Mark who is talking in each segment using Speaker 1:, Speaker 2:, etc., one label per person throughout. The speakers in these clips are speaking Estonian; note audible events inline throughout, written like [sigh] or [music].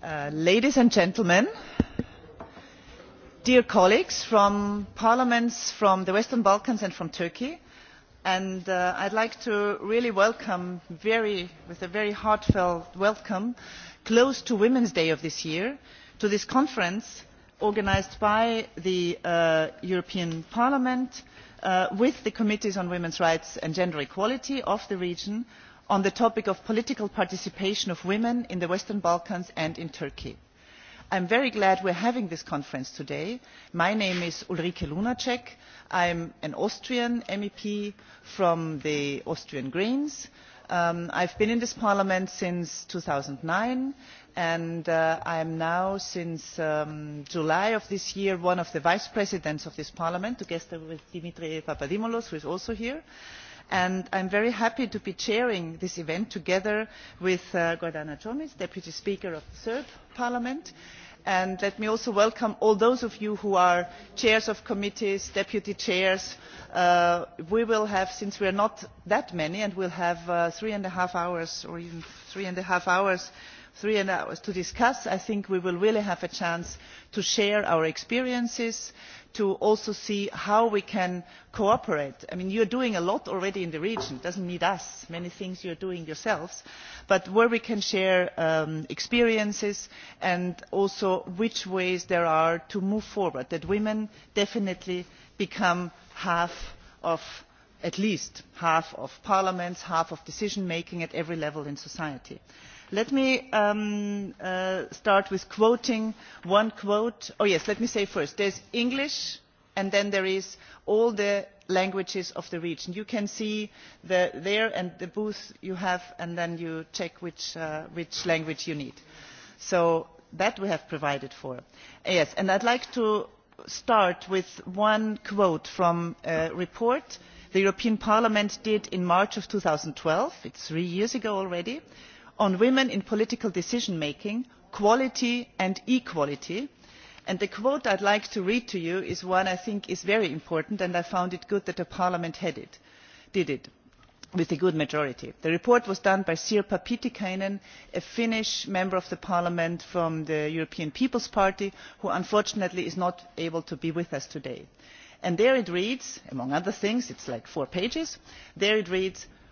Speaker 1: Uh, ladies and gentlemen dear colleagues from parliaments from the western balkans and from turkey and uh, i'd like to really welcome very, with a very heartfelt welcome close to women's day of this year to this conference organised by the uh, european parliament uh, with the committees on women's rights and gender equality of the region and on the topic of political participation of women in the western balkans and in turkey. i am very glad we are having this conference today. my name is ulrike lunacek i am an austrian mep from the austrian greens. Um, i have been in this parliament since two thousand and nine and uh, i am now since um, july of this year one of the vice presidents of this parliament together with dimitris papadimoulis who is also here and i am very happy to be chairing this event together with uh, gordana comi deputy speaker of the serb parliament and let me also welcome all those of you who are chairs of committees deputy chairs. Uh, we will have since we are not that many and we will have uh, three and a half hours or even three and a half hours three hours to discuss i think we will really have a chance to share our experiences to also see how we can cooperate. I mean, you are doing a lot already in the region it does not need us many things you are doing yourselves but where we can share um, experiences and also which ways there are to move forward that women definitely become half of at least half of parliaments half of decision making at every level in society let me um, uh, start with quoting one quote oh yes let me say first there is english and then there are all the languages of the region. you can see the, there and the booth you have and then you check which, uh, which language you need. so that we have provided for. yes and i would like to start with one quote from a report the european parliament did in march of two thousand and twelve it is three years ago already on women in political decision making quality and equality and the quote i would like to read to you is one i think is very important and i found it good that parliament it, did it with a good majority. the report was done by sirpa pietikäinen a finnish member of parliament from the european people's party who unfortunately is not able to be with us today. And there it reads among other things it is like four pages there it reads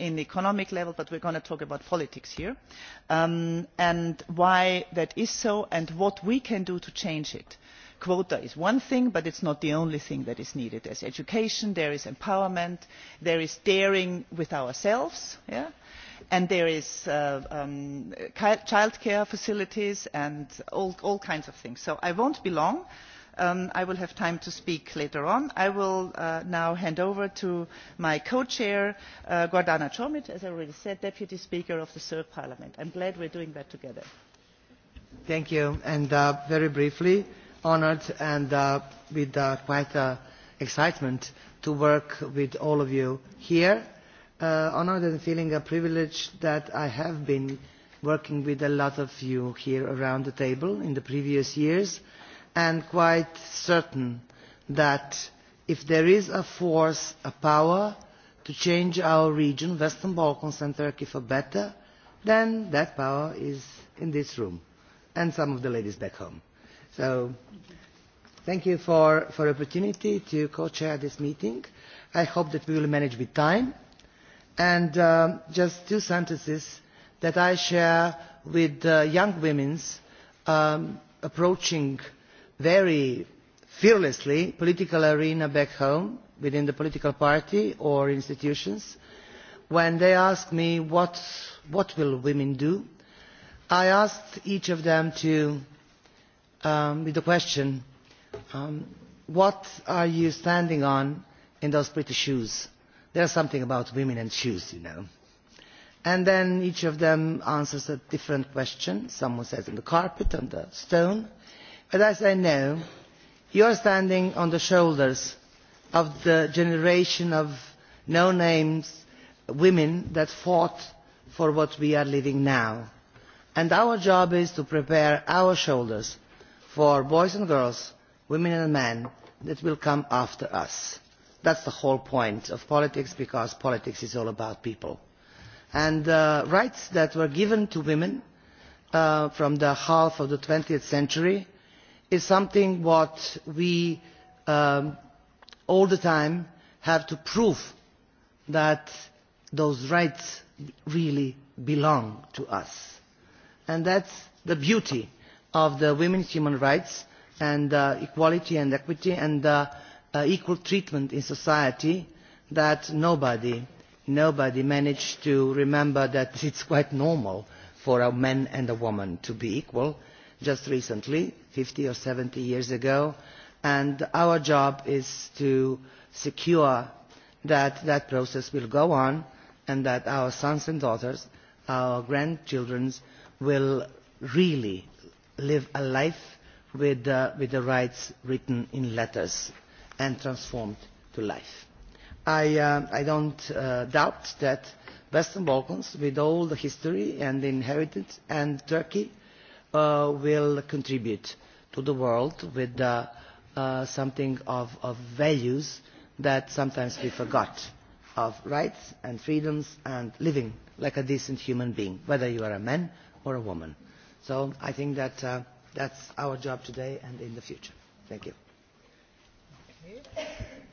Speaker 1: at economic level but we are going to talk about politics here um, and why that is so and what we can do to change it. quota is one thing but it is not the only thing that is needed. there is education there is empowerment there is daring with ourselves yeah? and there are uh, um, childcare facilities and all, all kinds of things. so i will not be long Um, I will have time to speak later on. I will uh, now hand over to my co-chair, uh, Gordana Chomit, as I already said, Deputy Speaker of the Serb Parliament. I'm glad we're doing that together.
Speaker 2: Thank you. And uh, very briefly, honored and uh, with uh, quite uh, excitement to work with all of you here. Uh, honored and feeling a privilege that I have been working with a lot of you here around the table in the previous years. Uh, and quite certain that if there is a force, a power to change our region, Western Balkans and Turkey for better, then that power is in this room and some of the ladies back home. So thank you for the opportunity to co-chair this meeting. I hope that we will manage with time. And um, just two sentences that I share with uh, young women um, approaching uh, very fearlessly political arena back home within the political party or institutions when they asked me what, what will women do i asked each of them to um, with the question um, what are you standing on in those pretty shoes there's something about women and shoes you know and then each of them answers a different question someone says on the carpet on the stone but as i know you are standing on the shoulders of the generation of no name women who fought for what we are living now and our job is to prepare our shoulders for boys and girls women and men that will come after us. that is the whole point of politics because politics is all about people. and the uh, rights that were given to women uh, from the half of the twentieth century is something what we um, all the time have to prove that those rights really belong to us. And that's the beauty of the women's human rights and uh, equality and equity and uh, uh, equal treatment in society that nobody, nobody managed to remember that it's quite normal for a man and a woman to be equal just recently fifty or seventy years ago and our job is to secure that that process will go on and that our sons and daughters our grandchildren will really live a life with, uh, with the rights written in letters and transformed to life. I, uh, I don't uh, doubt that Western Balkans, with all the history and the inheritance, and Turkey uh, will contribute to the world with uh, uh, something of, of values that sometimes we forgot of rights and freedoms and living like a decent human being, whether you are a man or a woman. So I think that uh, that's our job today and in the future. Thank you.
Speaker 1: Okay.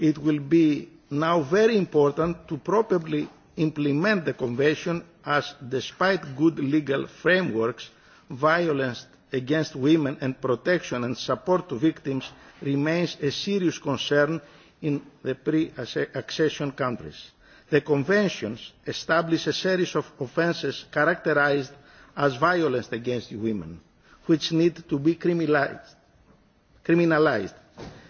Speaker 3: it will be now very important to properly implement the convention as despite good legal frameworks violence against women and protection and support to victims remains a serious concern in the pre accession countries. the convention establishes a series of offences characterised as violence against women which need to be criminalised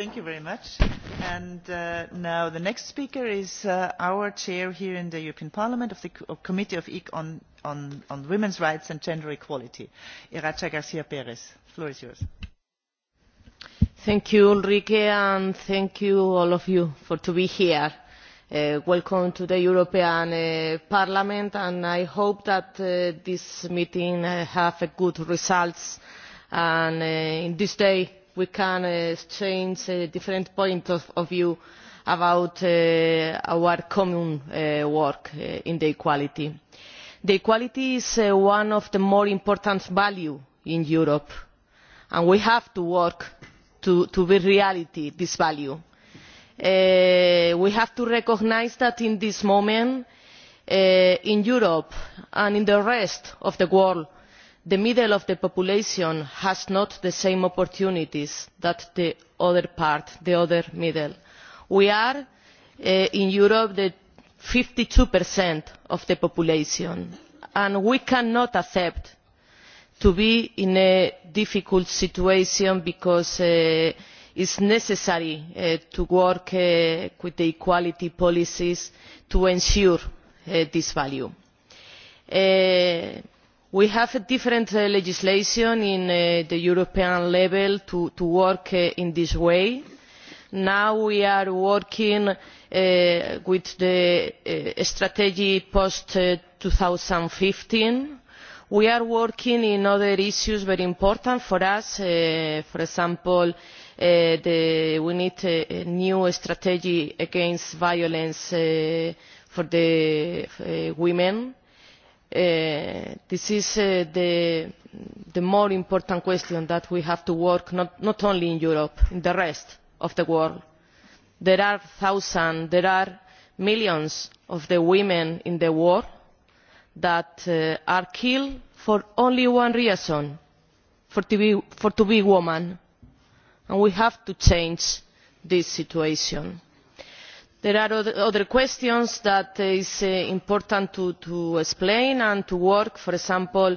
Speaker 1: thank you very much. And uh, now the next speaker is uh, our chair here in the European Parliament of the Co Committee of EC on, on, on Women's Rights and Gender Equality, Iracha Garcia Perez. The floor is yours.
Speaker 4: Thank you, Ulrike, and thank you all of you for to be here. Uh, welcome to the European uh, Parliament, and I hope that uh, this meeting uh, have a good results. And uh, in this day, we can uh, exchange uh, different points of, of view about uh, our common work in the equality. The equality is one of the more important values in europe and we have to work to, to be reality this value. Uh, we have to recognise that at this moment uh, in europe and in the rest of the world the middle of the population has not the same opportunities that the other part the other middle. we are uh, in europe the fifty two of the population and we cannot accept to be in a difficult situation because uh, it is necessary uh, to work uh, with the equality policies to ensure uh, this value. Uh, we have different uh, legislation at uh, the european level to, to work uh, in this way. now we are working with the strategy post two thousand and fifteen we are working on other issues very important for us for example the, we need a new strategy against violence against women Uh, this is uh, the, the more important question that we have to work on not, not only in europe but in the rest of the world. there are thousands there are millions of women in the world that uh, are killed for only one reason for being women and we have to change this situation there are other questions that it is uh, important to, to explain and to work for example uh,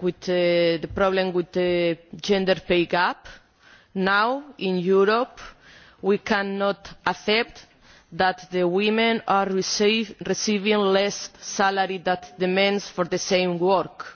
Speaker 4: with uh, the problem with the gender pay gap. now in europe we cannot accept that women are receive, receiving less salary than men for the same work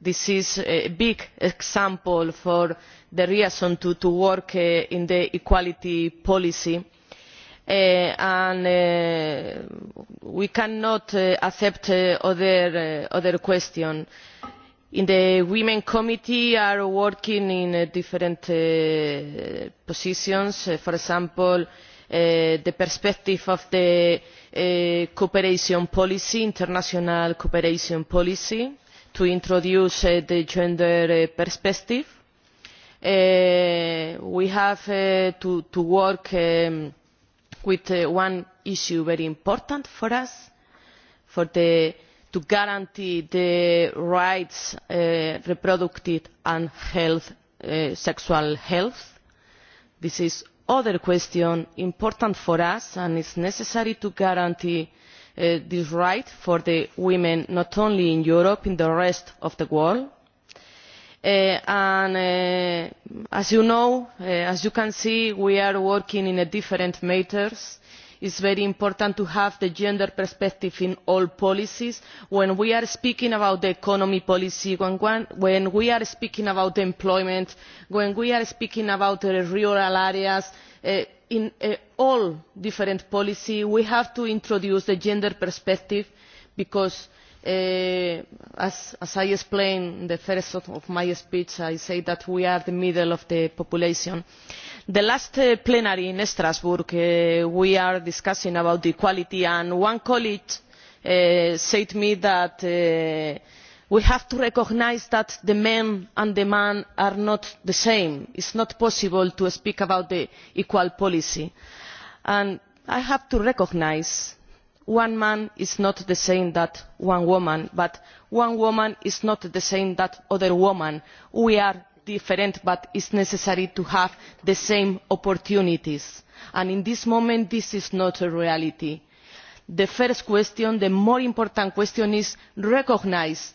Speaker 4: this is a big example for the reason to, to work uh, in the equality policy uh, and uh, we cannot accept other, other questions in the women's committee are working in uh, different uh, positions uh, for example the perspective of the cooperation policy international cooperation policy to introduce uh, the gender uh, perspective. Uh, we have uh, to, to work um, with uh, one issue very important for us, for the, to guarantee the rights, uh, reproductive and health, uh, sexual health. This is other question important for us and it's necessary to guarantee Uh, this right for women not only in europe but in the rest of the world. Uh, and, uh, as you know as you can see we are working on different matters it is very important to have the gender perspective in all policies when we are speaking about economic policy when we are speaking about employment when we are speaking about rural areas Uh, in uh, all different policies we have to introduce the gender perspective because uh, as, as i explained in the first of my speech i said that we are the middle of the population. in the last plenary in strasbourg we were discussing equality and one colleague said to me that we have to recognise that men and women are not the same. it is not possible to speak about an equal policy and i have to recognise that one man is not the same as one woman but one woman is not the same as another woman. we are different but it is necessary to have the same opportunities and at the moment this is not a reality. the first question the more important question is to recognise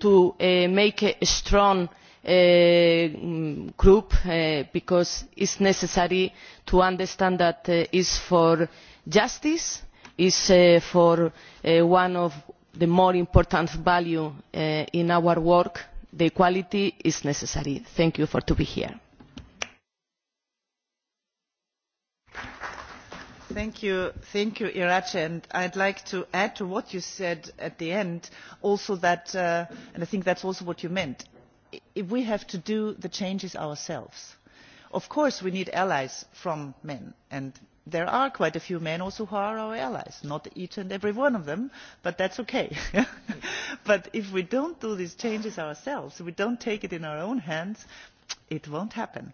Speaker 4: to eh, make a strong eh, group eh, because it is necessary to understand that it is for justice it is for one of the more important values in our work equality is necessary. thank you for being here.
Speaker 1: Thank you, thank you, Iraj, and I'd like to add to what you said at the end, also that, uh, and I think that's also what you meant. If we have to do the changes ourselves, of course we need allies from men, and there are quite a few men also who are our allies not each and every one of them but that is ok. [laughs] but if we do not do these changes ourselves if we do not take it in our own hands it won't happen.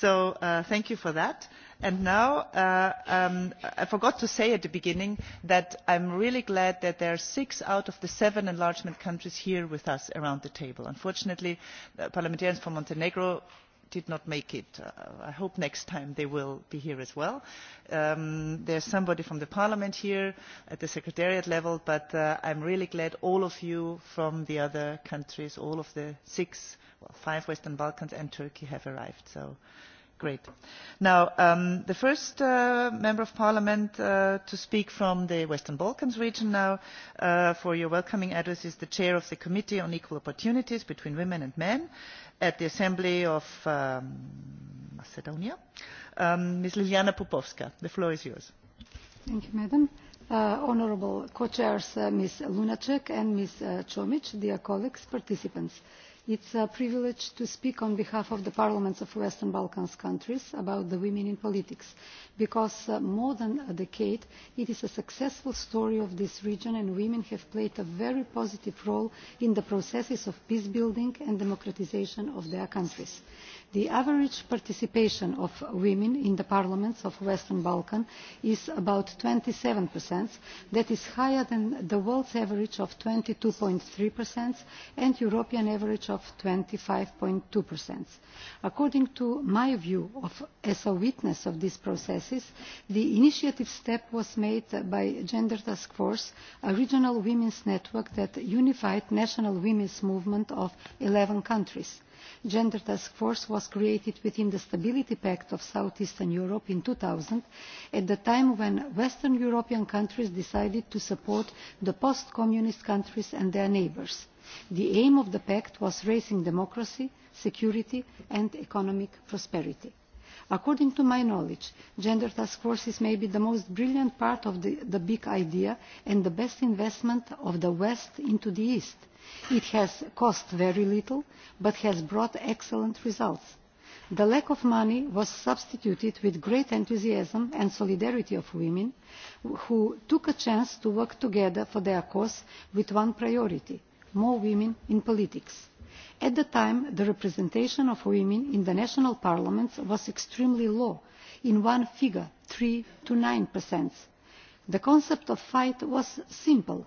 Speaker 1: So uh, thank you for that. And now, uh, um, I forgot to say at the beginning that I'm really glad that there are six out of the seven enlargement countries here with us around the table. Unfortunately, uh, parliamentarians from Montenegro did not make it. Uh, I hope next time they will be here as well. Um, there's somebody from the Parliament here at the Secretariat level, but uh, I'm really glad all of you from the other countries, all of the six well, five Western Balkans and Turkey have arrived. So great. Now, um, the first uh, member of parliament uh, to speak from the Western Balkans region now uh, for your welcoming address is the chair of the Committee on Equal Opportunities between Women and Men at the Assembly of um, Macedonia. Um, Ms. Liliana Popovska, the floor is yours.
Speaker 3: Thank
Speaker 5: you, Madam. Uh, honorable co-chairs uh, Ms. Lunacek and Ms. Uh, Chomic, dear colleagues, participants. Uh, it is a privilege to speak on behalf of the parliaments of western balkan countries about women in politics because for uh, more than a decade it is a successful story of this region and women have played a very positive role in the processes of peace building and democratisation of their countries the average participation of women in the parliaments of the western balkans is about twenty seven that is higher than the world average of twenty two three and the european average of. twenty five two according to my view of, as a witness of these processes the initiative step was made by the gender task force a regional women's network that unified national women's movements of eleven countries gender task force was created within the stability pact of south eastern europe in two thousand at the time when western european countries decided to support the post communist countries and their neighbours. the aim of the pact was raising democracy security and economic prosperity according to my knowledge gender task forces may be the most brilliant part of the, the big idea and the best investment of the west into the east. It has cost very little, but has brought excellent results. The lack of money was substituted with great enthusiasm and solidarity of women who took a chance to work together for their cause with one priority, more women in politics. At the time, the representation of women in the national parliaments was extremely low, in one figure, 3 to 9 percent. The concept of fight was simple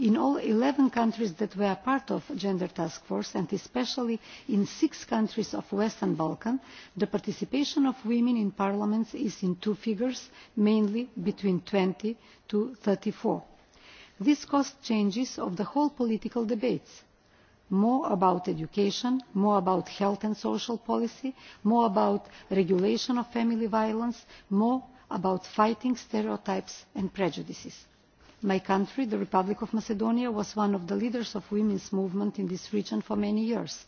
Speaker 5: in all eleven countries that were part of the gender task force and especially in six countries of the western balkans the participation of women in parliament is in two figures mainly between twenty to. thirty four this caused changes in the whole political debate more about education more about health and social policy more about regulation of family violence more about fighting stereotypes and prejudices my country the republic of macedonia was one of the leaders of the women's movement in this region for many years.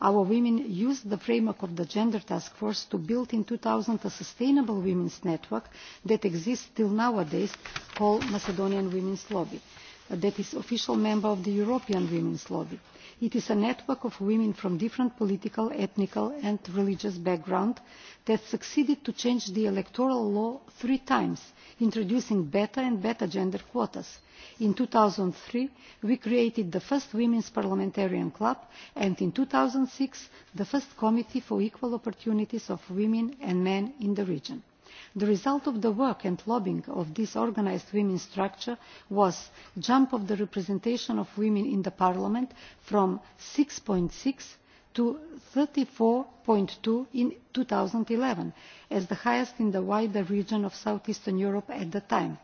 Speaker 5: our women used the framework of the gender task force to build in two thousand a sustainable women's network that exists still nowadays called the macedonian women's lobby that is an official member of the european women's lobby it is a network of women from different political ethnic and religious backgrounds that succeeded to change the electoral law three times introducing better and better gender quotas. in two thousand and three we created the first women's parliamentarian club and in two thousand and six the first committee for equal opportunities of women and men in the region the result of the work and lobbying of this organised women's structure was a jump of the representation of women in parliament from six six to thirty four two in two thousand and eleven as the highest in the wider region of south eastern europe at the time.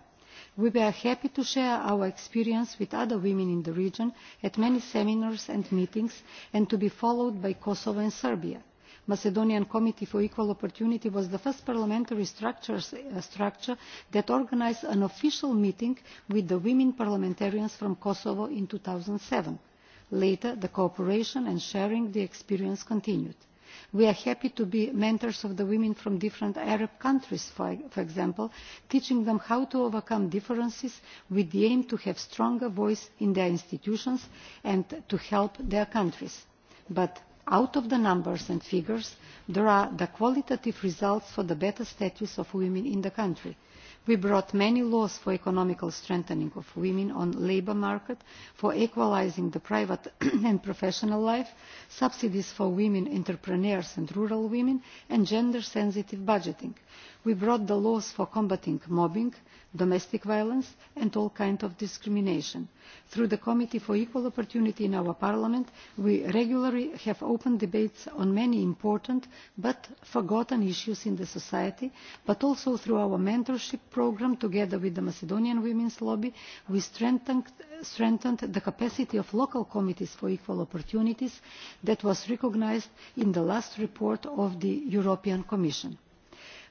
Speaker 5: we were happy to share our experience with other women in the region at many seminars and meetings and to be followed by kosovo and serbia macedonian committee for equal opportunity was the first parliamentary uh, structure that organised an official meeting with the women parliamentarians from kosovo in. two thousand and seven later the cooperation and sharing of the experience continued we are happy to be mentors of the women from different arab countries for example teaching them how to overcome differences with the aim of having a stronger voice in their institutions and to help their countries but out of the numbers and figures there are the qualitative results for the better status of women in the country. we brought many laws for the economic strengthening of women on the labour market for equalising the private [clears throat] and professional life subsidies for women entrepreneurs and rural women and gender sensitive budgeting we brought the laws for combating mobbing domestic violence and all kinds of discrimination. through the committee for equal opportunity in our parliament we regularly have open debates on many important but forgotten issues in society but also through our mentorship programme together with the macedonian women's lobby we strengthened, strengthened the capacity of local committees for equal opportunities that was recognised in the last report of the european commission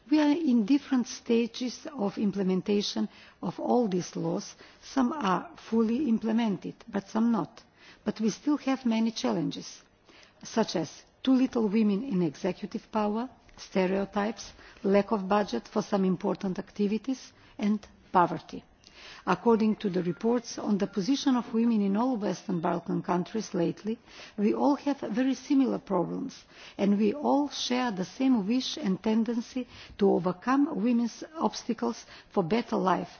Speaker 5: we are in different stages of implementation of all these laws some are fully implemented but some not but we still have many challenges such as too little women in executive power stereotypes lack of budget for some important activities and poverty according to the reports on the position of women in all western balkan countries lately we all have very similar problems and we all share the same wish and tendency to overcome women's obstacles for a better life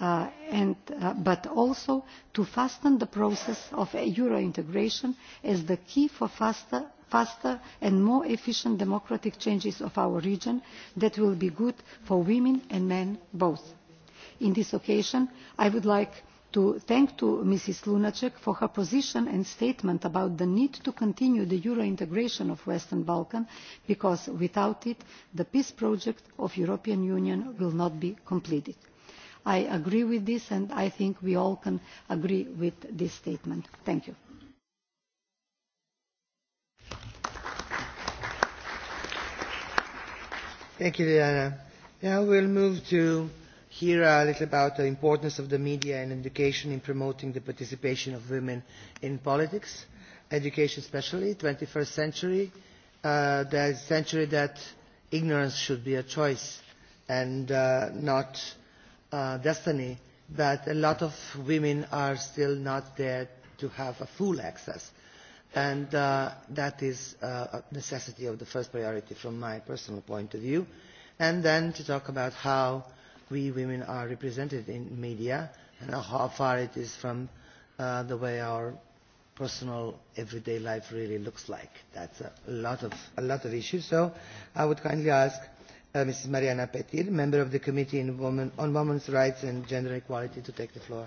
Speaker 5: Uh, and, uh, but also to fasten the process of euro integration as the key for faster, faster and more efficient democratic changes of our region that will be good for women and men both on this occasion i would like to thank mrs lunacek for her position and statement about the need to continue the euro integration of the western balkans because without it the peace project of the european union will not be completed. i agree with this and i think we all can agree with this statement. thank you. Thank you, Diana. Now we'll move
Speaker 2: to here a little about the importance of the media and education in promoting the participation of women in politics, education especially, 21st century, uh, the century that ignorance should be a choice and uh, not uh, destiny, but a lot of women are still not there to have a full access. And uh, that is uh, a necessity of the first priority from my personal point of view. And then to talk about how uh, we women are represented in media and how far it is from uh, the way our personal everyday life really looks like. That's a lot of, a lot of issues. So I would kindly ask uh, Mrs. Mariana Petir, member of the Committee in Women, on Women's Rights and Gender Equality, to take the floor.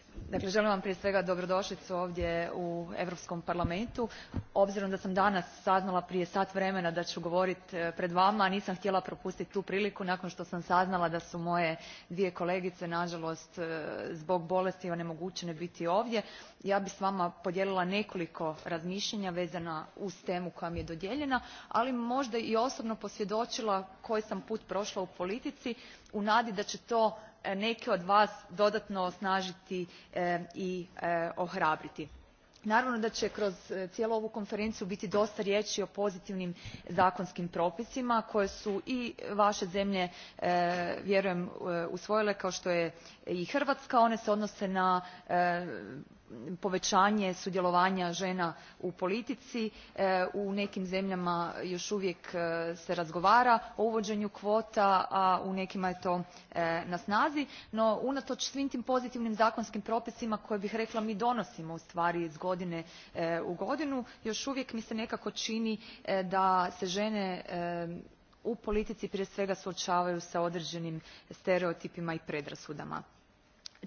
Speaker 6: dakle želim vam prije svega dobrodošlicu ovdje u europskom parlamentu. obzirom da sam danas saznala prije sat vremena da ću govoriti e, pred vama nisam htjela propustiti tu priliku nakon što sam saznala da su moje dvije kolegice nažalost e, zbog bolesti onemogućene biti ovdje. ja bih s vama podijelila nekoliko razmišljanja vezana uz temu koja mi je dodijeljena ali možda i osobno posvjedočila koji sam put prošla u politici u nadi da će to E, neke od vas dodatno osnažiti e, i e, ohrabriti naravno da će kroz cijelu ovu konferenciju biti dosta riječi o pozitivnim zakonskim propisima koje su i vaše zemlje vjerujem usvojile kao što je i hrvatska one se odnose na povećanje sudjelovanja žena u politici e, u nekim zemljama još uvijek e, se razgovara o uvođenju kvota a u nekima je to e, na snazi no unatoč svim tim pozitivnim zakonskim propisima koje bih rekla mi donosimo ustvari iz godine u godinu još uvijek mi se nekako čini da se žene u politici prije svega suočavaju s određenim stereotipima i predrasudama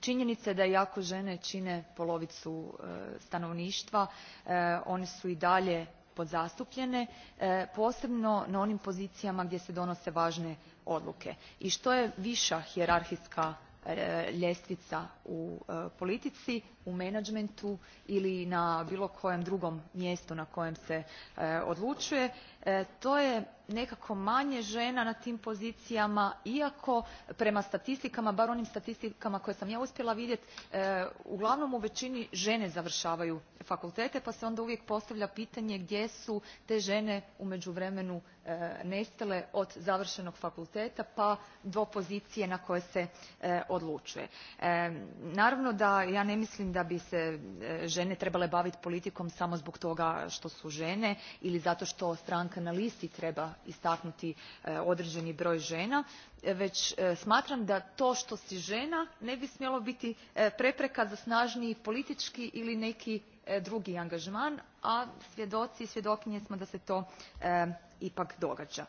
Speaker 6: injenica je da iako ene ine polovicu e, stanovnitva e, one su i dalje podzastupljene e, posebno na onim pozicijama gdje se donose vane odluke i to je via hijerarhijska ljestvica u politici u menadžmentu ili na bilo kojem drugom mjestu na kojem se odlučuje E, to je nekako manje žena na tim pozicijama iako prema statistikama bar onim statistikama koje sam ja uspjela vidjeti e, uglavnom u većini žene završavaju fakultete pa se onda uvijek postavlja pitanje gdje su te žene u međuvremenu e, nestale od završenog fakulteta pa do pozicije na koju se odlučuje. naravno da ja ne mislim da bi se žene trebale baviti politikom samo zbog toga što su žene ili zato što stranka stranaka na listi treba istaknuti e, određeni broj žena e, već e, smatram da to što si žena ne bi smjelo biti prepreka za snažniji politički ili neki drugi angažman a svjedoci i svjedokinje smo da se to ipak događa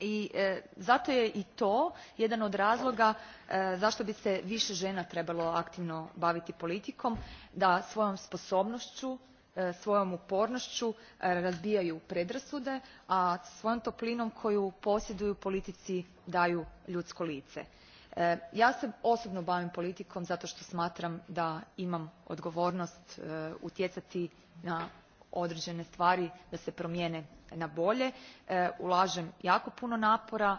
Speaker 6: i e, zato je i to jedan od razloga e, zašto bi se više žena trebalo aktivno baviti politikom da svojom sposobnošću E, svojom upornou e, razbijaju predrasude a svojom toplinom koju posjeduju politici daju ljudsko lice. E, ja se osobno bavim politikom zato to smatram da imam odgovornost utjecati na odreene stvari da se promijene na bolje. ulaem jako puno napora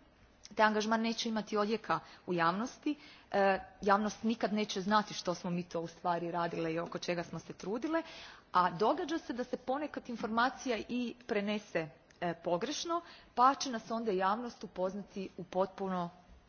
Speaker 6: taj angažman neće imati odjeka u javnosti e, javnost nikad neće znati što smo mi to ustvari radile i oko čega smo se trudile a događa se da se ponekad informacija i prenese e, pogrešno pa će nas onda javnost upoznati u potpuno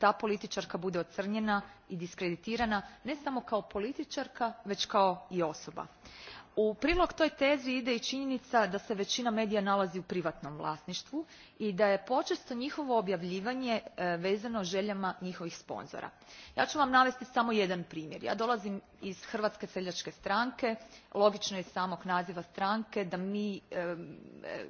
Speaker 6: ta političarka bude ocrnjena i diskreditirana ne samo kao političarka već i kao osoba u prilog toj tezi ide i injenica da se veina medija nalazi u privatnom vlasnitvu i da je poesto njihovo objavljivanje e, vezano eljama njihovih sponzora. ja u vam navesti samo jedan primjer ja dolazim iz hrvatske seljake stranke logino je iz samog naziva stranke da mi e, e,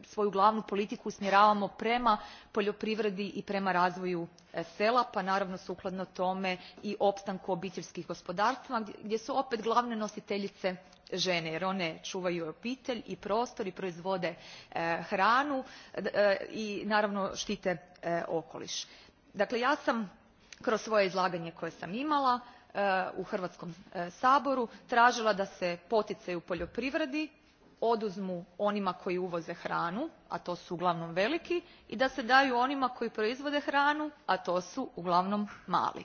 Speaker 6: svoju glavnu politiku usmjeravamo prema poljoprivredi i prema razvoju sela pa naravno sukladno tome i opstanku obiteljskih gospodarstava gdje su opet glavne nositeljice žene jer one čuvaju obitelj i prostor i proizvode e, hranu e, i naravno štite e, okoliš. dakle ja sam kroz svoje izlaganje koje sam imala u hrvatskom saboru tražila da se poticaji u poljoprivredi oduzmu onima koji uvoze hranu a to su uglavnom veliki i da se daju onima koji proizvode hranu a to su uglavnom mali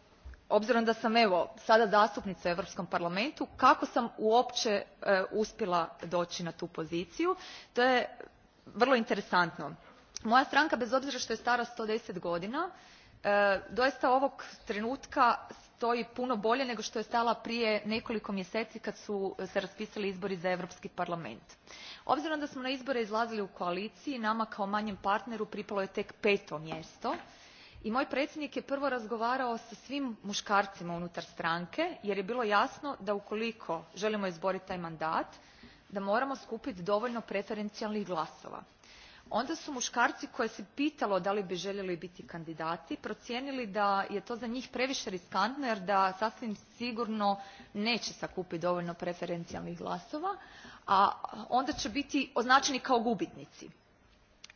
Speaker 6: obzirom da sam evo sada zastupnica u europskom parlamentu kako sam uope e, uspjela doi na tu poziciju to je vrlo interesantno. moja stranka bez obzira to je stara one hundred and ten godina e, doista ovog trenutka stoji puno bolje nego to je stajala prije nekoliko mjeseci kad su se raspisali izbori za europski parlament. obzirom da smo na izbore izlazili u koaliciji nama kao manjem partneru pripalo je tek peto mjesto i moj predsjednik je prvo razgovarao sa svim muškarcima unutar stranke jer je bilo jasno da ukoliko želimo izboriti taj mandat da moramo skupiti dovoljno preferencijalnih glasova. onda su muškarci koje se pitalo da li bi željeli biti kandidati procijenili da je to za njih previše riskantno jer da sasvim sigurno neće sakupiti dovoljno preferencijalnih glasova a onda će biti označeni kao gubitnici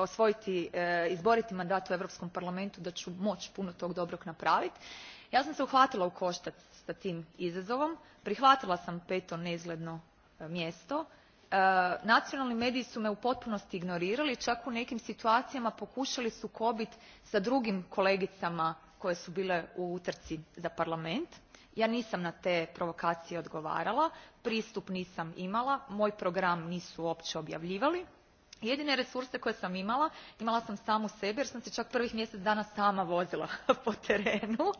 Speaker 6: osvojiti e, izboriti mandat u europskom parlamentu da ću moći puno toga dobrog napraviti ja sam se uhvatila u koštac s tim izazovom prihvatila sam peto neizgledno e, mjesto e, nacionalni mediji su me u potpunosti ignorirali čak u nekim situacijama pokušali sukobiti s drugim kolegicama koje su bile u utrci za parlament ja nisam na te provokacije odgovarala pristup nisam imala moj program nisu uopće objavljivali jedine resurse koje sam imala imala sam samu sebe jer sam se čak prvih mjesec dana sama vozila [laughs] po terenu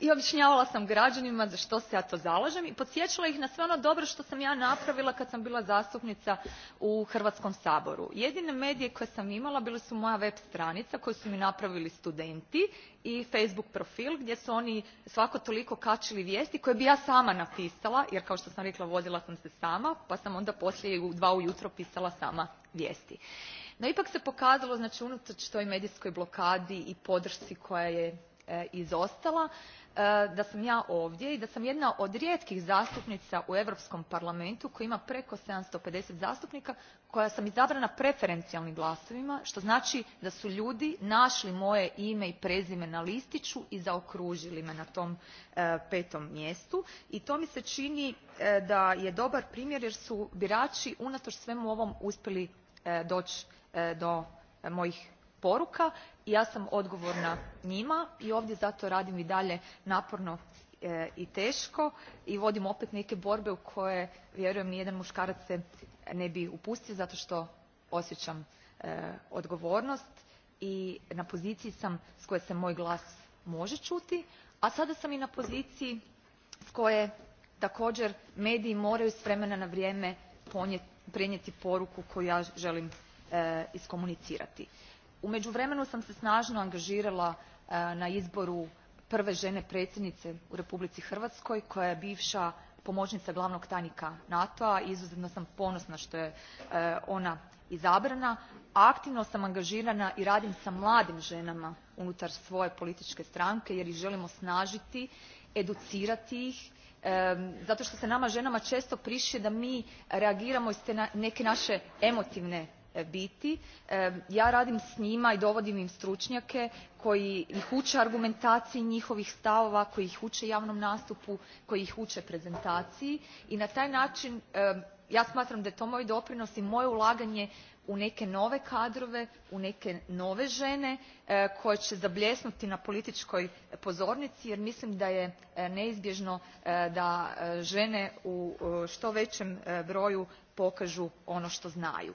Speaker 6: i objašnjavala sam građanima za što se ja to zalažem i podsjećala ih na sve ono dobro što sam ja napravila kad sam bila zastupnica u hrvatskom saboru. jedini mediji koje sam imala bili su moja web stranica koju su mi napravili studenti i facebook profil gdje su oni svako toliko kačili vijesti koje bi ja sama napisala jer kao što sam rekla vozila sam se sama pa sam onda poslije u dva ujutro pisala sama vijesti. no ipak se pokazalo znači unatoč toj medijskoj blokadi i podršci koja je E, izostala e, da sam ja ovdje i da sam jedna od rijetkih zastupnica u europskom parlamentu koji ima preko seven hundred and fifty zastupnika koja sam izabrana preferencijalnim glasovima to znai da su ljudi nali moje ime i prezime na listiu i zaokruili me na tom e, petom mjestu i to mi se ini da je dobar primjer jer su birai unato svemu ovom uspjeli doi do mojih poruka i ja sam odgovorna njima i ovdje zato radim i dalje naporno e, i teško i vodim opet neke borbe u koje vjerujem nijedan muškarac se ne bi upustio zato što osjećam e, odgovornost i na poziciji sam s koje se moj glas može čuti a sada sam i na poziciji s koje također mediji moraju s vremena na vrijeme prenijeti poruku koju ja želim e, iskomunicirati u međuvremenu sam se snažno angažirala e, na izboru prve žene predsjednice u republici hrvatskoj koja je bivša pomoćnica glavnog tajnika nato a i izuzetno sam ponosna što je e, ona izabrana a aktivno sam angažirana i radim s mladim ženama unutar svoje političke stranke jer ih želim osnažiti educirati ih e, zato što se nama ženama često prišije da mi reagiramo iz te neke naše emotivne E, biti e, ja radim s njima i dovodim im strunjake koji ih ue argumentaciji njihovih stavova koji ih ue javnom nastupu koji ih ue prezentaciji i na taj nain e, ja smatram da je to moj doprinos i moje ulaganje u neke nove kadrove u neke nove ene koje e zabljesnuti na politikoj pozornici jer mislim da je neizbjeno da ene u to veem broju pokau ono to znaju.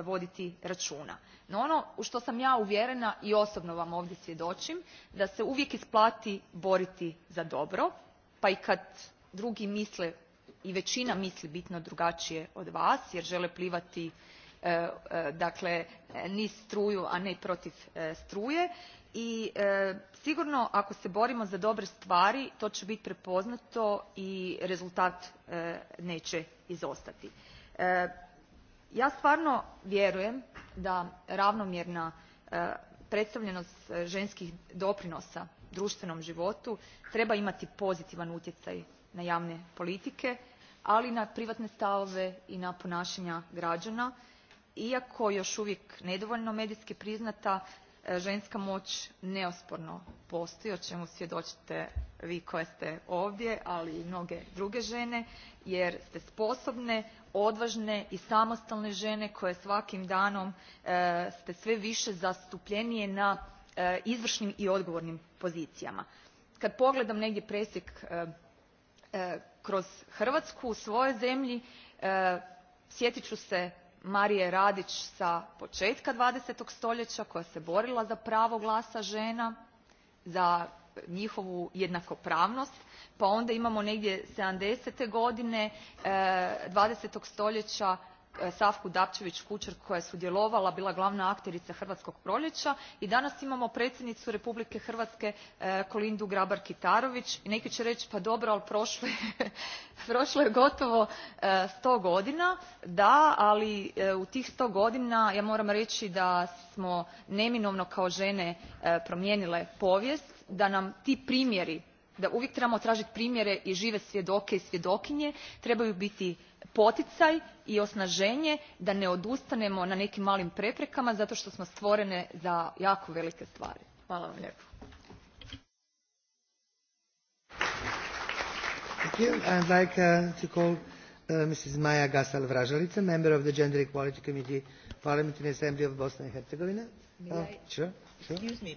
Speaker 6: voditi računa. No ono u što sam ja uvjerena i osobno vam ovdje svjedočim, da se uvijek isplati boriti za dobro, pa i kad drugi misle i većina misli bitno drugačije od vas jer žele plivati e, e dakle niz struju a ne protiv e, struje i e, sigurno ako se borimo za dobre stvari to će biti prepoznato i rezultat e, neće izostati. E, ja stvarno vjerujem da ravnomjerna e, predstavljenost ženskih doprinosa društvenom životu treba imati pozitivan utjecaj na javne politike ali i na privatne stavove i na ponašanja građana iako još uvijek nedovoljno medijski priznata E, ženska moć neosporno postoji o čemu svjedočite vi koja ste ovdje ali i mnoge druge žene jer ste sposobne odvažne i samostalne žene koje svakim danom e, ste sve više zastupljenije na e, izvršnim i odgovornim pozicijama. kad pogledam negdje presjek e, e kroz hrvatsku u svojoj zemlji e, sjetit ću se marije radić s početka. twenty stoljea koja se borila za pravo glasa žena za njihovu jednakopravnost pa onda imamo negdje sedamdesete godine. Eh, twenty stoljea savku dapčević kučar koja je sudjelovala bila glavna akterica hrvatskog proljeća i danas imamo predsjednicu republike hrvatske e, kolindu grabar kitarović i neki će reći pa dobro ali prošlo je [laughs] gotovo e, sto godina. da ali e, u tih sto godina ja moram reći da smo neminovno kao žene promijenile povijest da nam ti primjeri da uvijek trebamo tražiti primjere i žive svjedoke i svjedokinje trebaju biti poticaj i osnaženje da ne odustanemo na nekim malim preprekama zato što smo stvorene za jako velike stvari. hvala vam lijepo.
Speaker 2: Thank you. I'd like uh, to call uh, Mrs. Maja Gasal Vražalica, member of the Gender Equality Committee, Parliamentary Assembly of Bosnia and Herzegovina. May oh, I? Sure,
Speaker 1: sure. Excuse me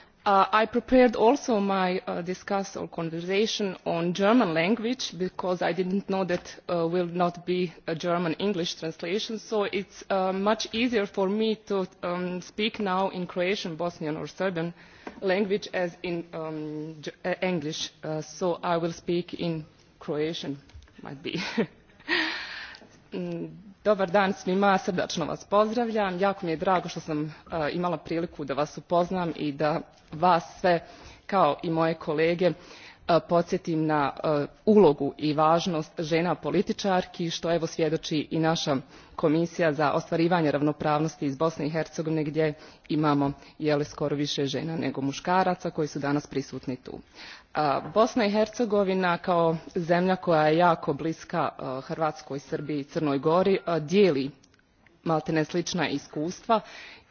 Speaker 7: Uh, i prepared also my uh, discussion or conversation on german language because i did not know that there uh, will not be a german english translation so it is uh, much easier for me to um, speak now in croatian bosnian or serbian language as in um, uh, english uh, so i will speak in croatian might be. [laughs] mm dobar dan svima srdano vas pozdravljam jako mi je drago to sam uh, imala priliku da vas upoznam i da vas sve kao i moje kolege uh, podsjetim na uh, ulogu i vanost ena politiarki to evo svjedoi i naa komisija za ostvarivanje ravnopravnosti iz bosne i hercegovine gdje imamo skoro vie ena nego mukaraca koji su danas prisutni tu. A, bosna i hercegovina kao zemlja koja je jako bliska a, e, hrvatskoj srbiji i crnoj gori a, e, dijeli maltene slična iskustva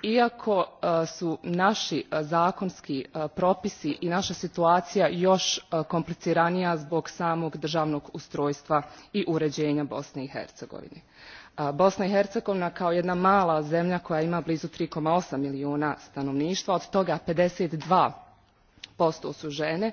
Speaker 7: iako e, su naši zakonski propisi i naša situacija još kompliciranija zbog samog državnog ustrojstva i uređenja bosne i hercegovine bosna i hercegovina kao jedna mala zemlja koja ima blizu three eight milijuna stanovništva od toga fifty two su žene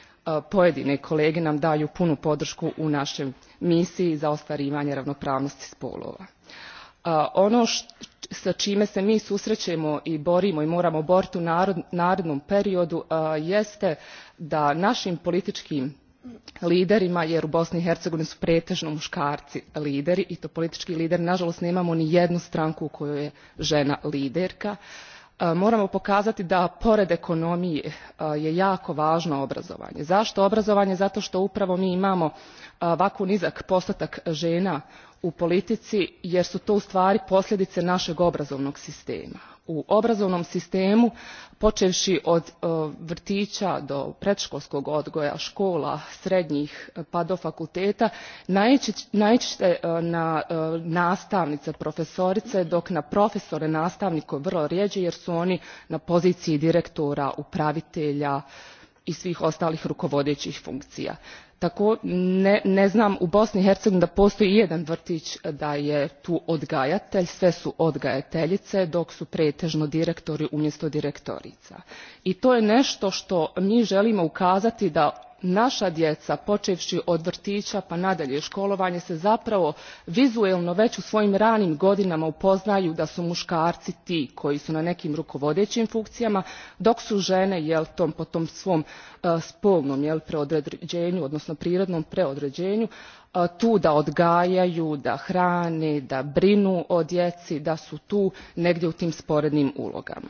Speaker 7: E, pojedine kolege nam daju punu podršku u našoj misiji za ostvarivanje ravnopravnosti spolova. E, ono sa čime se mi susrećemo i borimo i moramo boriti u narednom periodu e, jeste da našim političkim liderima jer u bosni i hercegovini su pretežno muškarci lideri i to politički lideri nažalost nemamo nijednu stranku u kojoj je žena liderka E, moramo pokazati da pored ekonomije e, je jako vano obrazovanje. zato obrazovanje? zato to upravo mi imamo e, ovako nizak postotak ena u politici jer su to ustvari posljedice naeg obrazovnog sistema u obrazovnom sistemu poevi od e, vrtia do predkolskog odgoja kola srednjih e, pa do fakulteta nai ete na e, nastavnice profesorice dok na profesore nastavnike vrlo rijee jer su oni na poziciji direktora upravitelja i svih ostalih rukovodeih funkcija tako ne, ne znam u bosni i hercegovini da postoji ijedan vrti e, da je tu odgajatelj sve su odgajateljice dok su pretežno direktori umjesto direktorica i to je nešto na što mi želimo ukazati da naa djeca poevi od vrtia pa nadalje i kolovanje se zapravo vizuelno ve u svojim ranim godinama upoznaju da su mukarci ti koji su na nekim rukovodeim funkcijama dok su ene po tom svom e, spolnom preodreenju odnosno prirodnom preodreenju e, tu da odgajaju da hrane da brinu o djeci da su tu negdje u tim sporednim ulogama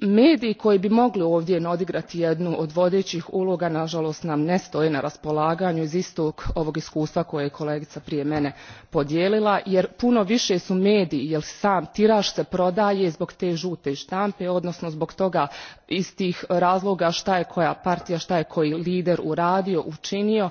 Speaker 7: mediji koji bi mogli ovdje odigrati jednu od vodeih uloga naalost nam ne stoje na raspolaganju iz istog ovog iskustva koje je kolegica prije mene podijelila jer puno vie su mediji jer sam tira se prodaje zbog te ute tampe odnosno zbog toga iz tih razloga to je koja partija to je koji lider uradio uinio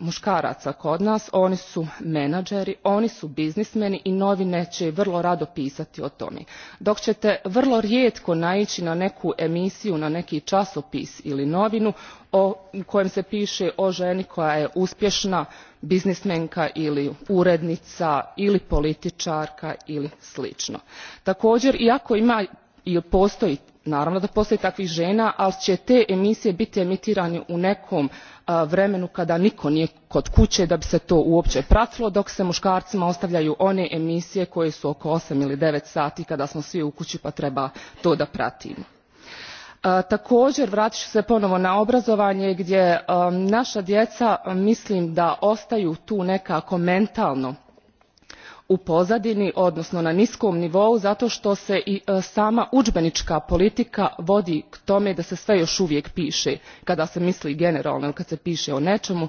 Speaker 7: mukaraca kod nas oni su menadžeri oni su biznismeni i novine će vrlo rado pisati o tome dok ćete vrlo rijetko naići na neku emisiju na neki časopis ili novinu o, u kojem se piše o ženi koja je uspješna biznismenka ili urednica ili političarka ili slično. također iako ima i postoji naravno da postoji takvih žena ali će te emisije biti emitirane u nekom a, vremenu kada nitko nije kod kuće da bi se to uopće pratilo dok se muškarcima ostavljaju one emisije koje su oko osam ili devet sati kada smo svi u kući pa treba to da pratimo. A, također vratit ću se ponovo na obrazovanje gdje a, naša djeca mislim da ostaju tu nekako mentalno u pozadini odnosno na niskom nivou zato što se i e, sama udžbenička politika vodi k tome da se sve još uvijek piše kada se misli generalno ili kad se piše o nečemu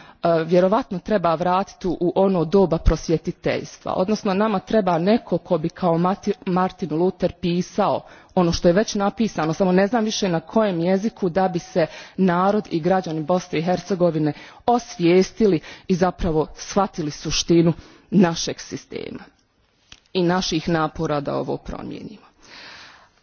Speaker 7: E, vjerojatno treba vratiti u ono doba prosvjetiteljstva odnosno nama treba neko ko bi kao martin luther pisao ono to je ve napisano samo ne znam vie na kojem jeziku da bi se narod i graani bosne i hercegovine osvijestili i zapravo shvatili sutinu naeg sistema i naih napora da ovo promijenimo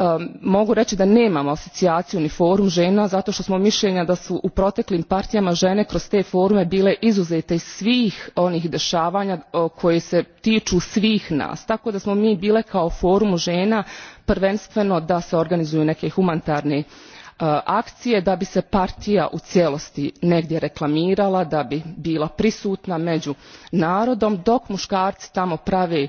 Speaker 7: Um, mogu reći da nemamo asocijaciju ni forum žena zato što smo mišljenja da su u proteklim partijama žene kroz te forume bile izuzete iz svih onih dešavanja koje se tiču svih nas tako da smo mi bile kao forum žena prvenstveno da se organizuju neke humanitarne e, akcije da bi se partija u cijelosti negdje reklamirala da bi bila prisutna među narodom dok muškarci tamo prave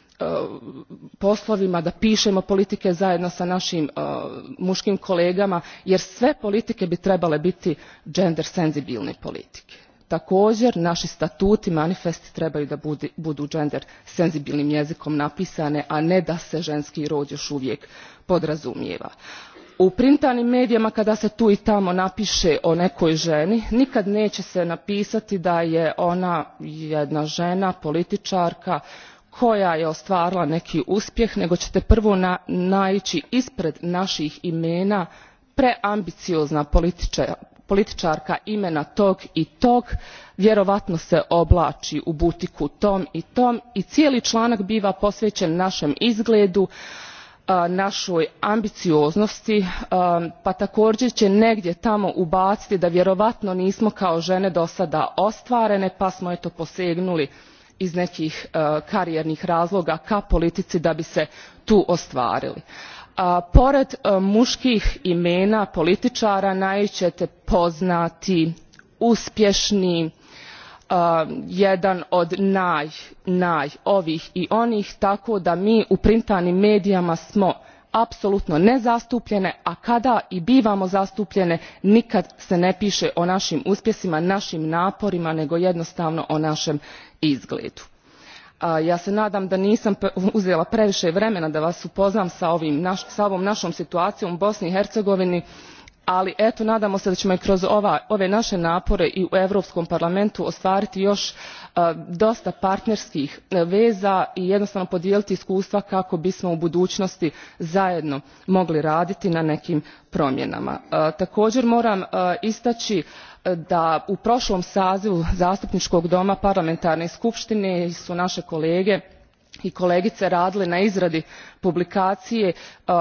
Speaker 7: Eh, poslovima da pišemo politike zajedno sa našim eh, muškim kolegama jer sve politike bi trebale biti gender senzibilne politike. također naši statuti manifesti trebaju da budu gender senzibilnim jezikom napisani a ne da se ženski rod još uvijek podrazumijeva u printanim medijima kada se tu i tamo napiše o nekoj ženi nikad neće se napisati da je ona jedna žena političarka koja je ostvarila neki uspjeh nego ćete prvo na, naići ispred naših imena preambiciozna političa, političarka imena tog i tog vjerojatno se oblači u butiku tom i tom i cijeli članak biva posvećen našem izgledu našoj ambicioznosti pa također će negdje tamo ubaciti da vjerojatno nismo kao žene do sada ostvarene pa smo eto posegnuli iz nekih e, karijernih razloga ka politici da bi se tu ostvarili. A, pored e, mukih imena politiara naići ete poznati uspješni a, e, jedan od naj naj ovih i onih tako da mi u printanim medijima smo apsolutno nezastupljene a kada i bivamo zastupljene nikad se ne piše o našim uspjesima našim naporima nego jednostavno o našem izgledu. ja se nadam da nisam uzela previše vremena da vas upoznam s ovom našom situacijom u bosni i hercegovini ali eto nadamo se da ćemo i kroz ova, ove naše napore i u europskom parlamentu ostvariti još e, dosta partnerskih e, veza i jednostavno podijeliti iskustva kako bismo u budućnosti zajedno mogli raditi na nekim promjenama. E, također moram istaći da u prošlom sazivu zastupničkog doma parlamentarne skupštine su naše kolege i kolegice radile na izradi publikacije uh,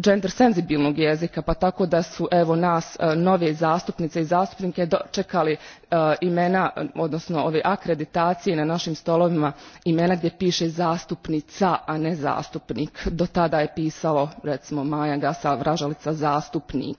Speaker 7: gender senzibilnog jezika pa tako da su evo nas uh, novije zastupnice i zastupnike dočekali uh, imena odnosno ove akreditacije na našim stolovima imena gdje piše zastupnica a ne zastupnik. do tada je pisalo recimo maja gasa vražalica zastupnik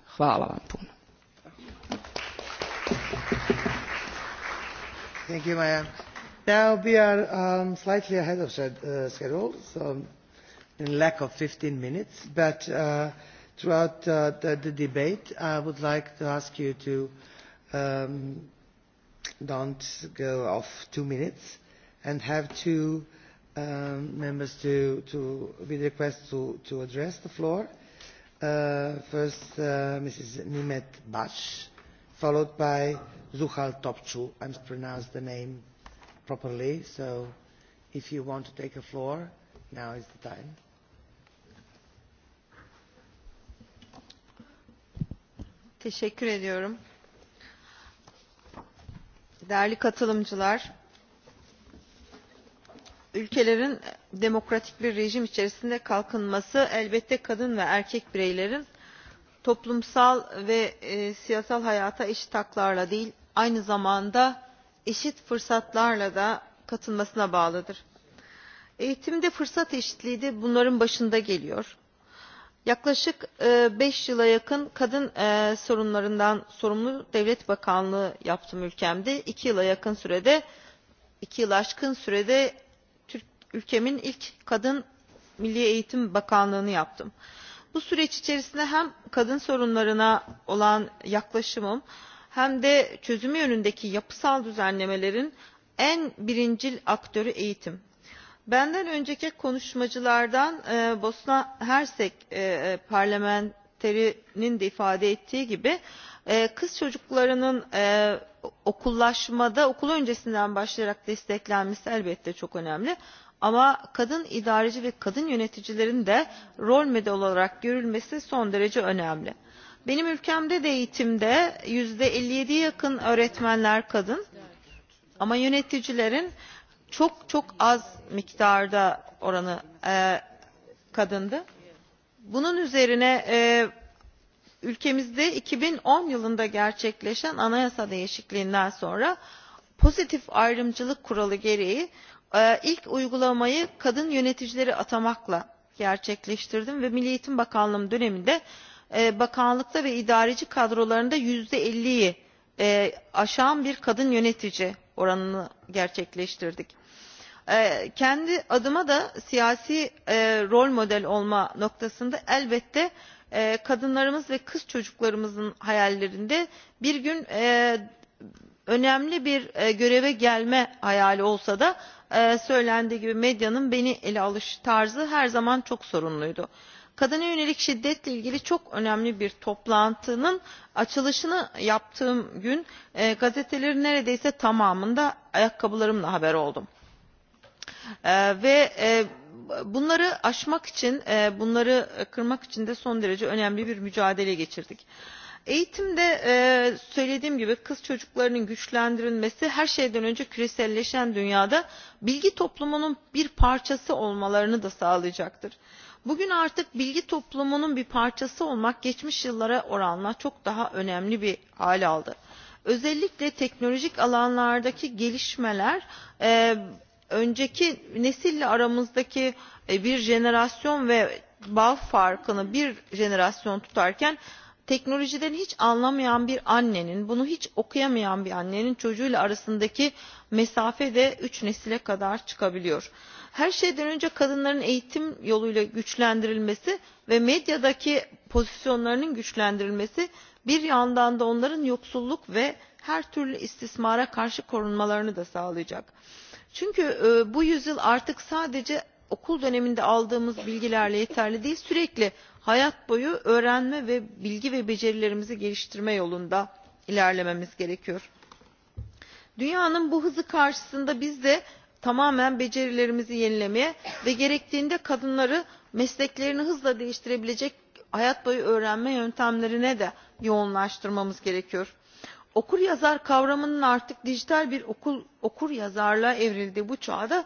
Speaker 7: Hvala vam puno.
Speaker 2: Thank you, Maya. Now we are um, slightly ahead of uh, schedule, so in lack of 15 minutes, but uh, throughout uh, the, the debate, I would like to ask you to um, don't go off two minutes and have two um, members to, to be requested to, to address the floor Uh, first uh, Mrs. Nimet Bash, followed by Zuhal Topcu. I must pronounce the name properly, so if you want to take the floor, now is the time.
Speaker 8: Teşekkür ediyorum. Değerli katılımcılar, ülkelerin demokratik bir rejim içerisinde kalkınması elbette kadın ve erkek bireylerin toplumsal ve e, siyasal hayata eşit haklarla değil aynı zamanda eşit fırsatlarla da katılmasına bağlıdır. Eğitimde fırsat eşitliği de bunların başında geliyor. Yaklaşık 5 e, yıla yakın kadın e, sorunlarından sorumlu devlet bakanlığı yaptım ülkemde. 2 yıla yakın sürede, 2 yıl aşkın sürede ülkemin ilk kadın milli eğitim bakanlığını yaptım. bu süreç içerisinde hem kadın sorunlarına olan yaklaşımım hem de çözümü yönündeki yapısal düzenlemelerin en birincil aktörü eğitim. benden önceki konuşmacılardan e, bosna hersek e, parlamenterinin de ifade ettiği gibi e, kız çocuklarının e, okullaşmada okul öncesinden başlayarak desteklenmesi elbette çok önemli ama kadın idareci ve kadın yöneticilerin de rol model olarak görülmesi son derece önemli. benim ülkemde de eğitimde yüzde elli yediye yakın öğretmenler kadın ama yöneticilerin çok çok az miktarda oranı e, kadındı. bunun üzerine e, ülkemizde iki bin on yılında gerçekleşen anayasa değişikliğinden sonra pozitif ayrımcılık kuralı gereği ilk uygulamayı kadın yöneticileri atamakla gerçekleştirdim ve milli eğitim bakanlığım döneminde e, bakanlıkta ve idareci kadrolarında yüzde elliyi e, aşan bir kadın yönetici oranını gerçekleştirdik. E, kendi adıma da siyasi rol model olma noktasında elbette kadınlarımız ve kız çocuklarımızın hayallerinde bir gün önemli bir e, göreve gelme hayali olsa da e, söylendiği gibi medyanın beni ele alış tarzı her zaman çok sorunluydu. Kadına yönelik şiddetle ilgili çok önemli bir toplantının açılışını yaptığım gün e, gazetelerin neredeyse tamamında ayakkabılarımla haber oldum. E, ve e, bunları aşmak için, e, bunları e, kırmak için de son derece önemli bir mücadele geçirdik. E, eğitimde e, söylediğim gibi kız çocuklarının güçlendirilmesi her şeyden önce küreselleşen dünyada bilgi toplumunun bir parçası olmalarını da sağlayacaktır. bugün artık bilgi toplumunun bir parçası olmak geçmiş yıllara oranla çok daha önemli bir hal aldı. özellikle teknolojik alanlardaki gelişmeler e, önceki nesille aramızdaki e, bir jenerasyon ve bağ farkını bir jenerasyon tutarken teknolojiden hiç anlamayan bir annenin bunu hiç okuyamayan bir annenin çocuğuyla arasındaki mesafe de üç nesile kadar çıkabiliyor. her şeyden önce kadınların eğitim yoluyla güçlendirilmesi ve medyadaki pozisyonlarının güçlendirilmesi bir yandan da onların yoksulluk ve her türlü istismara karşı korunmalarını da sağlayacak. çünkü e, bu yüzyıl artık sadece okul döneminde aldığımız bilgilerle yeterli değil sürekli hayat boyu öğrenme ve bilgi ve becerilerimizi geliştirme yolunda ilerlememiz gerekiyor. Dünyanın bu hızı karşısında biz de tamamen becerilerimizi yenilemeye ve gerektiğinde kadınları mesleklerini hızla değiştirebilecek hayat boyu öğrenme yöntemlerine de yoğunlaştırmamız gerekiyor. Okur yazar kavramının artık dijital bir okul, okur yazarlığa evrildiği bu çağda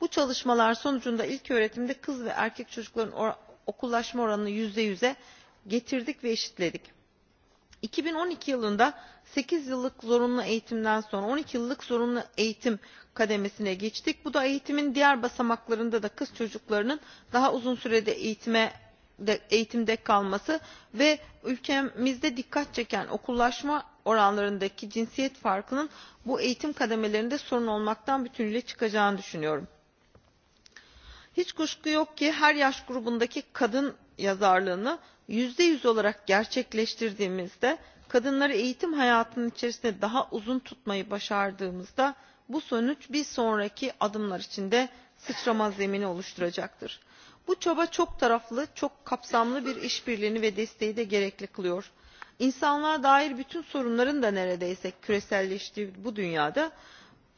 Speaker 8: bu çalışmalar sonucunda ilköğretimde kız ve erkek çocukların or okullaşma oranını yüzde yüze getirdik ve eşitledik. iki bin on iki yılında sekiz yıllık zorunlu eğitimden sonra on iki yıllık zorunlu eğitim kademesine geçtik. bu da eğitimin diğer basamaklarında da kız çocuklarının daha uzun sürede eğitime de, eğitimde kalması ve ülkemizde dikkat çeken okullaşma oranlarındaki cinsiyet farkının bu eğitim kademelerinde sorun olmaktan bütünüyle çıkacağını düşünüyorum hiç kuşku yok ki her yaş grubundaki kadın yazarlığını yüzde yüz olarak gerçekleştirdiğimizde kadınları eğitim hayatının içerisinde daha uzun tutmayı başardığımızda bu sonuç bir sonraki adımlar için de sıçrama zemini oluşturacaktır. bu çaba çok taraflı çok kapsamlı bir işbirliğini ve desteği de gerekli kılıyor. insanlığa dair bütün sorunların da neredeyse küreselleştiği bu dünyada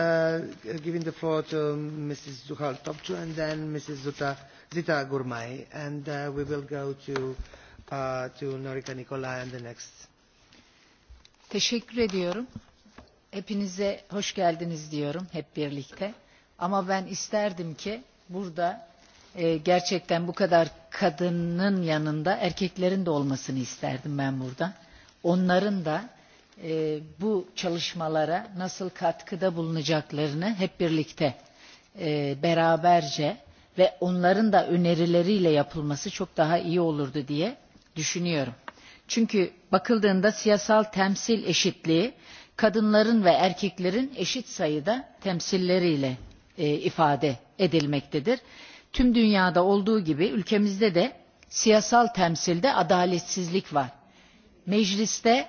Speaker 2: Uh, giving the floor to Mrs. Zuhal Topcu and then Mrs. Zuta, Zita Gurmai, and uh, we will go to uh, to Norika Nikolay and the next.
Speaker 9: Teşekkür ediyorum. Hepinize hoş geldiniz diyorum hep birlikte. Ama ben isterdim ki burada e, gerçekten bu kadar kadının yanında erkeklerin de olmasını isterdim ben burada. Onların da e, bu çalışmalara nasıl katkıda bulunacaklarını hep birlikte e, beraberce ve onların da önerileriyle yapılması çok daha iyi olurdu diye düşünüyorum. Çünkü bakıldığında siyasal temsil eşitliği kadınların ve erkeklerin eşit sayıda temsilleriyle e, ifade edilmektedir. Tüm dünyada olduğu gibi ülkemizde de siyasal temsilde adaletsizlik var. Mecliste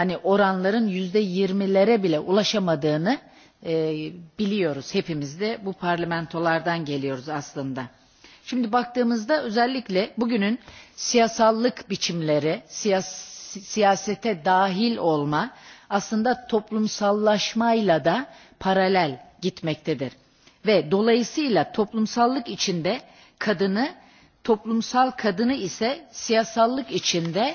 Speaker 9: hani oranların yüzde yirmilere bile ulaşamadığını e, biliyoruz. Hepimiz de bu parlamentolardan geliyoruz aslında. Şimdi baktığımızda özellikle bugünün siyasallık biçimleri, siyas siyasete dahil olma aslında toplumsallaşmayla da paralel gitmektedir. Ve dolayısıyla toplumsallık içinde kadını, toplumsal kadını ise siyasallık içinde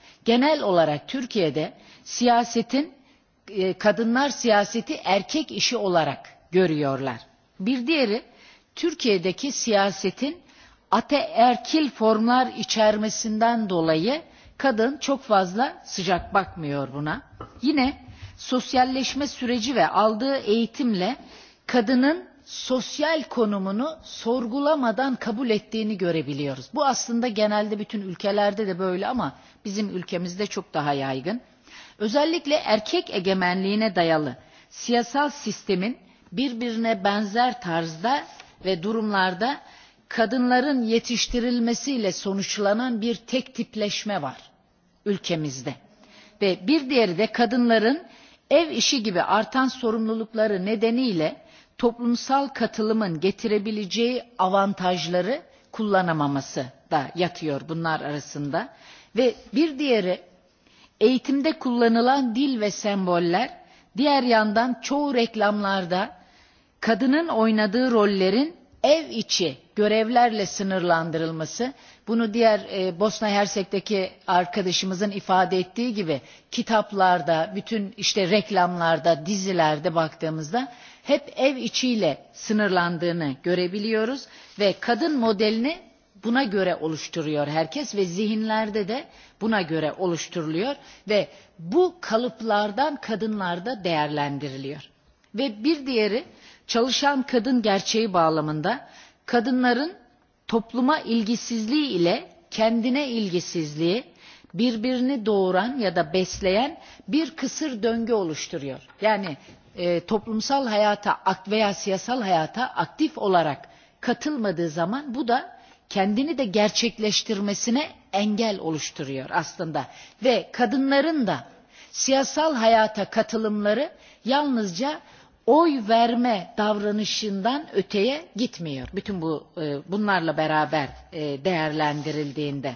Speaker 9: genel olarak Türkiye'de siyasetin e, kadınlar siyaseti erkek işi olarak görüyorlar. Bir diğeri Türkiye'deki siyasetin ateerkil formlar içermesinden dolayı kadın çok fazla sıcak bakmıyor buna. Yine sosyalleşme süreci ve aldığı eğitimle kadının sosyal konumunu sorgulamadan kabul ettiğini görebiliyoruz. Bu aslında genelde bütün ülkelerde de böyle ama bizim ülkemizde çok daha yaygın. Özellikle erkek egemenliğine dayalı siyasal sistemin birbirine benzer tarzda ve durumlarda kadınların yetiştirilmesiyle sonuçlanan bir tek tipleşme var ülkemizde. Ve bir diğeri de kadınların ev işi gibi artan sorumlulukları nedeniyle toplumsal katılımın getirebileceği avantajları kullanamaması da yatıyor bunlar arasında. Ve bir diğeri eğitimde kullanılan dil ve semboller diğer yandan çoğu reklamlarda kadının oynadığı rollerin ev içi görevlerle sınırlandırılması bunu diğer e, Bosna Hersek'teki arkadaşımızın ifade ettiği gibi kitaplarda bütün işte reklamlarda dizilerde baktığımızda hep ev içiyle sınırlandığını görebiliyoruz ve kadın modelini buna göre oluşturuyor herkes ve zihinlerde de buna göre oluşturuluyor ve bu kalıplardan kadınlar da değerlendiriliyor. Ve bir diğeri çalışan kadın gerçeği bağlamında kadınların topluma ilgisizliği ile kendine ilgisizliği birbirini doğuran ya da besleyen bir kısır döngü oluşturuyor. Yani e, toplumsal hayata veya siyasal hayata aktif olarak katılmadığı zaman bu da kendini de gerçekleştirmesine engel oluşturuyor aslında. Ve kadınların da siyasal hayata katılımları yalnızca oy verme davranışından öteye gitmiyor. Bütün bu e, bunlarla beraber e, değerlendirildiğinde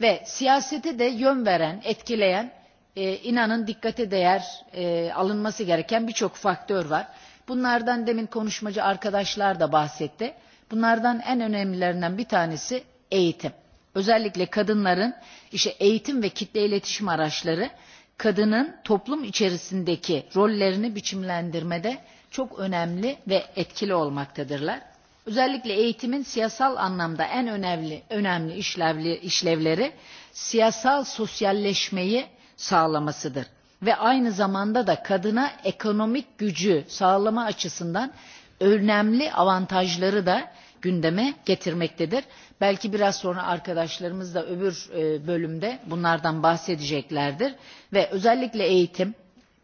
Speaker 9: ve siyasete de yön veren, etkileyen e, inanın dikkate değer e, alınması gereken birçok faktör var. Bunlardan demin konuşmacı arkadaşlar da bahsetti. Bunlardan en önemlilerinden bir tanesi eğitim. Özellikle kadınların işte eğitim ve kitle iletişim araçları kadının toplum içerisindeki rollerini biçimlendirmede çok önemli ve etkili olmaktadırlar. Özellikle eğitimin siyasal anlamda en önemli önemli işlevli, işlevleri siyasal sosyalleşmeyi sağlamasıdır. Ve aynı zamanda da kadına ekonomik gücü sağlama açısından önemli avantajları da gündeme getirmektedir. Belki biraz sonra arkadaşlarımız da öbür e, bölümde bunlardan bahsedeceklerdir. Ve özellikle eğitim,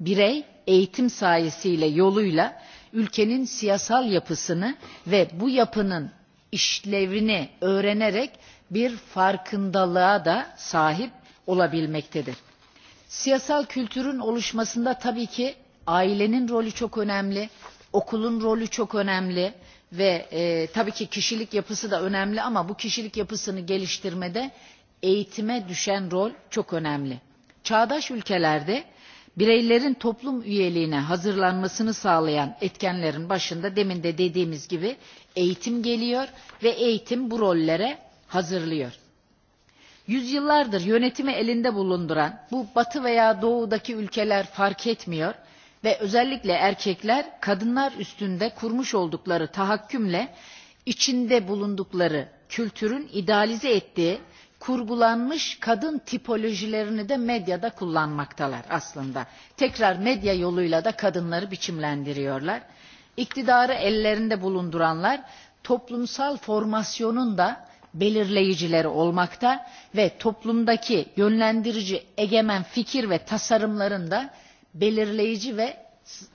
Speaker 9: birey eğitim sayesiyle yoluyla ülkenin siyasal yapısını ve bu yapının işlevini öğrenerek bir farkındalığa da sahip olabilmektedir. Siyasal kültürün oluşmasında tabii ki ailenin rolü çok önemli, okulun rolü çok önemli ve e, tabii ki kişilik yapısı da önemli ama bu kişilik yapısını geliştirmede eğitime düşen rol çok önemli. Çağdaş ülkelerde bireylerin toplum üyeliğine hazırlanmasını sağlayan etkenlerin başında demin de dediğimiz gibi eğitim geliyor ve eğitim bu rollere hazırlıyor yüzyıllardır yönetimi elinde bulunduran bu batı veya doğudaki ülkeler fark etmiyor ve özellikle erkekler kadınlar üstünde kurmuş oldukları tahakkümle içinde bulundukları kültürün idealize ettiği kurgulanmış kadın tipolojilerini de medyada kullanmaktalar aslında. Tekrar medya yoluyla da kadınları biçimlendiriyorlar. İktidarı ellerinde bulunduranlar toplumsal formasyonun da belirleyicileri olmakta ve toplumdaki yönlendirici egemen fikir ve tasarımların da belirleyici ve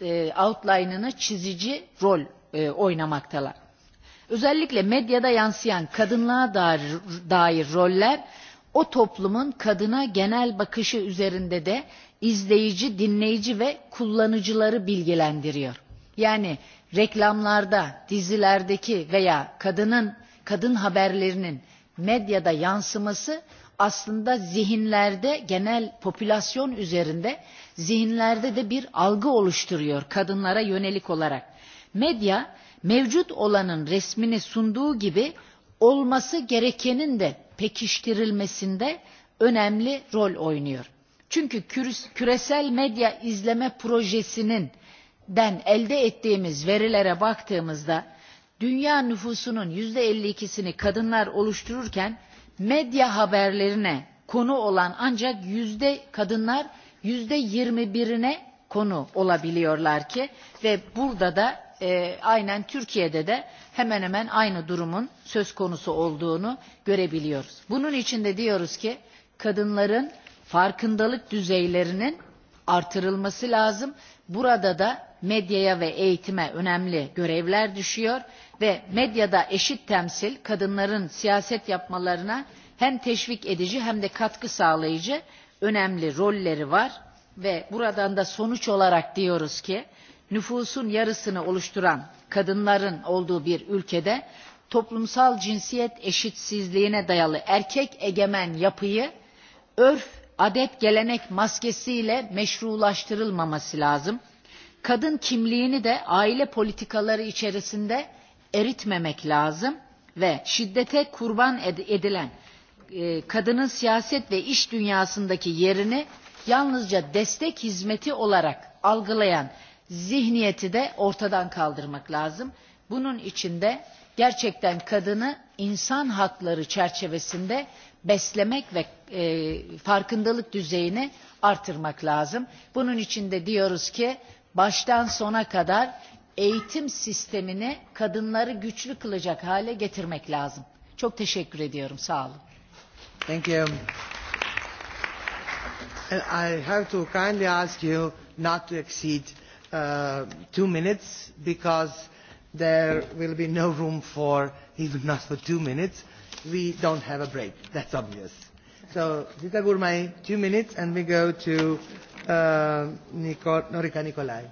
Speaker 9: e, outline'ını çizici rol e, oynamaktalar. Özellikle medyada yansıyan kadınlığa dair, dair roller o toplumun kadına genel bakışı üzerinde de izleyici, dinleyici ve kullanıcıları bilgilendiriyor. Yani reklamlarda, dizilerdeki veya kadının kadın haberlerinin medyada yansıması aslında zihinlerde genel popülasyon üzerinde zihinlerde de bir algı oluşturuyor kadınlara yönelik olarak. Medya mevcut olanın resmini sunduğu gibi olması gerekenin de pekiştirilmesinde önemli rol oynuyor. Çünkü küresel medya izleme projesinin den elde ettiğimiz verilere baktığımızda dünya nüfusunun yüzde elli ikisini kadınlar oluştururken medya haberlerine konu olan ancak yüzde kadınlar yüzde yirmi birine konu olabiliyorlar ki ve burada da e, aynen Türkiye'de de hemen hemen aynı durumun söz konusu olduğunu görebiliyoruz. Bunun için de diyoruz ki kadınların farkındalık düzeylerinin artırılması lazım. Burada da medyaya ve eğitime önemli görevler düşüyor ve medyada eşit temsil kadınların siyaset yapmalarına hem teşvik edici hem de katkı sağlayıcı önemli rolleri var ve buradan da sonuç olarak diyoruz ki nüfusun yarısını oluşturan kadınların olduğu bir ülkede toplumsal cinsiyet eşitsizliğine dayalı erkek egemen yapıyı örf, adet, gelenek maskesiyle meşrulaştırılmaması lazım. Kadın kimliğini de aile politikaları içerisinde eritmemek lazım ve şiddete kurban edilen e, kadının siyaset ve iş dünyasındaki yerini yalnızca destek hizmeti olarak algılayan zihniyeti de ortadan kaldırmak lazım. Bunun için de gerçekten kadını insan hakları çerçevesinde beslemek ve e, farkındalık düzeyini artırmak lazım. Bunun için de diyoruz ki baştan sona kadar eğitim sistemini kadınları güçlü kılacak hale getirmek lazım. Çok teşekkür ediyorum. Sağ olun. Thank
Speaker 2: you. And I have to kindly ask you not to exceed uh, two minutes because there will be no room for even [laughs] not for two minutes. We don't have a break. That's obvious. So, Zita Gurmai, two minutes, and we go to uh, Nico, Norika Nikolai.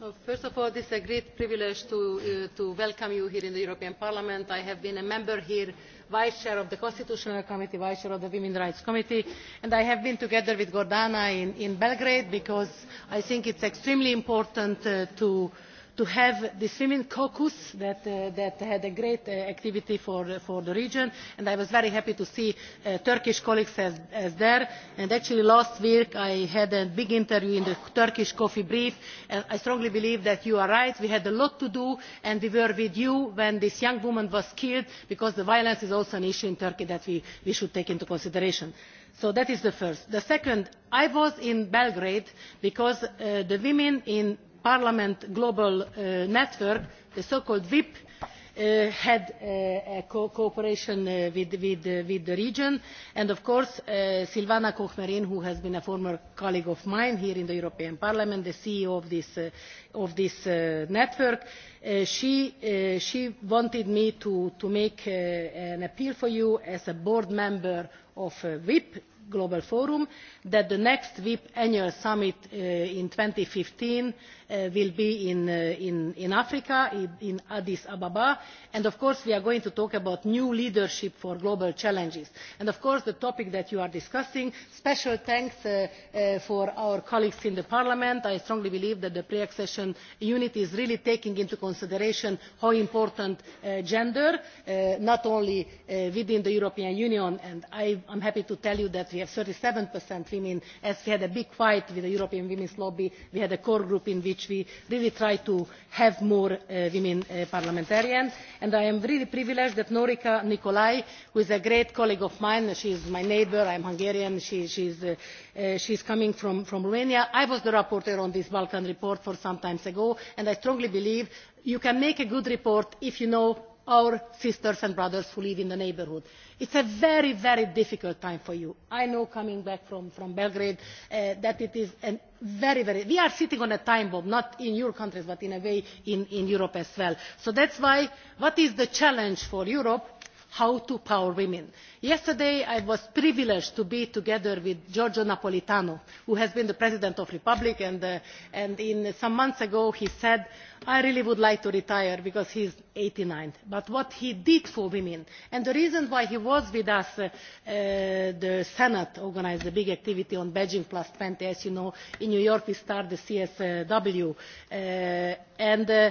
Speaker 10: Well, first of all, it is a great privilege to, uh, to welcome you here in the European Parliament. I have been a member here, Vice Chair of the Constitutional Committee, Vice Chair of the Women's Rights Committee, and I have been together with Gordana in, in Belgrade because I think it's extremely important uh, to uh, to have this women caucus that, uh, that had a great uh, activity for, uh, for the region and i was very happy to see uh, turkish colleagues as, as there and actually last week i had a big interview in the turkish coffee brief and i strongly believe that you are right we had a lot to do and we were with you when this young woman was killed because violence is also an issue in turkey that we, we should take into consideration so that is the first. the second i was in belgrade because uh, the women in parliament global uh, network the so called vip uh, had uh, cooperation with the region and of course silvana koch marin who has been a former colleague of mine here in the european parliament the ceo of this network she wanted me to make an appeal to you as a board member of vip global forum that the next vip annual summit uh, in two thousand and fifteen uh, will be in uh, africa in addis ababa and of course we are going to talk about new leadership for global challenges and of course the topic that you are discussing special thanks to our colleagues in parliament. i strongly believe that the pre accession unit is really taking into consideration how important gender is not only within the european union and i am happy to tell you we have thirty seven women as we had a big fight with the european women's lobby we had a core group in which we really tried to have more uh, women uh, parliamentarians and i am really privileged that norica nicolai who is a great colleague of mine she is my neighbour i am hungarian she is uh, coming from romania i was the rapporteur on this balkan report some time ago and i strongly believe you can make a good report if you know our sisters and brothers who live in the neighbourhood. it is a very very difficult time for you. i know coming back from, from belgrade uh, that it is very very we are sitting on a time bomb not in your countries but in a way in, in europe as well. so that is why what is the challenge for europe? how to empower women. yesterday i was privileged to be together with giorgio napolitano who has been the president of the republic and, uh, and some months ago he said i really would like to retire because he is eighty nine but what he did for women and the reason why he was with us uh, uh, the senate organised a big activity on beijing plus twenty as you know in new york we started the csw uh, and uh,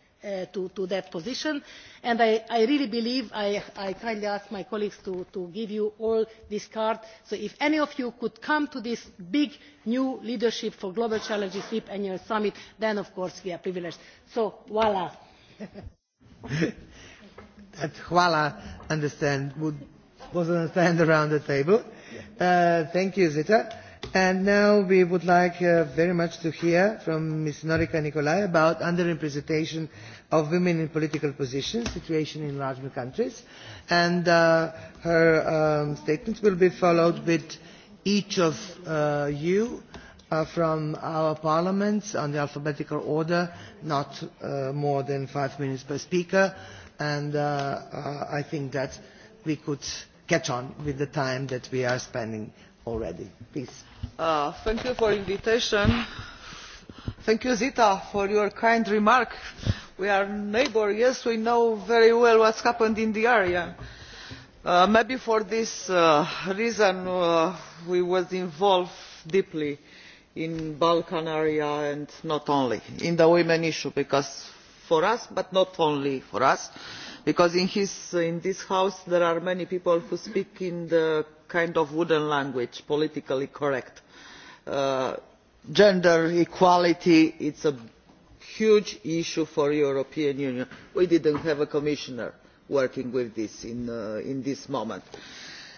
Speaker 10: uh, to, to that position. And I, I really believe, I, I kindly ask my colleagues to, to give you all this card. So if any of you could come to this big new Leadership for Global Challenges RIP annual summit, then of course we are privileged. So voila.
Speaker 2: [laughs] that voila understand, would, was understand around the table. Uh, thank you, Zita. And now we would like uh, very much to hear from Ms. Norika Nicolai about underrepresentation of women in political positions, situation in larger countries. And uh, her um, statements will be followed with each of uh, you uh, from our parliaments on the alphabetical order, not uh, more than five minutes per speaker. And uh, uh, I think that we could catch on with the time that we are spending already.
Speaker 11: Please. Uh, thank you for the invitation. Thank you, Zita, for your kind remark. We are neighbours, yes, we know very well what's happened in the area. Uh, maybe for this uh, reason uh, we were involved deeply in the balkan area and not only in the women's issue because for us but not only for us because in, his, in this house there are many people who speak in the kind of wooden language politically correct. Uh, gender equality is a huge issue for the european union. we did not have a commissioner working with this at uh, this moment.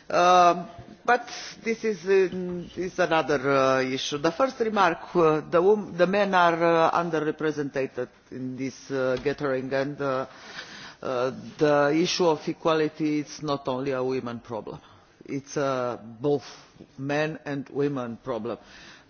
Speaker 11: Uh, but this is, um, is another uh, issue. the first remark uh, the, the men are uh, under represented in this gathering and the issue of equality is not only a women's problem it is a both men and women problem.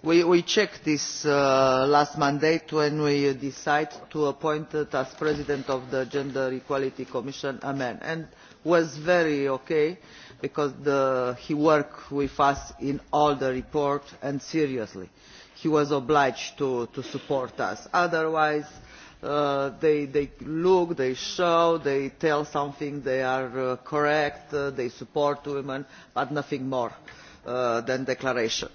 Speaker 11: we, we checked this uh, last mandate when we decided to appoint as president of the gender equality commission a man and it was very ok because the, he worked with us in all the reports and seriously. he was obliged to, to support us otherwise Uh, they, they look, they show, they tell something, they are uh, correct, uh, they support women, but nothing more uh, than declaration.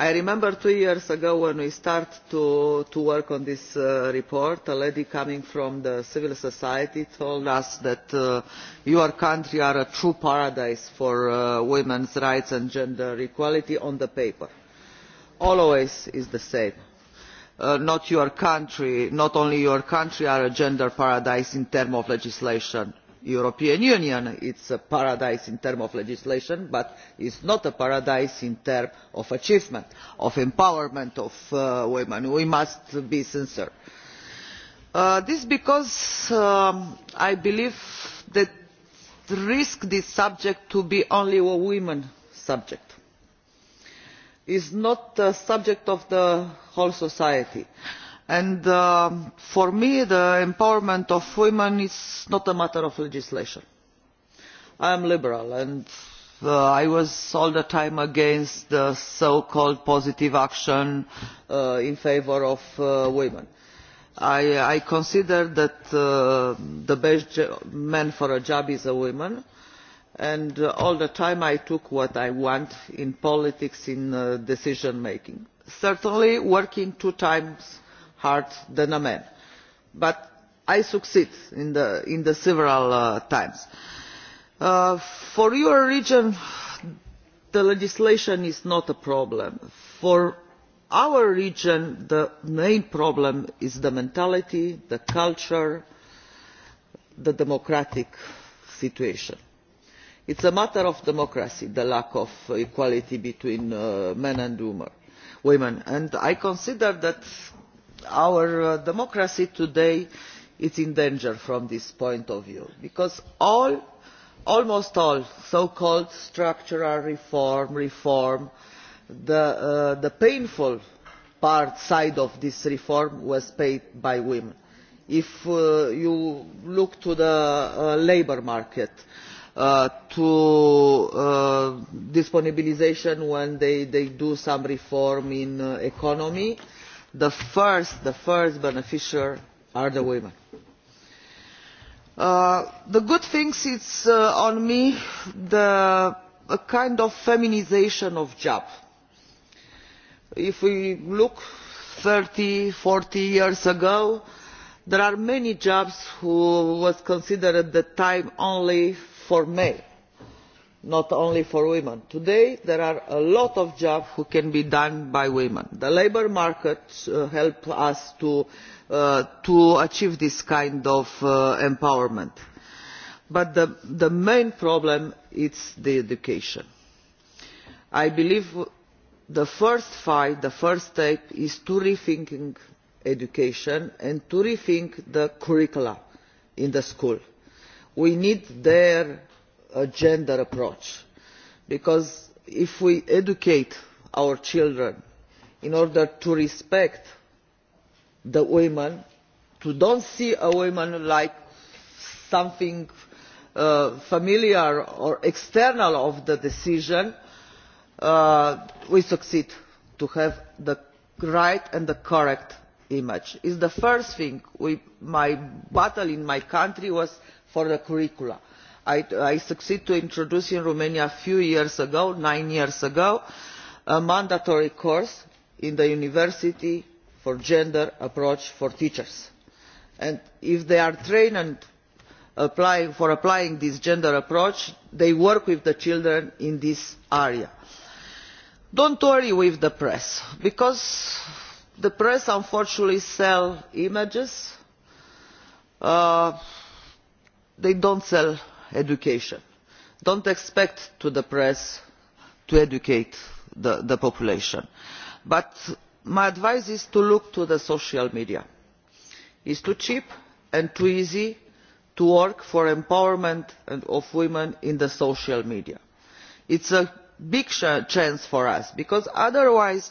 Speaker 11: I remember two years ago when we started to, to work on this uh, report, a lady coming from the civil society told us that uh, your country are a true paradise for uh, women's rights and gender equality on the paper. Always is the same Uh, not your country not only your country are a gender paradise in terms of legislation the european union is a paradise in terms of legislation but it is not a paradise in terms of achievement of empowerment of uh, women. we must be sincere. Uh, this is because um, i believe that risks this subject to be only a women's subject is not a subject of the whole society and uh, for me the empowerment of women is not a matter of legislation. i am liberal and uh, i was all the time against the so called positive action uh, in favour of uh, women. I, i consider that uh, the best man for a job is a woman and uh, all the time i took what i want in politics in uh, decision making certainly working two times harder than a man but i succeeded in, in the several uh, times. Uh, for your region the legislation is not a problem. for our region the main problem is the mentality the culture the democratic situation it is a matter of democracy the lack of equality between uh, men and women and i consider that our uh, democracy today is in danger from this point of view because all, almost all so called structural reform reform the, uh, the painful part side of this reform was paid by women. if uh, you look to the uh, labour market uh, to uh, disponibilization when they, they do some reform in uh, economy, the first, the first beneficiary are the women. Uh, the good things it's uh, on me the a kind of feminization of job. If we look 30, 40 years ago, there are many jobs who was considered at the time only for men not only for women. today there are a lot of jobs that can be done by women. the labour market uh, helps us to, uh, to achieve this kind of uh, empowerment but the, the main problem is education. i believe the first fight the first step is to rethink education and to rethink the curricula in the schools we need their uh, gender approach because if we educate our children in order to respect the women to not see a woman as something uh, familiar or external to the decision uh, we succeed in having the right and the correct image. it is the first thing we, my battle in my country was for the curricula. I, I succeeded to introduce in Romania a few years ago, nine years ago, a mandatory course in the university for gender approach for teachers. And if they are trained and applying, for applying this gender approach, they work with the children in this area. Don't worry with the press, because the press unfortunately sell images, uh, they do not sell education. do not expect the press to educate the, the population but my advice is to look to social media. it is too cheap and too easy to work for the empowerment of women in social media. it is a big chance for us because otherwise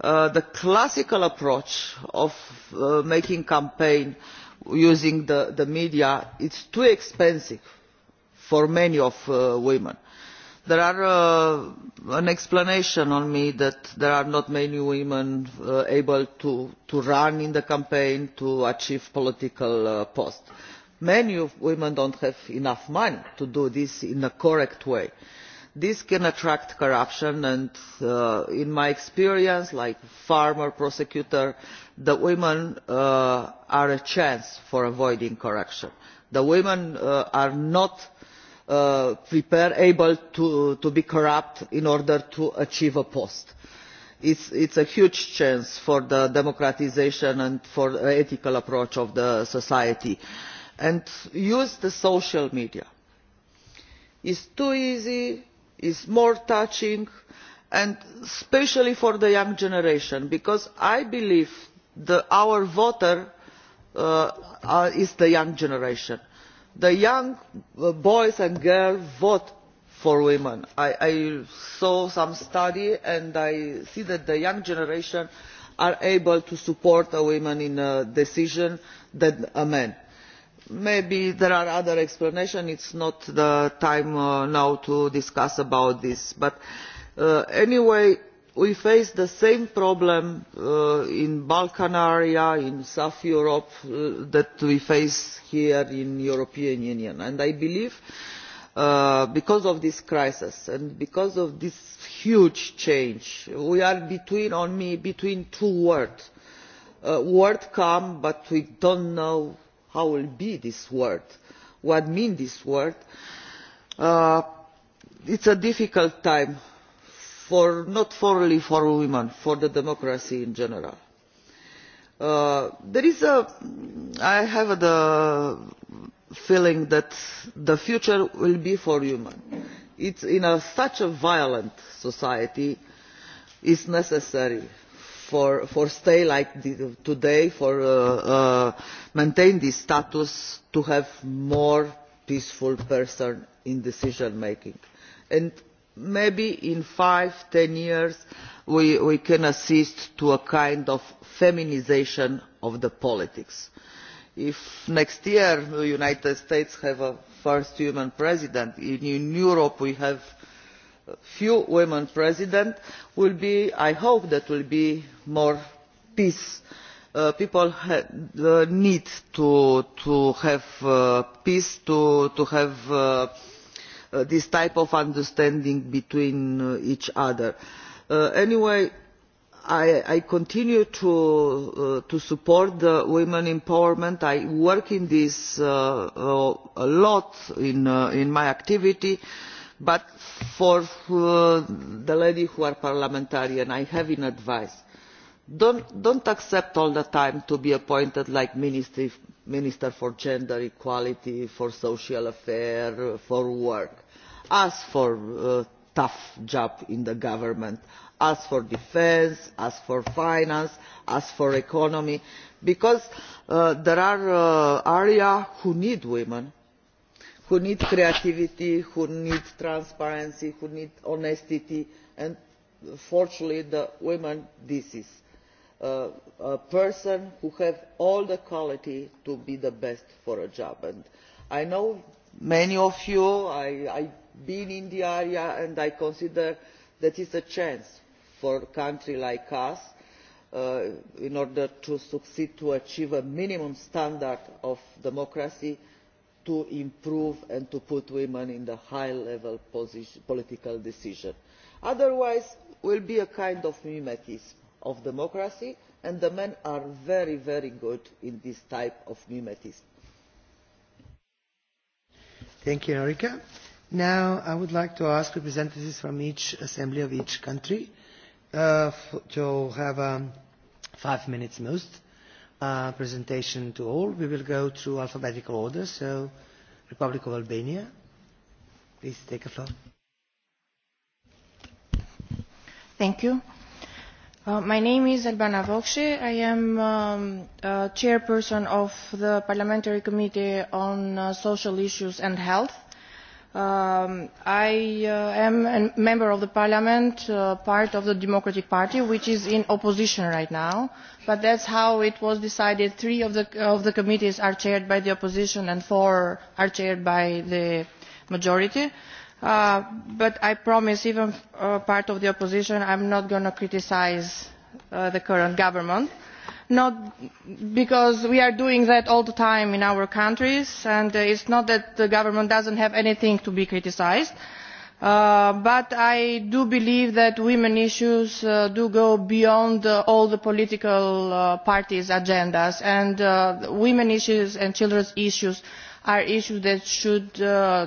Speaker 11: uh, the classical approach of uh, making campaigns using the, the media it is too expensive for many uh, women. there is uh, an explanation given me that there are not many women uh, able to, to run in the campaign to achieve political posts. many women do not have enough money to do this in a correct way this can attract corruption and uh, in my experience like farmer prosecutor the women uh, are a chance for avoiding corruption. the women uh, are not uh, prepared able to, to be corrupt in order to achieve a post. it is a huge chance for the democratisation and for the ethical approach of the society and use the social media. it is too easy is more touching and especially for the young generation because i believe that our voter uh, is the young generation. the young uh, boys and girls vote for women. I, i saw some study and i see that the young generation are able to support a woman in a decision than a man maybe there are other explanations it is not the time uh, now to discuss this but uh, anyway we face the same problem uh, in the balkan area in south europe uh, that we face here in the european union and i believe uh, because of this crisis and because of this huge change we are between, me, between two worlds a uh, world calm but we do not know how will be this word what mean this word uh, it's a difficult time for not only for women for the democracy in general uh, there is a i have the feeling that the future will be for women it's in a, such a violent society it's necessary for, for stay like the, today, for uh, uh, maintain this status to have more peaceful person in decision making. And maybe in five, ten years we, we can assist to a kind of feminization of the politics. If next year the United States have a first woman president, in, in Europe we have uh, few women president will be i hope there will be more peace. Uh, people ha uh, need to, to have uh, peace to, to have uh, uh this type of understanding between uh, each other. anyway I, i continue to, to support women's empowerment. i work on this a lot in, in my activity and but for uh, the lady who is parliamentarian i have an advice don't, don't accept all the time to be appointed like minister, minister for gender equality for social affairs for work ask for a uh, tough job in the government ask for defence ask for finance ask for economy because uh, there are uh, areas that need women who need creativity who need transparency who need honesty and fortunately women this is uh, a person who has all the qualities to be the best for a job and i know many of you i have been in the area and i consider that is a chance for a country like ours uh, in order to succeed to achieve a minimum standard of democracy to improve and to put women in the high level position, political decisions. otherwise it will be a kind of mimetism of democracy and the men are very very good in this type of mimetism.
Speaker 2: thank you erika. now i would like to ask representatives from each assembly of each country uh, to have um, five minutes most uh, presentation to all. We will go through alphabetical order, so Republic of Albania, please take a floor.
Speaker 12: Thank you. Uh, my name is Albana Vokshi. I am um, uh, chairperson of the Parliamentary Committee on uh, Social Issues and Health. Uh, Um, i uh, am a member of parliament uh, part of the democratic party which is in opposition right now but that is how it was decided three of the, of the committees are chaired by the opposition and four are chaired by the majority uh, but i promise even as uh, part of the opposition i am not going to criticise uh, the current government not because we are doing that all the time in our countries and it is not that the government does not have anything to be criticised uh, but i do believe that women's issues uh, do go beyond uh, all the political uh, parties' agendas and uh, women's issues and children's issues are issues that should uh,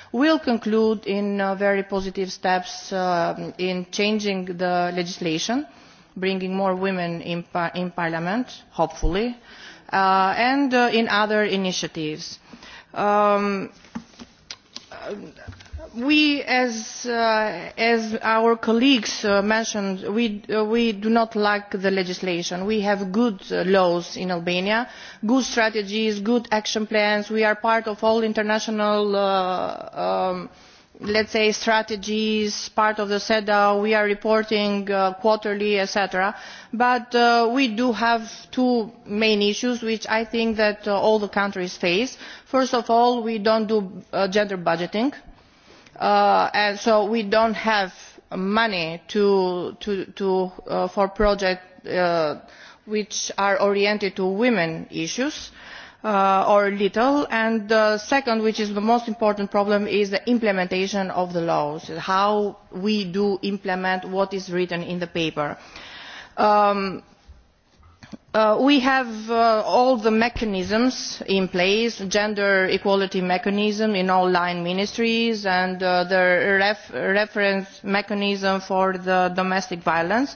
Speaker 12: will conclude in uh, very positive steps uh, in changing the legislation bringing more women in, par in parliament hopefully uh, and in other initiatives. Um, we as, uh, as our colleagues uh, mentioned we, uh, we do not lack the legislation. we have good uh, laws in albania good strategies good action plans we are part of all international uh, um, let us say strategies part of the cedaw we are reporting uh, quarterly etc. but uh, we do have two main issues which i think that uh, all the countries face. first of all we do not uh, do gender budgeting uh, and so we do not have money to, to, to, uh, for projects uh, which are oriented to women's issues uh, or little and the second which is the most important problem is the implementation of the laws how we implement what is written in the paper. Um, Uh, we have uh, all the mechanisms in place the gender equality mechanism in all line ministries and uh, the ref reference mechanism for domestic violence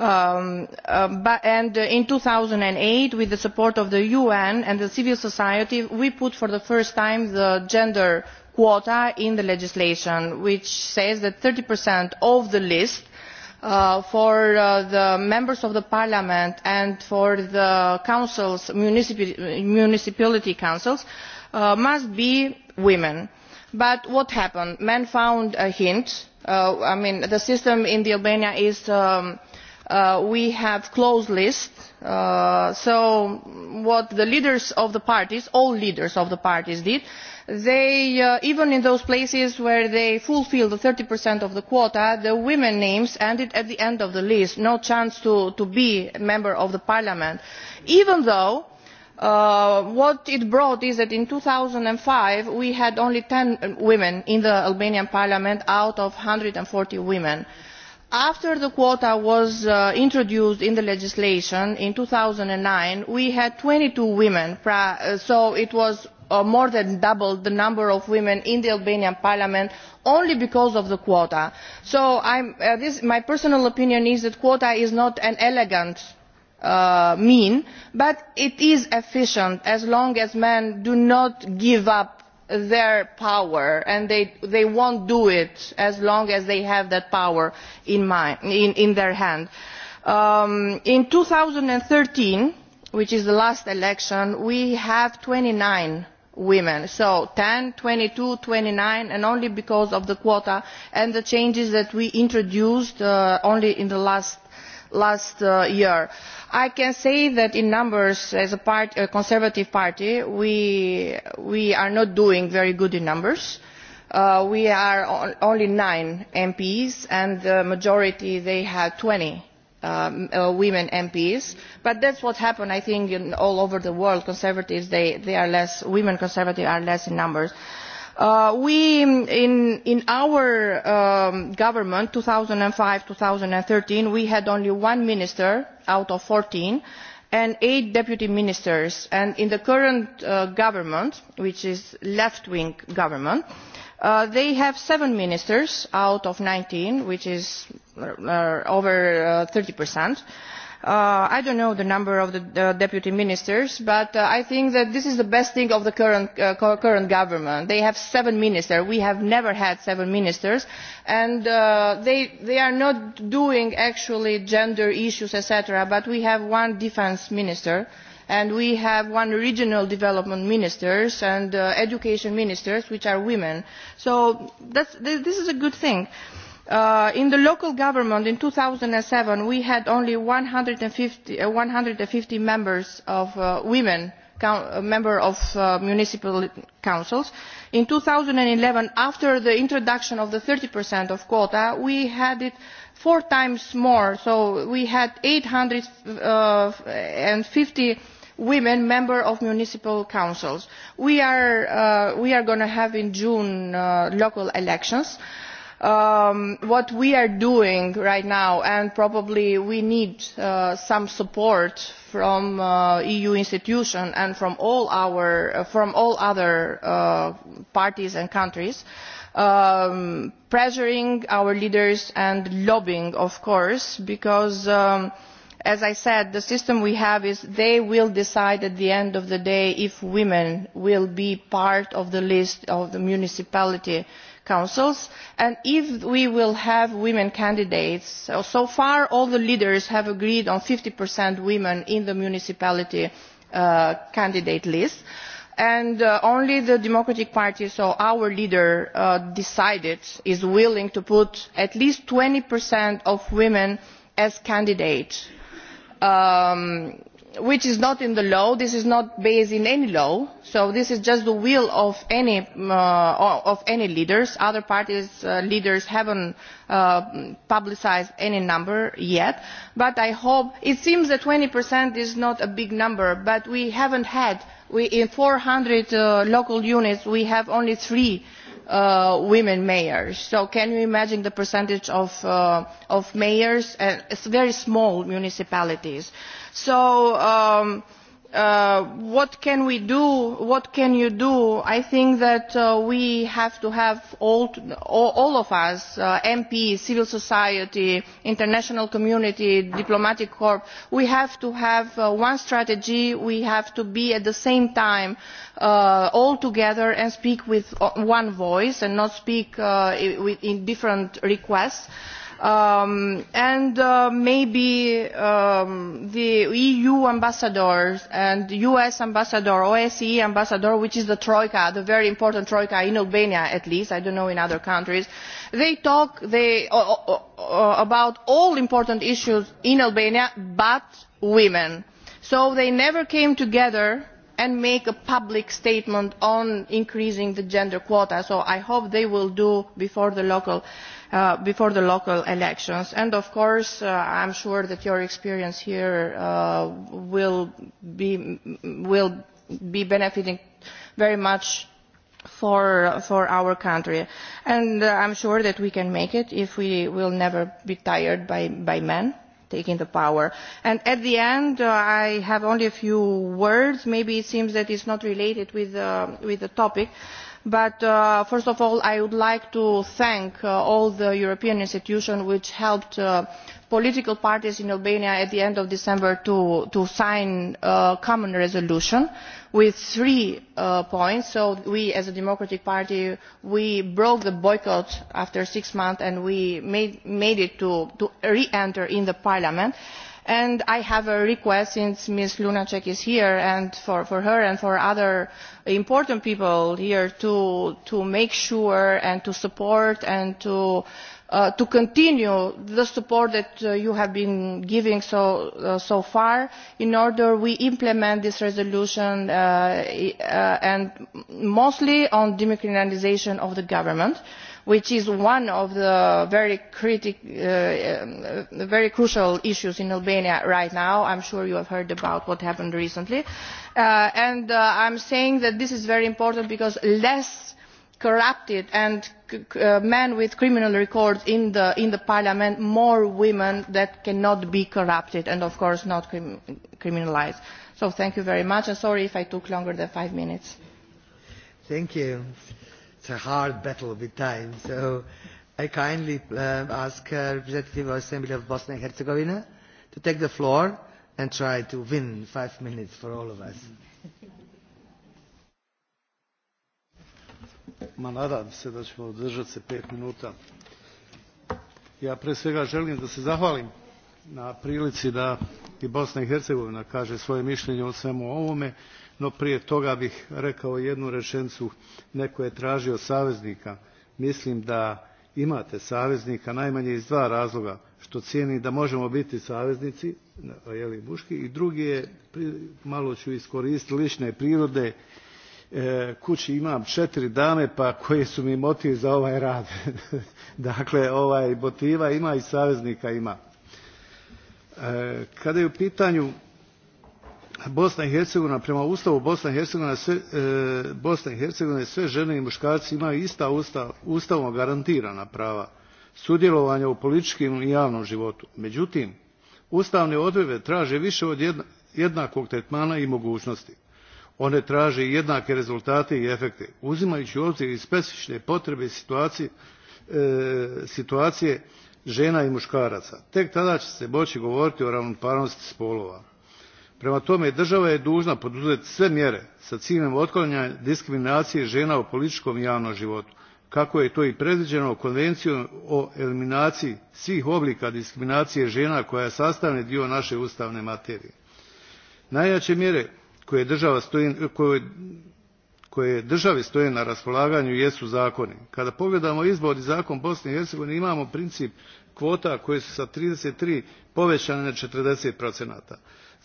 Speaker 12: um, uh, but, and in two thousand and eight with the support of the un and civil society we put for the first time the gender quota in the legislation which says that thirty of the list Uh, for uh, the members of the parliament and for the councils, municipi municipality councils uh, must be women. but what happened? men found a hint. Uh, i mean the system in albania is um, uh, we have closed lists uh, so what the leaders of the parties all leaders of the parties did they uh, even in those places where they fulfil the thirty of the quota the women's names ended at the end of the list no chance to, to be a member of parliament even though Uh, what it brought is that in two thousand and five we had only ten women in the albanian parliament out of one hundred and forty women. after the quota was uh, introduced in the legislation in two thousand and nine we had twenty two women uh, so it was more than doubled the number of women in the albanian parliament only because of the quota. so uh, this, my personal opinion is that the quota is not an elegant uh, means but it is efficient as long as men do not give up their power and they, they will not do it as long as they have that power in, mind, in, in their hand. Um, in two thousand and thirteen which is the last election we had twenty nine women so ten twenty two twenty nine and only because of the quota and the changes that we introduced uh, only in the last, last uh, year. i can say that in numbers as a, part, a conservative party we, we are not doing very good in numbers. Uh, we are on, only nine mps and the majority they have twenty Um, uh, women mps but that is what happens i think in, all over the world conservatives they, they are less women conservatives are less in numbers. Uh, we in, in our um, government two thousand and five two thousand and thirteen we had only one minister out of fourteen and eight deputy ministers and in the current uh, government which is a left wing government Uh, they have seven ministers out of nineteen which is uh, over uh, thirty uh, i do not know the number of the deputy ministers but uh, i think that this is the best thing about the current, uh, current government they have seven ministers we have never had seven ministers and they, they are not doing actually gender issues etc. but we have one defence minister and we have one regional development minister and uh, education ministers which are women so this is a good thing. Uh, in the local government in two thousand and seven we had only one hundred and fifty uh, members of uh, women uh, members of uh, municipal councils. in two thousand and eleven after the introduction of the thirty quota we had it four times more so we had eight hundred uh, and fifty women members of municipal councils. we are, uh, are going to have in june uh, local elections. Um, what we are doing right now and probably we need uh, some support from the uh, eu institutions and from all, our, uh, from all other uh, parties and countries um, pressuring our leaders and lobbying of course because um, as i said the system we have is that they will decide at the end of the day if women will be part of the list of the municipality councils and if we have women candidates so far all the leaders have agreed on fifty women in the municipality uh, candidate list and uh, only the democratic party so our leader uh, decided is willing to put at least twenty of women as candidates um, which is not in the law this is not based in any law so this is just the will of any, uh, of any leaders other parties' uh, leaders have not uh, publicised any number yet but i hope it seems that twenty is not a big number but we have not had we, in four hundred uh, local units we have only three uh, women mayors. So can you imagine the percentage of, uh, of mayors? And uh, it's very small municipalities. So um, Uh, what can we do what can you do i think that uh, we have to have all, all, all of us uh, mps civil society the international community the diplomatic corps we have to have uh, one strategy we have to be at the same time uh, all together and speak with uh, one voice and not speak with, in different requests um, and uh, maybe um, the EU ambassadors and US ambassador, OSCE ambassador, which is the troika, the very important troika in Albania at least, I don't know in other countries, they talk they, uh, uh, uh, about all important issues in Albania but women. So they never came together and make a public statement on increasing the gender quota. So I hope they will do before the local uh, uh, before the local elections. And of course, uh, I'm sure that your experience here uh, will, be, will be benefiting very much for, for our country. And uh, I'm sure that we can make it if we will never be tired by, by men taking the power. And at the end, uh, I have only a few words. Maybe it seems that it's not related with, uh, with the topic. Uh, but uh, first of all i would like to thank uh, all the european institutions which helped uh, political parties in albania at the end of december to, to sign a common resolution with three uh, points so we as a democratic party broke the boycott after six months and we made, made it to, to re enter parliament and i have a request since ms lunacek is here and for, for her and for other important people here to, to make sure and to support and to, uh, to continue the support that uh, you have been giving so, uh, so far in order we implement this resolution uh, uh, and mostly on decriminalisation of the government which is one of the very, critic, uh, um, very crucial issues in albania right now i am sure you have heard about what happened recently uh, and uh, i am saying that this is very important because less corrupted and uh, men with criminal records in the, in the parliament more women that cannot be corrupted and of course not crim criminalised. so thank you very much and sorry if i took longer than five minutes.
Speaker 2: thank you it's a hard battle with time. So I kindly uh, ask uh, Representative Assembly of Bosnia and Herzegovina to take the floor and try to win five minutes for all of us.
Speaker 13: Ma nadam se da ćemo održati se pet minuta. Ja pre svega želim da se zahvalim na prilici da i Bosna i Hercegovina kaže svoje mišljenje o svemu ovome no prije toga bih rekao jednu rečenicu neko je tražio saveznika mislim da imate saveznika najmanje iz dva razloga što cijenim da možemo biti saveznici jeli muški i drugi je malo ću iskoristiti lične prirode e, kući imam četiri dame pa koje su mi motiv za ovaj rad [laughs] dakle ovaj motiva ima i saveznika ima e, kada je u pitanju Bosna i Hercegovina, prema Ustavu Bosna i Hercegovina, sve, e, Bosna i Hercegovina sve žene i muškarci imaju ista ustav, ustavom garantirana prava sudjelovanja u političkim i javnom životu. Međutim, ustavne odredbe traže više od jedna, jednakog tretmana i mogućnosti. One traže jednake rezultate i efekte, uzimajući u obzir i specifične potrebe i situacije, e, situacije žena i muškaraca. Tek tada će se moći govoriti o ravnopravnosti spolova prema tome država je dužna poduzeti sve mjere s ciljem otklanjanja diskriminacije žena u političkom i javnom životu kako je to i predviđeno konvencijom o eliminaciji svih oblika diskriminacije žena koja je sastavni dio naše ustavne materije. najjače mjere koje država stoji, koje, koje državi stoje na raspolaganju jesu zakoni. Kada pogledamo izbor i zakon Bosne i Hercegovine imamo princip kvota koje su sa 33 povećane na 40 procenata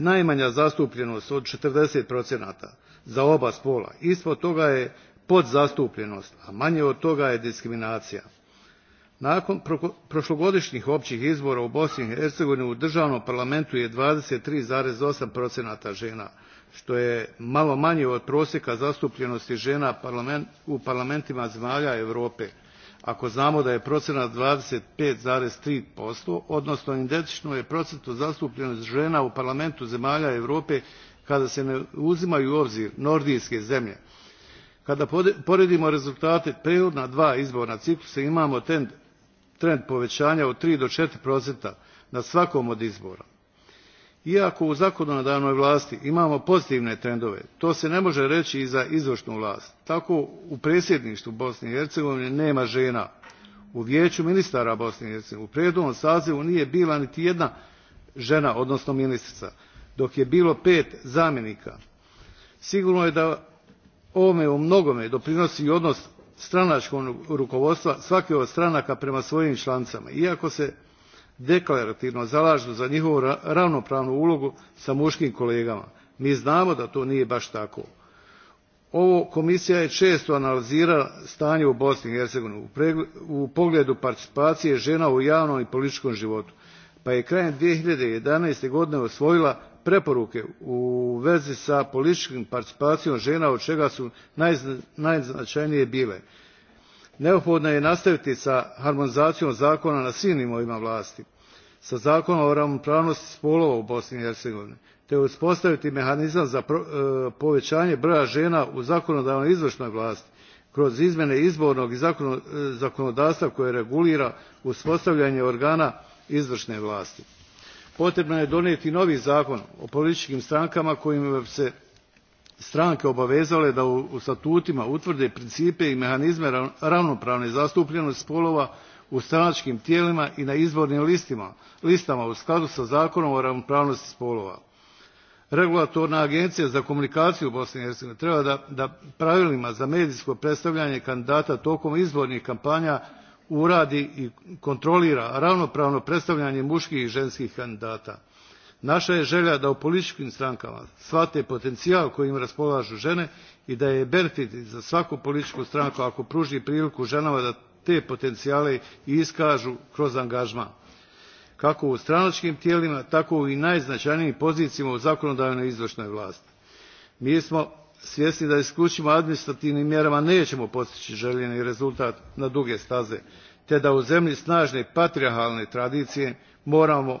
Speaker 13: najmanja zastupljenost od forty za oba spola ispod toga je podzastupljenost a manje od toga je diskriminacija. nakon prologodinjih opih izbora u bosni i hercegovini u dravnom parlamentu je twenty three eight ena to je malo manje od prosjeka zastupljenosti ena u parlamentima zemalja europe ako znamo da je procjenat twenty five three odnosno identino je procentu zastupljenosti ena u parlamentu zemalja europe kada se ne uzimaju u obzir nordijske zemlje. kada poredimo rezultate prethodna dva izborna ciklusa imamo trend poveanja od three do four na svakom od izbora iako u zakonodavnoj vlasti imamo pozitivne trendove to se ne može reći i za izvršnu vlast tako u predsjedništvu bosne i hercegovine nema žena u vijeću ministara bosne i hercegovine u prethodnom sazivu nije bila niti jedna žena odnosno ministrica dok je bilo pet zamjenika sigurno je da ovome u mnogome doprinosi i odnos stranačkog rukovodstva svake od stranaka prema svojim članicama iako se deklarativno zalažu za njihovu ravnopravnu ulogu s muškim kolegama. mi znamo da to nije baš tako. ovo komisija je često analizirala stanje u bosni i hercegovini u pogledu participacije žena u javnom i političkom životu pa je krajem. two thousand and eleven godine usvojila preporuke u vezi s političkom participacijom žena od čega su najznačajnije bile neophodno je nastaviti s harmonizacijom zakona na svim nivoima vlasti sa zakonom o ravnopravnosti spolova u bosni i hercegovini te uspostaviti mehanizam za e, povećanje broja žena u zakonodavnoj i izvršnoj vlasti kroz izmjene izbornog i e, zakonodavstva koje regulira uspostavljanje organa izvršne vlasti. potrebno je donijeti novi zakon o političkim strankama kojim bi se stranke obavezale da u statutima utvrde principe i mehanizme ravnopravne zastupljenosti spolova u stranačkim tijelima i na izbornim listima, listama u skladu sa zakonom o ravnopravnosti spolova. Regulatorna agencija za komunikaciju u Bosni i Hercegovini treba da, da pravilima za medijsko predstavljanje kandidata tokom izbornih kampanja uradi i kontrolira ravnopravno predstavljanje muških i ženskih kandidata naša je želja da u političkim strankama shvate potencijal kojim raspolažu žene i da je benefit za svaku političku stranku ako pruži priliku ženama da te potencijale i iskažu kroz angažman kako u stranačkim tijelima tako i najznačajnijim pozicijama u zakonodavnoj i izvršnoj vlasti. mi smo svjesni da isključivo administrativnim mjerama nećemo postići željeni rezultat na duge staze te da u zemlji snažne patrijarhalne tradicije moramo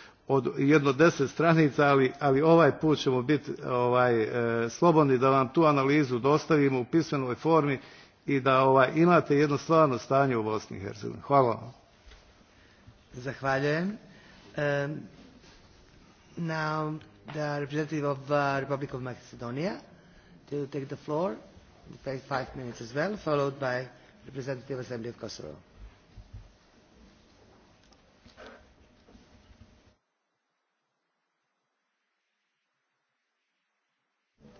Speaker 13: od jedno deset stranica, ali, ali ovaj put ćemo biti ovaj, e, slobodni da vam tu analizu dostavimo u pismenoj formi i da ovaj, imate jedno stvarno stanje u Bosni i Hercegovini. Hvala vam.
Speaker 2: Zahvaljujem. Um, now the representative of uh, Republic of Macedonia to take the floor, take five minutes as well, followed by representative Assembly of Kosovo.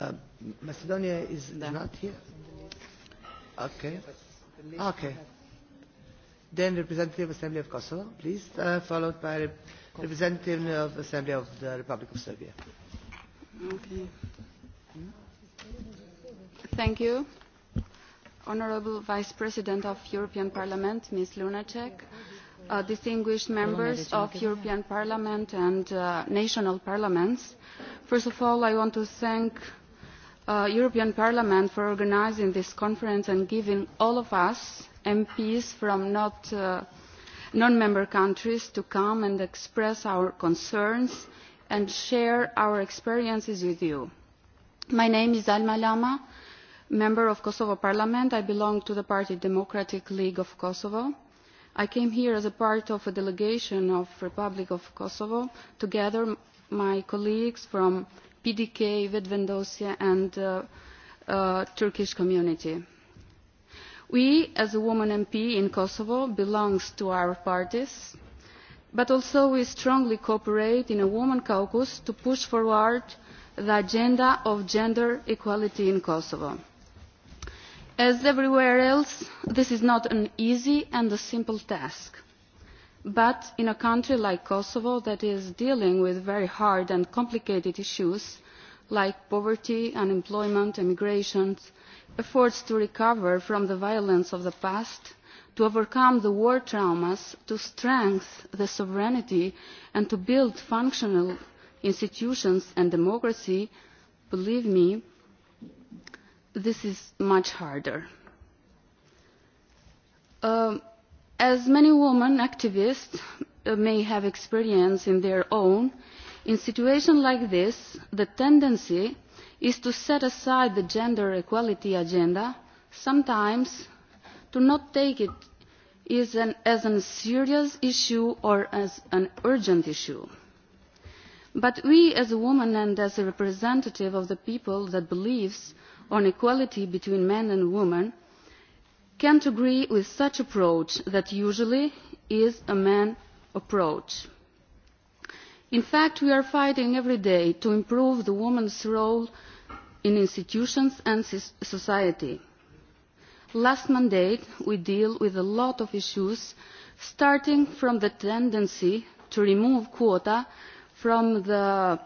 Speaker 2: Uh, Macedonia is da. not here.
Speaker 13: Okay. Okay.
Speaker 2: Then representative Assembly of Kosovo, please, uh, followed by representative of Assembly of the Republic of Serbia.
Speaker 10: Okay. Hmm?
Speaker 14: Thank you. Honorable Vice President of European Parliament, Ms. Lunacek, uh, distinguished members of European Parliament and uh, national parliaments, first of all, I want to thank uh, uh, European Parliament for organizing this conference and giving all of us MPs from not uh, non-member countries to come and express our concerns and share our experiences with you. My name is Alma Lama, member of Kosovo Parliament. I belong to the party Democratic League of Kosovo. I came here as a part of a delegation of Republic of Kosovo, together my colleagues from PDK, Vedvendosya and uh, uh, Turkish community. We, as a woman MP in Kosovo, belongs to our parties, but also we strongly cooperate in a woman caucus to push forward the agenda of gender equality in Kosovo. As everywhere else, this is not an easy and a simple task but in a country like kosovo that is dealing with very hard and complicated issues like poverty unemployment and migration efforts to recover from the violence of the past to overcome the war traumas to strengthen sovereignty and to build functional institutions and democracy believe me this is much harder. Um, as many women activists uh, may have experienced on their own in situations like this the tendency is to set aside the gender equality agenda sometimes to not take it as a serious issue or as an urgent issue. but we as women and as representatives of the people that believes in equality between men and women can't agree with such an approach that usually is a man approach. in fact we are fighting every day to improve the woman's role in institutions and society. last mandate we dealt with a lot of issues starting from the tendency to remove quotas from the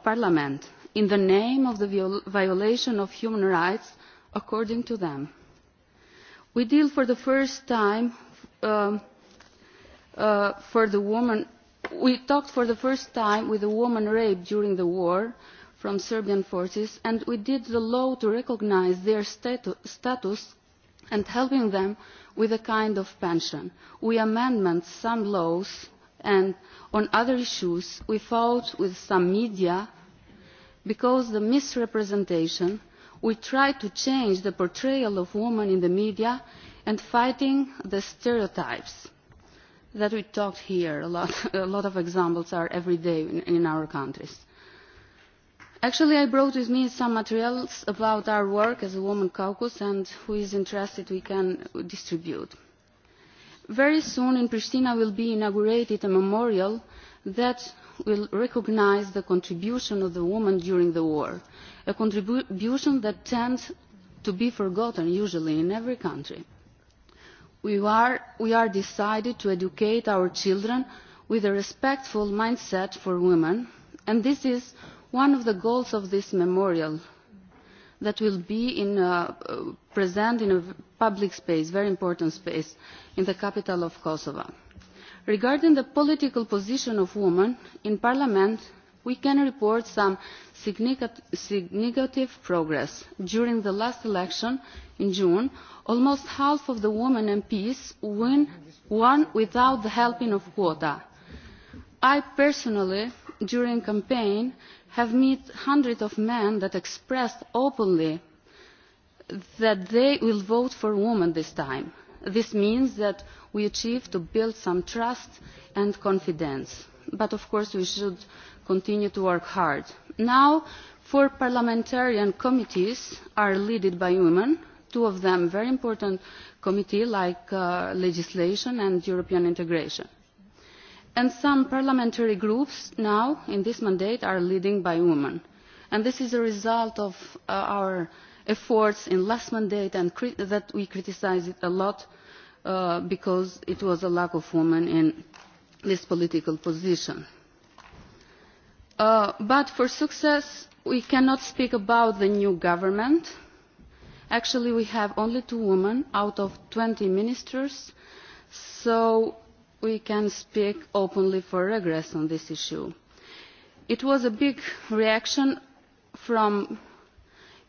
Speaker 14: parliament in the name of the violation of human rights according to them we deal for the first time um, uh, for the woman we talked for the first time with a woman raped during the war from Serbian forces and we did the law to recognize their statu status and helping them with a kind of pension. We amended some laws and on other issues we fought with some media because the misrepresentation we try to change the portrayal of women in the media and fighting the stereotypes that we talked here a lot, [laughs] a lot of examples are every day in, in our countries. Actually, I brought with me some materials about our work as a woman caucus and who is interested we can distribute. Very soon in Pristina will be inaugurated a memorial that will recognise the contribution of women during the war a contribution that tends to be forgotten usually in every country. We are, we are decided to educate our children with a respectful mindset for women and this is one of the goals of this memorial that will be in, uh, present in a public space, very important space, in the capital of Kosovo regarding the political position of women in parliament we can report some significant progress. during the last election in june almost half of the women mps won without the help of quotas. i personally during the campaign have met hundreds of men who expressed openly that they will vote for women this time. this means that we achieved to build some trust and confidence but of course we should continue to work hard. now four parliamentarian committees are led by women two of them very important committees like uh, legislation and european integration and some parliamentary groups now in this mandate are led by women and this is a result of uh, our efforts in the last mandate and that we criticised a lot uh, because it was a lack of women in this political position. Uh, but for success, we cannot speak about the new government. Actually, we have only two women out of 20 ministers, so we can speak openly for regress on this issue. It was a big reaction from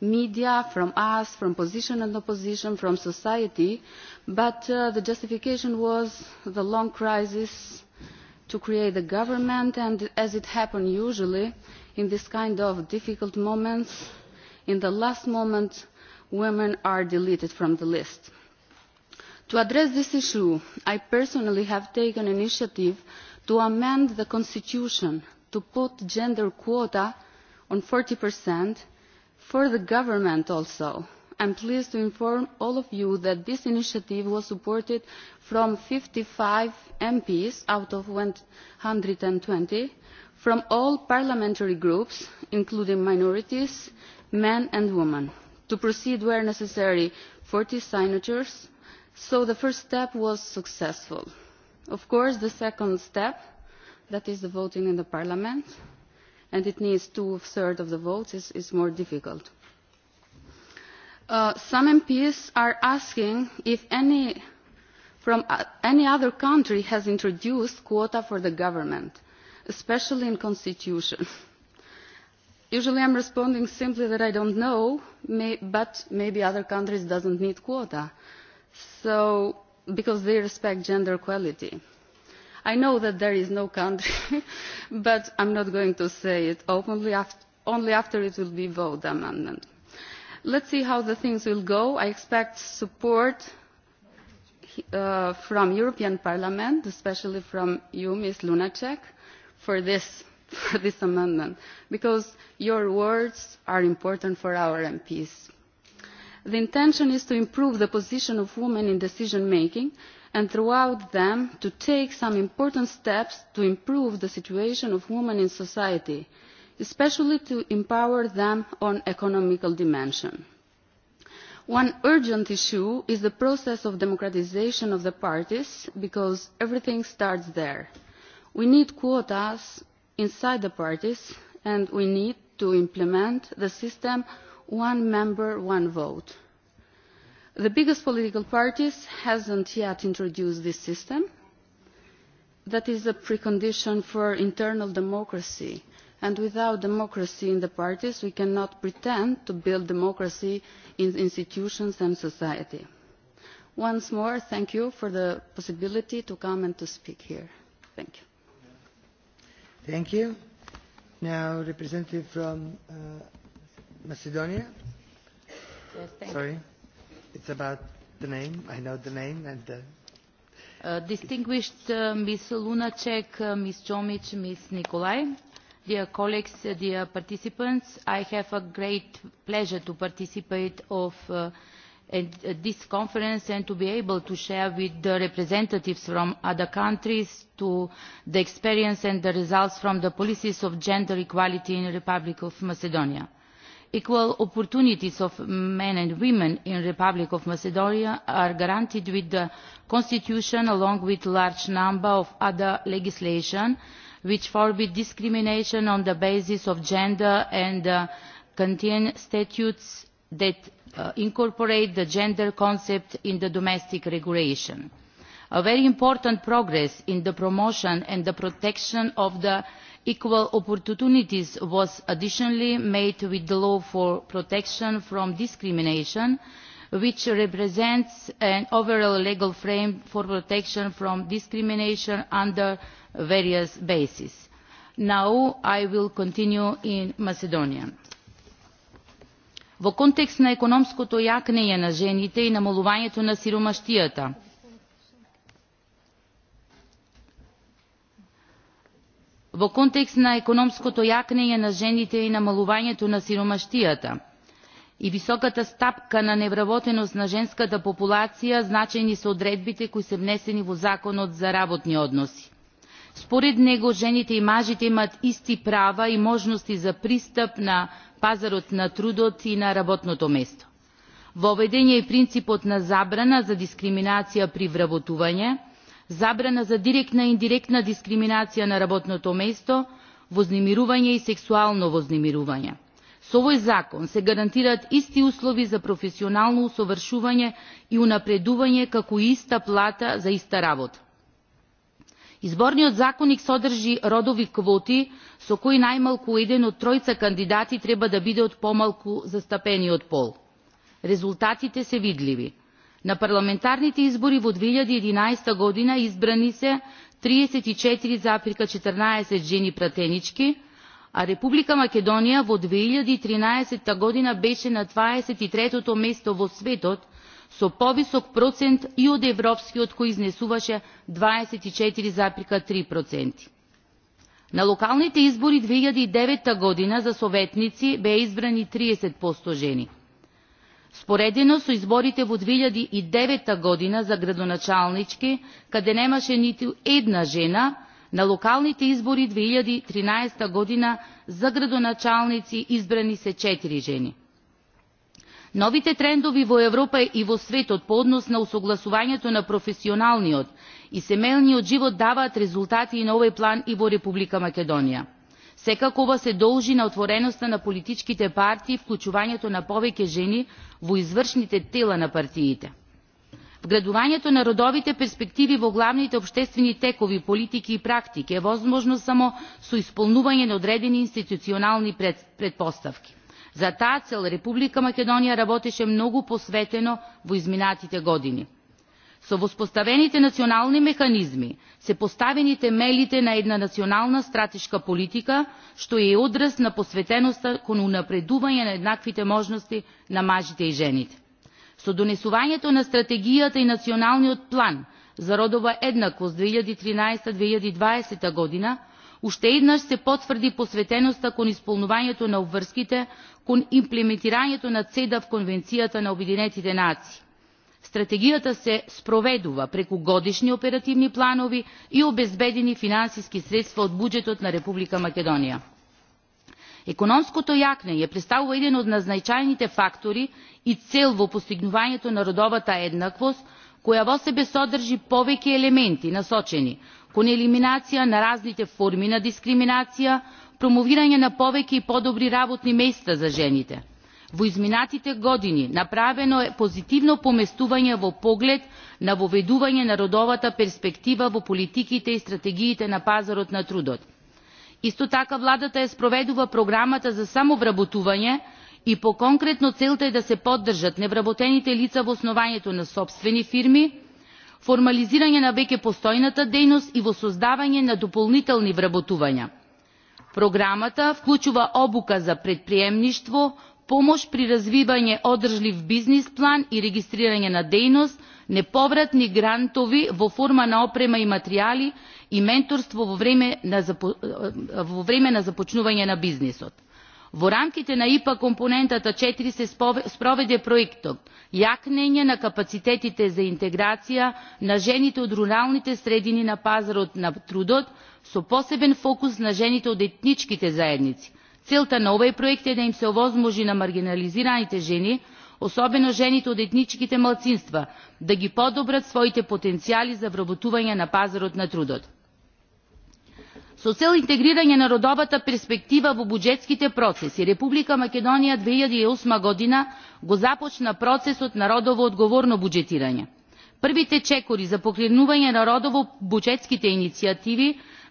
Speaker 14: media, from us, from position and opposition, from society, but uh, the justification was the long crisis to create a government and, as it happens usually in this kind of difficult moments, in the last moment women are deleted from the list. To address this issue, I personally have taken initiative to amend the constitution to put gender quota on 40 percent For the government also, I am pleased to inform all of you that this initiative was supported from 55 MPs out of 120 from all parliamentary groups, including minorities, men and women, to proceed where necessary 40 signatures, so the first step was successful. Of course, the second step, that is the voting in the parliament, and it needs two-thirds of the votes is, is more difficult. Uh, some MPs are asking if any from uh, any other country has introduced quota for the government, especially in constitution. [laughs] Usually I'm responding simply that I don't know, may, but maybe other countries doesn't need quota, so because they respect gender equality. Uh, i know that there is no country [laughs] but i am not going to say it openly after, only after it will be voted on the amendment. let us see how things will go. i expect support uh, from the european parliament especially from you ms lunacek for this, [laughs] for this amendment because your words are important for our mps. the intention is to improve the position of women in decision making and throughout them to take some important steps to improve the situation of women in society especially to empower them on the economic dimension. one urgent issue is the process of democratisation of the parties because everything starts there. we need quotas inside the parties and we need to implement the system one member one vote' the biggest political parties have not yet introduced this system. that is a precondition for internal democracy and without democracy in the parties we cannot pretend to build democracy in institutions and society. once more thank you for the possibility to come and to speak here. thank you.
Speaker 2: thank you. now representative from uh, macedonia. Yes, thank Sorry. You It's about
Speaker 15: the name. I know the name and the. Uh, distinguished uh, Ms. Lunacek, uh, Ms. Chomic, Ms. Nikolai, dear colleagues, uh, dear participants, I have a great pleasure to participate of uh, and, uh, this conference and to be able to share with the representatives from other countries to the experience and the results from the policies of gender equality in the Republic of Macedonia equal opportunities of men and women in the republic of macedonia are guaranteed with the constitution along with a large number of other legislation which forbids discrimination on the basis of gender and uh, contain statutes that uh, incorporate the gender concept in the domestic regulation. a very important progress in the promotion and the protection of the equal opportunities was additionally made with the law for protection from discrimination which represents an overall legal frame for protection from discrimination under various bases. now i will continue in macedonian. во контекст на економското јакнење на жените и намалувањето на сиромаштијата во контекст на економското јакнење на жените и намалувањето на сиромаштијата и високата стапка на невработеност на женската популација значајни се одредбите кои се внесени во законот за работни односи. според него жените и мажите имаат исти права и можности за пристап на пазарот на трудот и на работното место. воведен е и принципот на забрана за дискриминација при вработување забрана за директна и индиректна дискриминација на работното место, вознемирување и сексуално вознемирување. Со овој закон се гарантираат исти услови за професионално усовршување и унапредување како и иста плата за иста работа. Изборниот законник содржи родови квоти со кои најмалку еден од тројца кандидати треба да биде од помалку застапениот пол. Резултатите се видливи на парламентарните избори во 2011 година избрани се 34,14 жени пратенички, а Република Македонија во 2013 година беше на 23-тото место во светот со повисок процент и од европскиот кој изнесуваше 24,3%. На локалните избори 2009 година за советници беа избрани 30% жени споредено со изборите во 2009 година за градоначалнички каде немаше ниту една жена на локалните избори 2013 година за градоначалници избрани се 4 жени новите трендови во европа и во светот по однос на усогласувањето на професионалниот и семејниот живот даваат резултати и на овој план и во република македонија секакова се дължи на отвореността на политическите партии и включването на повече жени во извршните тела на партиите. вградувањето на родовите перспективи во главните општествени текови политики и практики е возможно само со исполнување на одредени институционални претпоставки. за таа цел република македонија работеше многу посветено во изминатите години со воспоставените национални механизми се поставени темелите на една национална стратешка политика што е и одраз на посветеноста кон унапредување на еднаквите можности на мажите и жените. Со донесувањето на стратегијата и националниот план за родова еднаквост 2013-2020 година, уште еднаш се потврди посветеноста кон исполнувањето на обврските кон имплементирањето на цеда в конвенцијата на обединетите нации стратегијата се спроведува преку годишни оперативни планови и обезбедени финансиски средства од буџетот на република македонија економското јакнење претставува еден од најзначајните фактори и цел во постигнувањето на родовата еднаквост која во себе содржи повеќе елементи насочени кон елиминација на разните форми на дискриминација промовирање на повеќе и подобри работни места за жените во изминатите години направено е позитивно поместување во поглед на воведување на родовата перспектива во политиките и стратегиите на пазарот на трудот. исто така владата ја спроведува програмата за самовработување и по конкретно целта е да се поддржат невработените лица во основањето на сопствени фирми формализирање на веќе постојната дејност и во создавање на дополнителни вработувања. програмата вклучува обука за претприемништво помош при развивање одржлив бизнис план и регистрирање на дејност, неповратни грантови во форма на опрема и материјали и менторство во време на, запо... во време на започнување на бизнисот. Во рамките на ИПА компонентата 4 се спроведе проектот Јакнење на капацитетите за интеграција на жените од руралните средини на пазарот на трудот со посебен фокус на жените од етничките заедници целта на ovaj projekt je da im se овозможи на маргинализираните жени особено жените од етничките малцинства да ги подобрат своите потенцијали за вработување на пазарот на трудот со цел интегрирање на родовата перспектива во буџетските процеси република македонија 2008 година го започна процесот на родово одговорно буџетирање првите чекори за покренување на родово буџетските иницијативи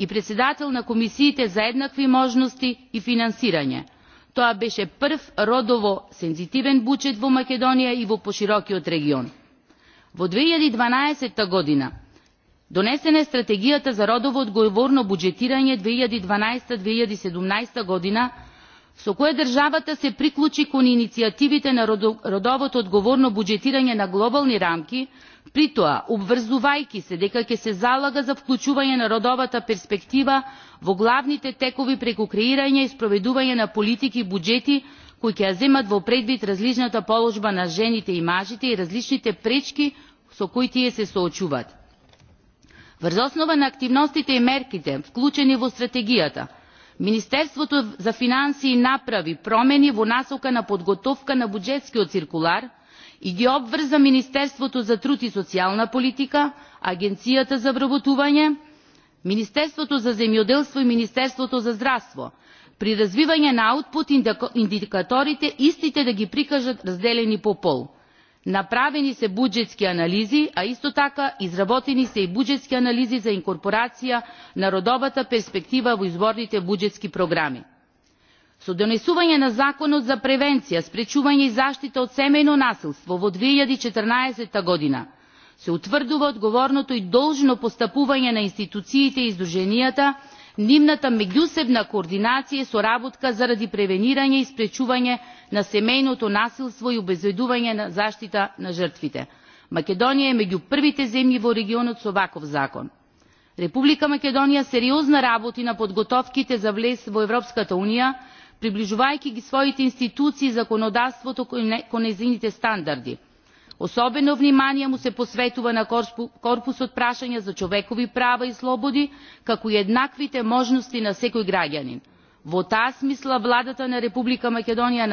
Speaker 15: и председател на комисиите за еднакви можности и финансирање. тоа беше прв родово сензитивен буџет во македонија и во поширокиот регион. во 2012 година донесена е стратегијата за родово одговорно буџетирање 2012-2017 година со кое државата се приклучи кон иницијативите на родовото одговорно буџетирање на глобални рамки при тоа обврзувајќи се дека ќе се залага за вклучување на родовата перспектива во главните текови преку креирање и спроведување на политики и буџети кои ќе ја земат во предвид различната положба на жените и мажите и различните пречки со кои тие се соочуваат. врз основа на активностите и мерките вклучени во стратегијата министерството за финансии направи промени во насока на подготовка на буџетскиот циркулар и ги обврза министерството за труд и социална политика агенцијата за вработување министерството за земјоделство и министерството за здравство при развивање на аутпут индикаторите истите да ги прикажат разделени по пол направени се буџетски анализи а исто така изработени се и буџетски анализи за инкорпорација на родовата перспектива во изворните буџетски програми со донесување на законот за превенција спречување и заштита од семејно насилство во 2014 година се утврдува одговорното и должно постапување на институциите и издруженијата нивната меѓусебна координација и соработка заради превенирање и спречување на семејното насилство и обезбедување на заштита на жртвите. македонија е меѓу првите земји во регионот со ваков закон. република македонија сериозно работи на подготовките за влез во европската унија приближавайки ги своите институции и законодателството кон нејзините стандарди. особено внимание му се посветува на корпус од прашања за човекови права и слободи како и еднаквите можности на секој граѓанин. во таа смисла владата на република македонија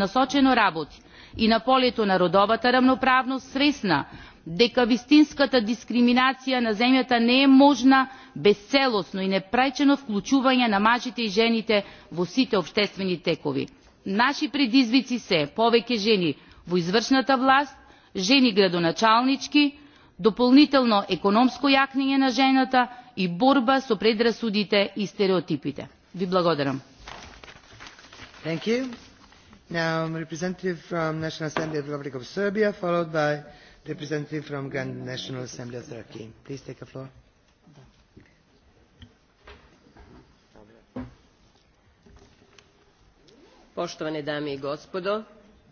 Speaker 15: насочено работи и на полето на родовата рамноправност свесна дека вистинската дискриминација на земјата не е можна без целосно и непречено вклучување на мажите и жените во сите општествени текови. наши предизвици се повеќе жени во извршната власт жени градоначалнички дополнително економско јакнење на жената и борба со предрасудите и стереотипите. ви благодарам.
Speaker 2: Thank you. Now, representative from National Assembly of the Republic of Serbia, followed by representative from Grand National Assembly of Turkey. Please take the floor.
Speaker 16: Poštovane dame i gospodo,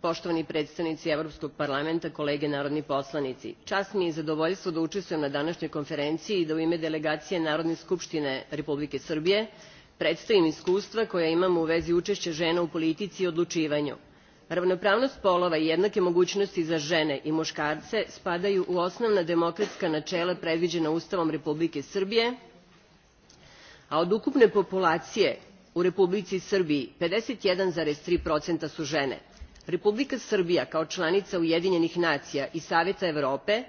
Speaker 16: poštovani predstavnici Evropskog parlamenta, kolege narodni poslanici. Čast mi je i zadovoljstvo da učestvujem na današnjoj konferenciji i da u ime delegacije Narodne skupštine Republike Srbije predstavim iskustva koja imam u vezi učešća žena u politici i odlučivanju ravnopravnost polova i jednake mogućnosti za žene i muškarce spadaju u osnovna demokratska načela predviđena ustavom republike srbije a od ukupne populacije u republici srbiji fifty one three su žene. republika srbija kao članica ujedinjenih nacija i saveta evrope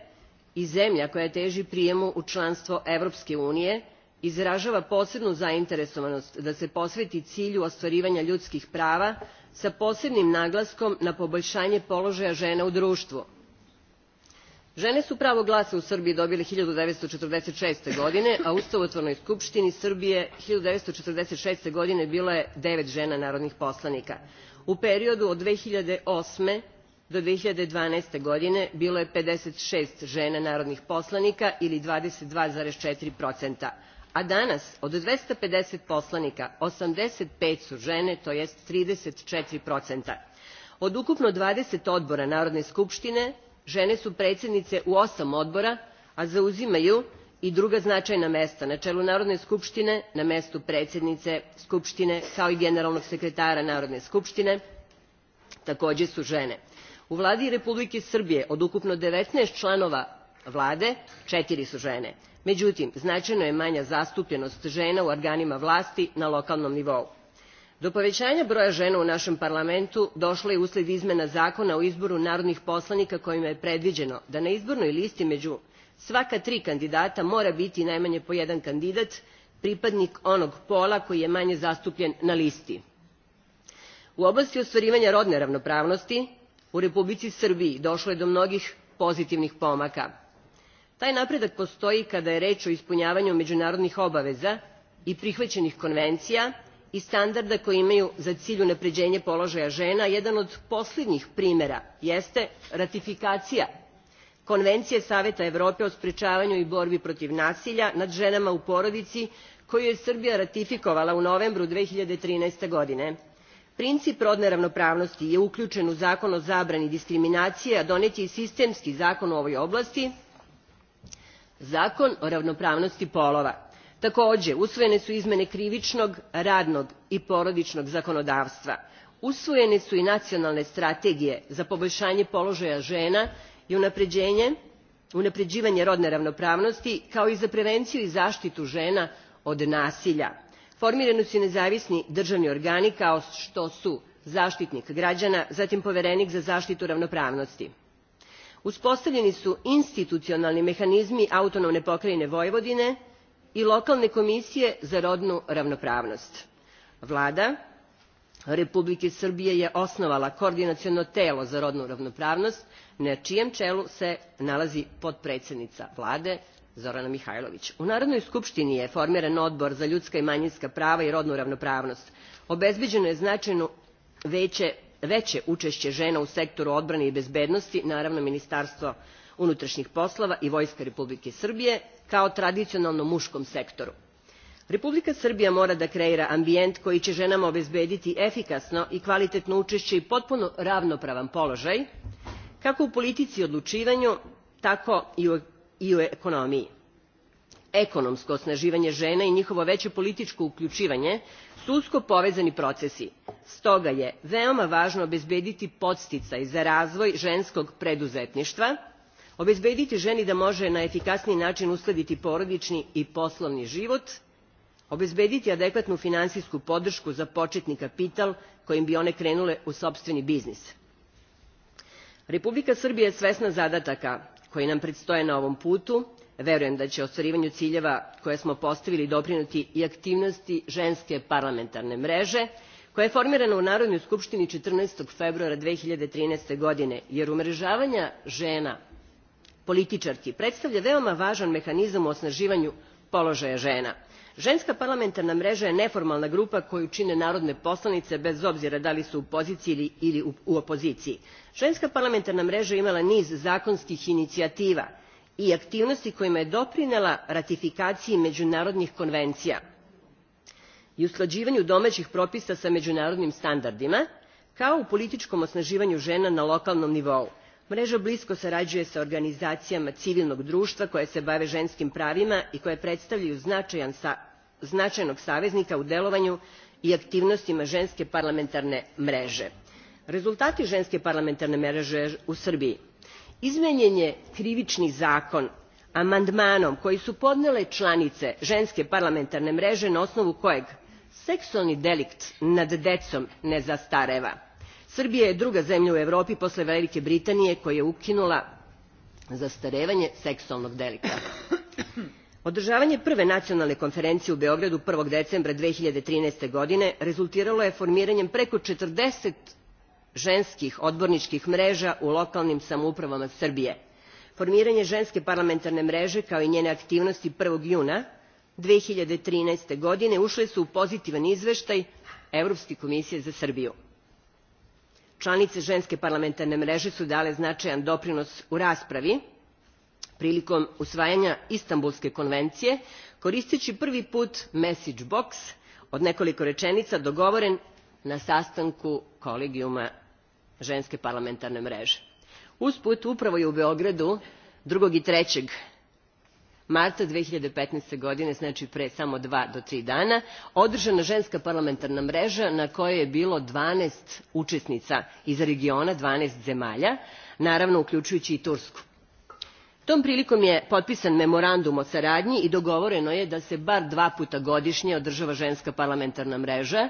Speaker 16: i zemlja koja teži prijemu u članstvo evropske unije izražava posebnu zainteresovanost da se posveti cilju ostvarivanja ljudskih prava s posebnim naglaskom na poboljšanje položaja žena u društvu. žene su pravo glasa u srbiji dobile 1946. godine a u ustavotvornoj skupštini srbije 1946. godine bilo je devet žena narodnih poslanika. u periodu od 2008. do 2012. godine bilo je 56 žena narodnih poslanika ili 22,4 procenta a danas od two hundred and fifty poslanika eighty five su ene to jest thirty four od ukupno twenty odbora narodne skuptine ene su predsjednice u osam odbora a zauzimaju i druga znaajna mesta na elu narodne skuptine na mestu predsednice skuptine kao i generalnog sekretara narodne skuptine takoe su ene. u vladi republike srbije od ukupno nineteen lanova vlade etiri su ene međutim značajno je manja zastupljenost žena u organima vlasti na lokalnom nivou. do povećanja broja žena u našem parlamentu došlo je usled izmena zakona o izboru narodnih poslanika kojima je predviđeno da na izbornoj listi među svaka tri kandidata mora biti najmanje po jedan kandidat pripadnik onog pola koji je manje zastupljen na listi. u oblasti ostvarivanja rodne ravnopravnosti u republici srbiji došlo je do mnogih pozitivnih pomaka taj napredak postoji kada je reč o ispunjavanju međunarodnih obaveza i prihvaćenih konvencija i standarda koji imaju za cilj unapređenje položaja žena. Jedan od poslednjih primera jeste ratifikacija Konvencije Saveta Evrope o sprečavanju i borbi protiv nasilja nad ženama u porodici, koju je Srbija ratifikovala u novembru 2013. godine. Princip rodne ravnopravnosti je uključen u Zakon o zabrani diskriminacije, a donet je i sistemski zakon u ovoj oblasti, Zakon o ravnopravnosti polova. Takođe, usvojene su izmene krivičnog, radnog i porodičnog zakonodavstva. Usvojene su i nacionalne strategije za poboljšanje položaja žena i unapređenje, unapređivanje rodne ravnopravnosti, kao i za prevenciju i zaštitu žena od nasilja. Formirani su i nezavisni državni organi kao što su zaštitnik građana, zatim poverenik za zaštitu ravnopravnosti uspostavljeni su institucionalni mehanizmi autonomne pokrajine vojvodine i lokalne komisije za rodnu ravnopravnost. vlada republike srbije je osnovala koordinaciono telo za rodnu ravnopravnost na čijem čelu se nalazi potpredsednica vlade zorana mihajlović. u narodnoj skupštini je formiran odbor za ljudska i manjinska prava i rodnu ravnopravnost. obezbeđeno je značajno veće veće učešće žena u sektoru odbrane i bezbednosti naravno ministarstva unutrašnjih poslova i vojska republike srbije kao tradicionalno muškom sektoru republika srbija mora da kreira ambijent koji će ženama obezbediti efikasno i kvalitetno učešće i potpuno ravnopravan položaj kako u politici i odlučivanju tako i u ekonomiji ekonomsko osnaživanje žena i njihovo veće političko uključivanje su usko povezani procesi. Stoga je veoma važno obezbediti podsticaj za razvoj ženskog preduzetništva, obezbediti ženi da može na efikasniji način uskladiti porodični i poslovni život, obezbediti adekvatnu finansijsku podršku za početni kapital kojim bi one krenule u sopstveni biznis. Republika Srbija je svesna zadataka koji nam predstoje na ovom putu verujem da će ostvarivanju ciljeva koje smo postavili doprineti i aktivnosti ženske parlamentarne mreže koja je formirana u Narodnoj skupštini 14. februara 2013. godine, jer umrežavanja žena političarki predstavlja veoma važan mehanizam u osnaživanju položaja žena. Ženska parlamentarna mreža je neformalna grupa koju čine narodne poslanice bez obzira da li su u poziciji ili u opoziciji. Ženska parlamentarna mreža je imala niz zakonskih inicijativa – i aktivnosti kojima je doprinela ratifikaciji međunarodnih konvencija i usklađivanju domaćih propisa sa međunarodnim standardima, kao u političkom osnaživanju žena na lokalnom nivou. Mreža blisko sarađuje sa organizacijama civilnog društva koje se bave ženskim pravima i koje predstavljaju značajan sa, značajnog saveznika u delovanju i aktivnostima ženske parlamentarne mreže. Rezultati ženske parlamentarne mreže u Srbiji izmijenjen je krivični zakon amandmanom koji su podnijele članice ženske parlamentarne mreže na osnovu kojeg seksualni delikt nad decom ne zastareva. srbija je druga zemlja u evropi posle velike britanije koja je ukinula zastarevanje seksualnog delikta. održavanje prve nacionalne konferencije u beogradu. one decembra. two thousand and thirteen godine rezultiralo je formiranjem preko četrdeset ženskih odborničkih mreža u lokalnim samoupravama Srbije. Formiranje ženske parlamentarne mreže kao i njene aktivnosti 1. juna 2013. godine ušle su u pozitivan izveštaj Evropske komisije za Srbiju. Članice ženske parlamentarne mreže su dale značajan doprinos u raspravi prilikom usvajanja Istanbulske konvencije, koristeći prvi put message box od nekoliko rečenica dogovoren na sastanku kolegijuma ženske parlamentarne mreže. usput upravo je u beogradu. two i three marta. two thousand and fifteen godine znači pre samo dva do tri dana održana ženska parlamentarna mreža na kojoj je bilo twelve učesnica iz regiona twelve zemalja naravno uključujući i tursku. tom prilikom je potpisan memorandum o saradnji i dogovoreno je da se bar dva puta godišnje održava ženska parlamentarna mreža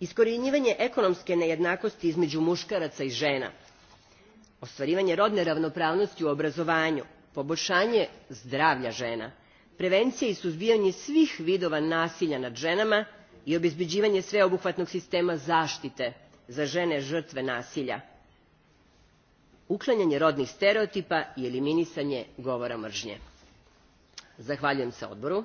Speaker 16: iskorjenjivanje ekonomske nejednakosti između muškaraca i žena ostvarivanje rodne ravnopravnosti u obrazovanju poboljšanje zdravlja žena prevencija i suzbijanje svih vidova nasilja nad ženama i obezbeđivanje sveobuhvatnog sistema zaštite za žene žrtve nasilja uklanjanje rodnih stereotipa i eliminisanje govora mržnje. Zahvaljujem se odboru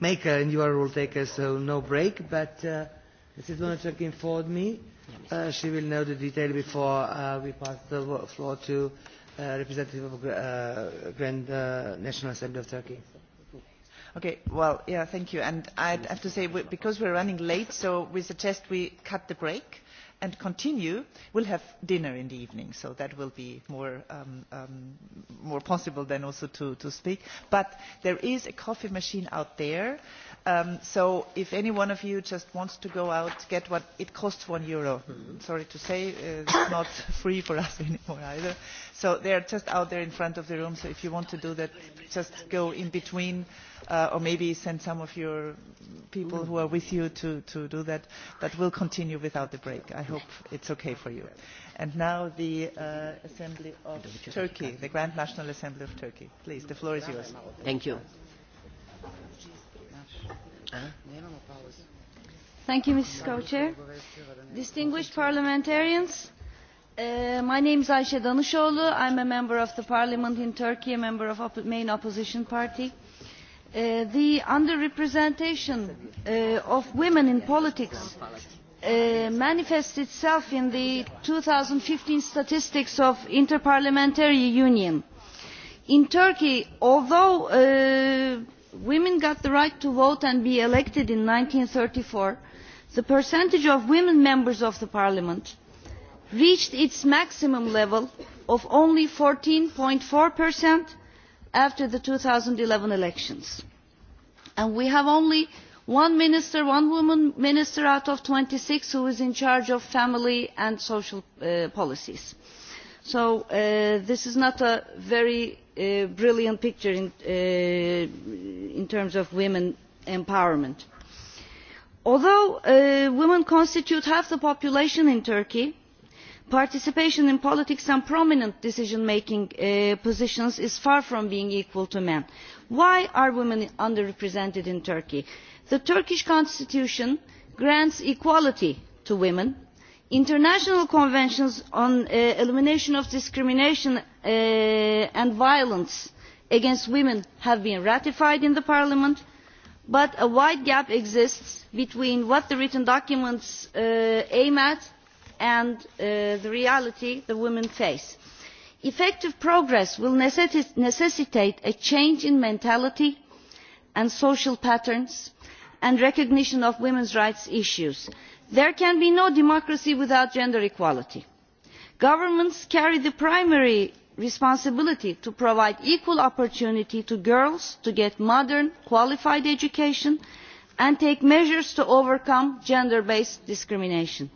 Speaker 2: maker and you are a rule taker, so no break. But uh, Mrs. Lunacek informed me. Uh, she will know the detail before uh, we pass the floor to uh, representative of uh, Grand uh, National Assembly of Turkey.
Speaker 1: Okay, well, yeah, thank you. And I have to say, we, because we're running late, so we suggest we cut the break and continue we'll have dinner in the evening so that will be more, um, um, more possible then also to, to speak but there is a coffee machine out there um, so if any one of you just wants to go out get what it costs one euro mm-hmm. sorry to say uh, it's not [laughs] free for us [laughs] anymore either so they're just out there in front of the room so if you want to do that just go in between uh, uh, or maybe send some of your people who are with you to, to do that. But we'll continue without the break. I hope it's okay for you. And now the uh, Assembly of Turkey, the Grand National Assembly of Turkey. Please, the floor is yours. Thank you.
Speaker 17: Thank you, Mrs. Co-Chair. Distinguished parliamentarians, Uh, my name is Ayşe Danışoğlu. I'm a member of the parliament in Turkey, a member of op main opposition party. Uh, Uh, the under representation uh, of women in politics uh, manifests itself in the two thousand and fifteen statistics of the interparliamentary union. in turkey although uh, women got the right to vote and be elected in one thousand nine hundred and thirty four the percentage of women members of the parliament reached its maximum level of only fourteen four percent after the two thousand and eleven elections and we have only one minister one woman minister out of twenty six who is in charge of family and social uh, policies so uh, this is not a very uh, brilliant picture in, uh, in terms of women empowerment. although uh, women constitute half the population in turkey participation in politics and prominent decision making uh, positions is far from being equal to men. why are women under represented in turkey? the turkish constitution grants equality to women international conventions on uh, elimination of discrimination uh, and violence against women have been ratified in parliament but a wide gap exists between what the written documents uh, aim at and uh, the reality that women face. effective progress will necessitate a change in mentality and social patterns and recognition of women's rights issues. there can be no democracy without gender equality. governments carry the primary responsibility to provide equal opportunity to girls to get modern qualified education and take measures to overcome gender based discrimination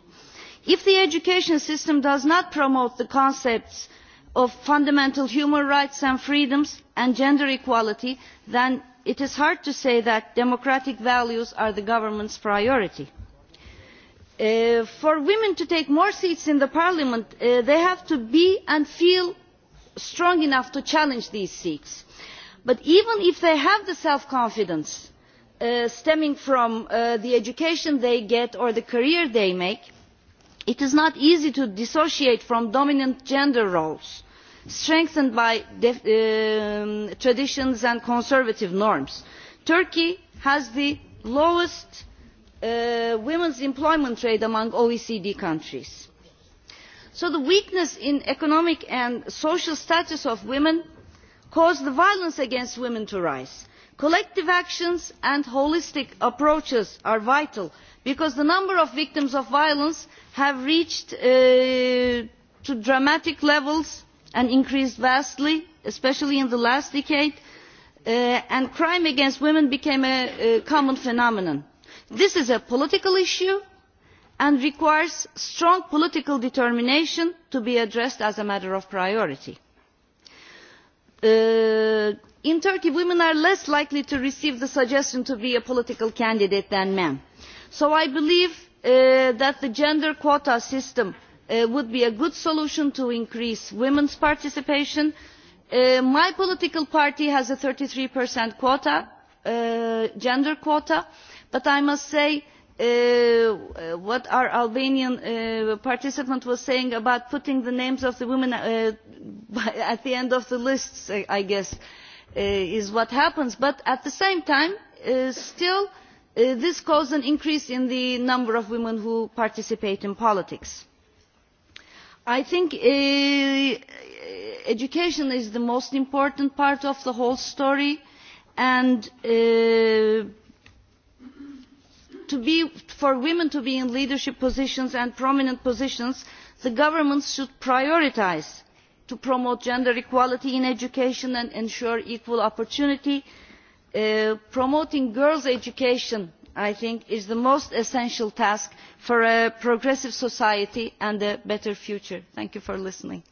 Speaker 17: if the education system does not promote the concepts of fundamental human rights and freedoms and gender equality then it is hard to say that democratic values are the government's priority. Uh, for women to take more seats in the parliament uh, they have to be and feel strong enough to challenge these seats but even if they have the self confidence uh, stemming from uh, the education they get or the career they make it is not easy to dissociate from dominant gender roles strengthened by um, traditions and conservative norms. turkey has the lowest uh, women's employment rate among oecd countries. so the weakness in the economic and social status of women caused the violence against women to rise collective actions and holistic approaches are vital because the number of victims of violence has reached uh, dramatic levels and increased vastly especially in the last decade uh, and crime against women became a, a common phenomenon. this is a political issue and requires strong political determination to be addressed as a matter of priority. Uh, in turkey women are less likely to receive the suggestion to be a political candidate than men so i believe uh, that the gender quota system uh, would be a good solution to increase women's participation. Uh, my political party has a thirty three uh, gender quota but i must say Uh, what our albanian uh, participant was saying about putting the names of the women uh, [laughs] at the end of the lists i guess Uh, is what happens but at the same time uh, still uh, this caused an increase in the number of women who participate in politics. i think education is the most important part of the whole story and be, for women to be in leadership positions and prominent positions the governments should prioritise to promote gender equality in education and ensure equal opportunity. Uh, promoting girls' education i think is the most essential task for a progressive society and a better future. thank
Speaker 1: you for listening.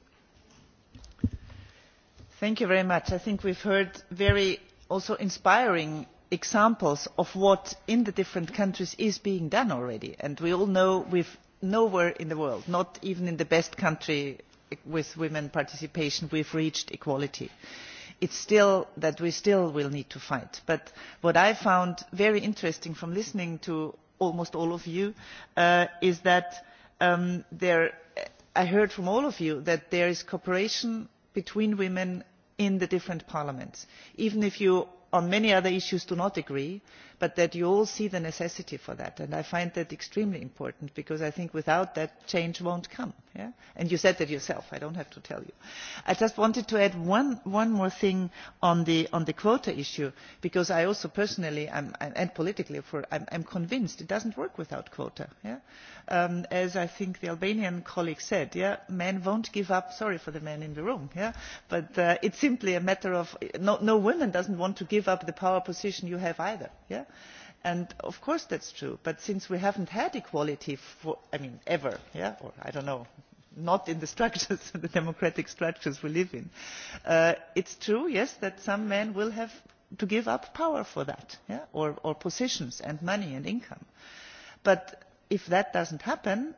Speaker 1: thank you very much. i think we have heard very also inspiring examples of what in the different countries is being done already and we all know we are nowhere in the world not even in the best country with women participation we have reached equality. it is still that we still will need to fight but what i found very interesting from listening to almost all of you uh, is that um, there, i heard from all of you that there is cooperation between women in the different parliaments even if you on many other issues do not agree but that you all see the necessity for that and i find that extremely important because i think without that change will not come yeah? and you said that yourself i do not have to tell you. i just wanted to add one, one more thing on the, on the quota issue because i also personally I'm, and politically i am convinced it does not work without quotas. Yeah? Um, as i think the albanian colleague said yeah? men will not give up sorry for the men in the room but uh, it is simply a matter of no, no woman does not want to give up the power position you have either. Yeah? and of course that is true but since we have not had equality for, I mean, ever yeah? or i do not know not in the structures [laughs] the democratic structures we live in uh, it is true yes that some men will have to give up power for that yeah? or, or positions and money and income but if that does not happen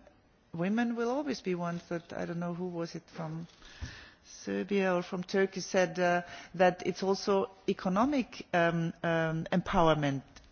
Speaker 1: women will always be ones that i do not know who was it from serbia or from turkey said uh, that it is also economic um, um, empowerment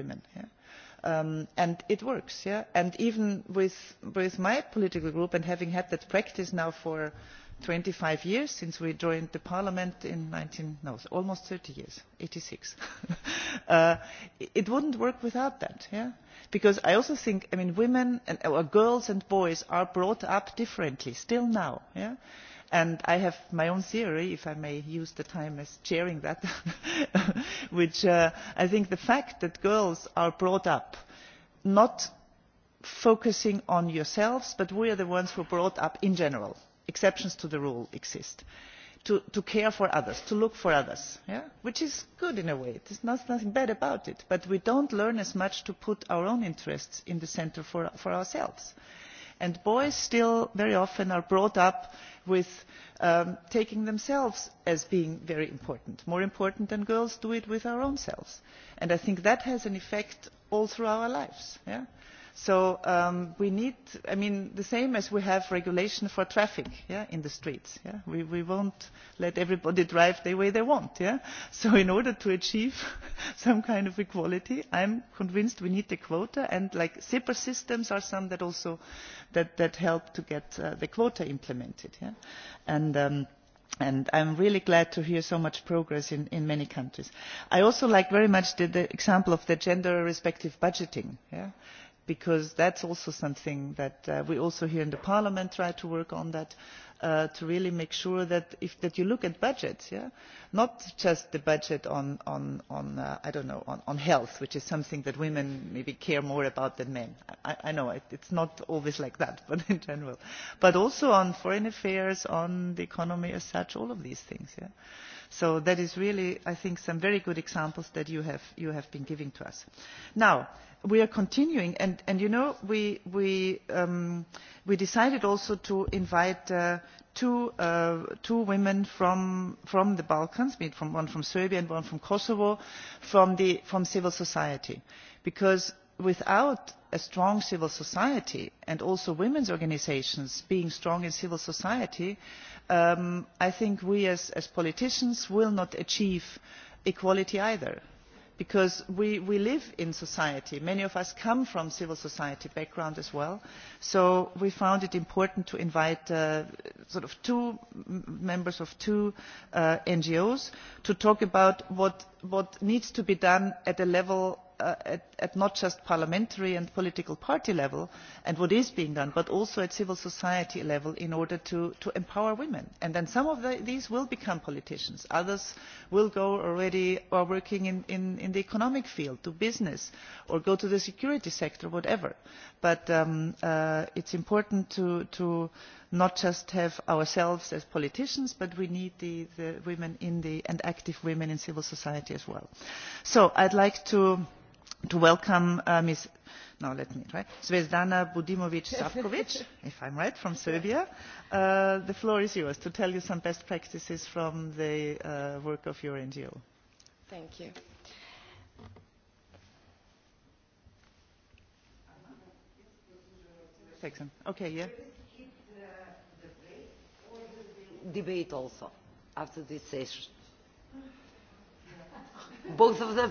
Speaker 1: women. Yeah? Um, and it works. Yeah? And even with, with my political group and having had that practice now for twenty five years since we joined the parliament in nineteen no almost thirty years eighty six [laughs] uh, it would not work without that yeah? because i also think I mean, women and girls and boys are brought up differently still now yeah? and i have my own theory if i may use the time as chair of that [laughs] which uh, i think the fact that girls are brought up not focusing on yourselves but we are the ones who are brought up in general exceptions to the rule exist to, to care for others to look for others yeah? which is good in a way there is not, nothing bad about it but we do not learn as much to put our own interests at in the centre for, for ourselves and boys still very often are brought up with um, taking themselves as being very important more important than girls do it with our own selves and i think that has an effect all through our lives. Yeah? so um, we need i mean the same as we have regulation for traffic yeah, in the streets yeah? we, we won't let everybody drive the way they want yeah? so in order to achieve [laughs] some kind of equality i am convinced we need a quota and like zipper systems are some that also that, that help to get uh, the quota implemented yeah? and um, and i am really glad to hear so much progress in, in many countries. i also like very much the, the example of the gender respective budgeting. Yeah? because that is also something that uh, we also here in parliament try to work on that, uh, to really make sure that, if, that you look at budgets yeah? not just the budget on, on, on uh, i do not know on, on health which is something that women maybe care more about than men i, I know it is not always like that [laughs] but in general but also on foreign affairs on the economy as such all of these things. Yeah? so that is really i think some very good examples that you have, you have been giving to us. now we are continuing and, and you know we, we, um, we decided also to invite uh, two, uh, two women from, from the balkans from, one from serbia and one from kosovo from, the, from civil society because without a strong civil society and also women's organisations being strong in civil society um, i think we as, as politicians will not achieve equality either because we, we live in society many of us come from a civil society background as well so we found it important to invite uh, sort of two members of two uh, ngos to talk about what, what needs to be done at the level uh, at, at not just parliamentary and political party level and what is being done but also at civil society level in order to, to empower women and then some of the, these will become politicians others will go already or working in, in, in the economic field do business or go to the security sector whatever but um, uh, it's important to, to not just have ourselves as politicians but we need the, the women in the, and active women in civil society as well. so i'd like to to welcome uh, Ms. No, let me try. Svetlana Budimovic [laughs] Savkovic, if I'm right, from Serbia. Uh, the floor is yours to tell you some best practices from the uh, work of your NGO. Thank you. Section. Okay, yeah. Debate also after this session. Both of them.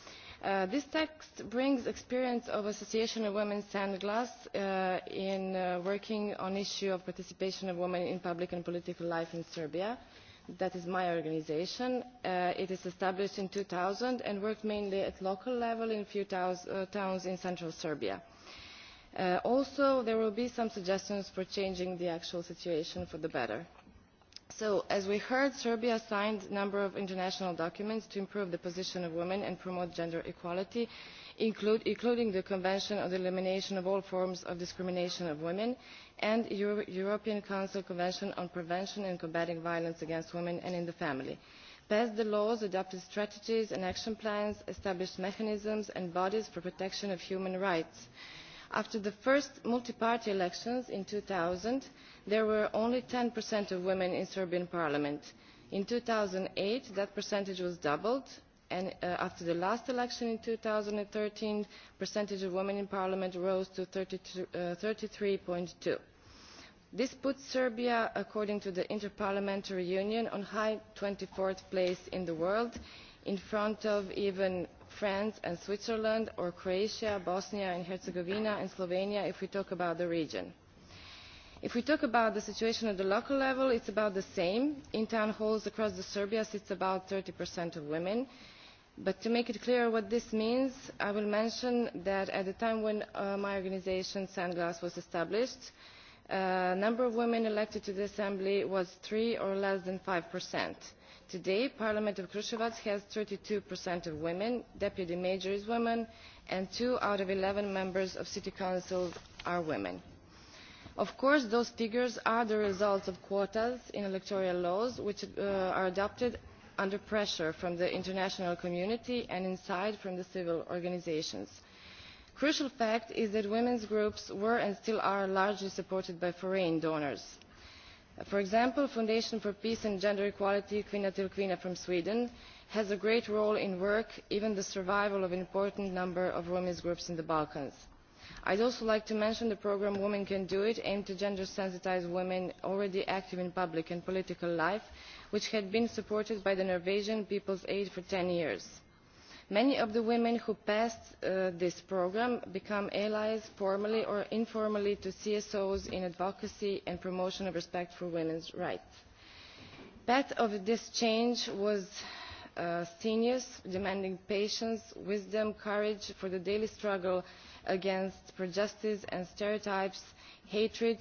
Speaker 18: Uh, this text brings experience of Association of Women Sandglass uh, in uh, working on issue of participation of women in public and political life in Serbia. That is my organization. Uh, it is established in 2000 and worked mainly at local level in a few towns, uh, towns in central Serbia. Uh, also, there will be some suggestions for changing the actual situation for the better. Uh, So, as we heard, Serbia signed a number of international documents to improve the position of women and promote gender equality, include, including the Convention on the Elimination of All Forms of Discrimination of Women and Euro European Council Convention on Prevention and Combating Violence Against Women and in the Family passed the laws adopted strategies and action plans established mechanisms and bodies for protection of human rights and after the first multi party elections in two thousand there were only ten of women in the serbian parliament. in two thousand and eight that percentage was doubled and uh, after the last election in two thousand and thirteen the percentage of women in parliament rose to. thirty uh, three two this puts serbia according to the interparliamentary union on high twenty fourth place in the world in front of even france and switzerland or croatia bosnia and herzegovina and slovenia if we talk about the region. if we talk about the situation at the local level it is about the same in town halls across serbia it is about thirty of women but to make it clear what this means i will mention that at the time when uh, my organisation sandglass was established the uh, number of women elected to the assembly was three or less than five percent today parliament of krusevac has thirty two of women deputy major is a woman and two out of eleven members of city councils are women. of course those figures are the result of quotas in electoral laws which uh, are adopted under pressure from the international community and inside from the civil organisations. a crucial fact is that women's groups were and still are largely supported by foreign donors for example the foundation for peace and gender equality kvinna till kvinna from sweden has a great role in work even the survival of an important number of roma groups in the balkans. i would also like to mention the programme women can do it' aimed to gender sensitise women already active in public and political life which had been supported by the norwegian people's aid for ten years many of the women who passed uh, this programme become allies formally or informally to csos in advocacy and promotion of respect for women's rights. part of this change was uh, strenuous demanding patience wisdom courage for the daily struggle against prejudices and stereotypes hatred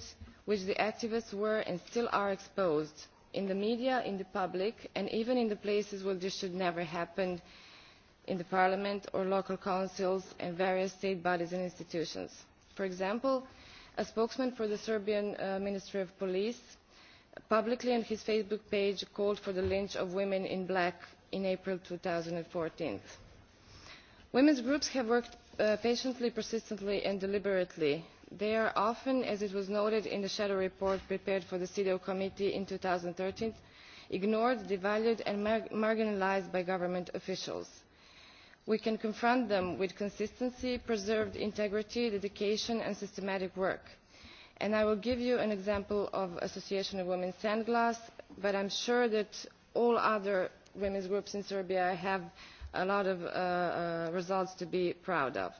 Speaker 18: which the activists were and still are exposed to in the media in the public and even in the places where this should never happen in the parliament or local councils and various state bodies and institutions. for example a spokesman for the serbian uh, ministry of police publicly on his facebook page called for the lynch of women in black in april. two thousand and fourteen women's groups have worked uh, patiently persistently and deliberately. they are often as was noted in the shadow report prepared for the cedaw committee in two thousand and thirteen ignored devalued and mar marginalised by government officials we can confront them with consistency preserved integrity dedication and systematic work. And i will give you an example of the association of women sandglass but i am sure that all other women's groups in serbia have a lot of uh, uh, results to be proud of.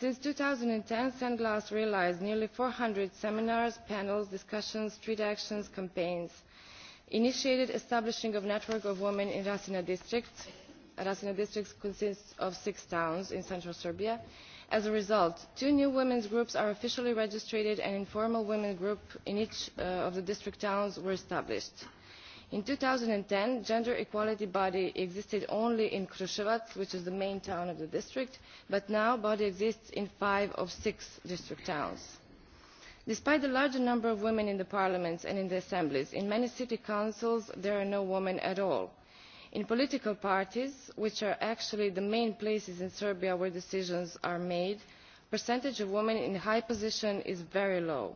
Speaker 18: since two thousand and ten sandglass realised nearly four hundred seminars panels discussions street actions campaigns initiated the establishing of a network of women in rasina district Rasina district consists of six towns in central Serbia. As a result, two new women's groups are officially registered and informal women's groups in each uh, of the district towns were established. In 2010, gender equality body existed only in Kruševac, which is the main town of the district, but now body exists in five of six district towns. Despite the larger number of women in the parliaments and in the assemblies, in many city councils there are no women at all in political parties which are actually the main places in serbia where decisions are made the percentage of women in high positions is very low.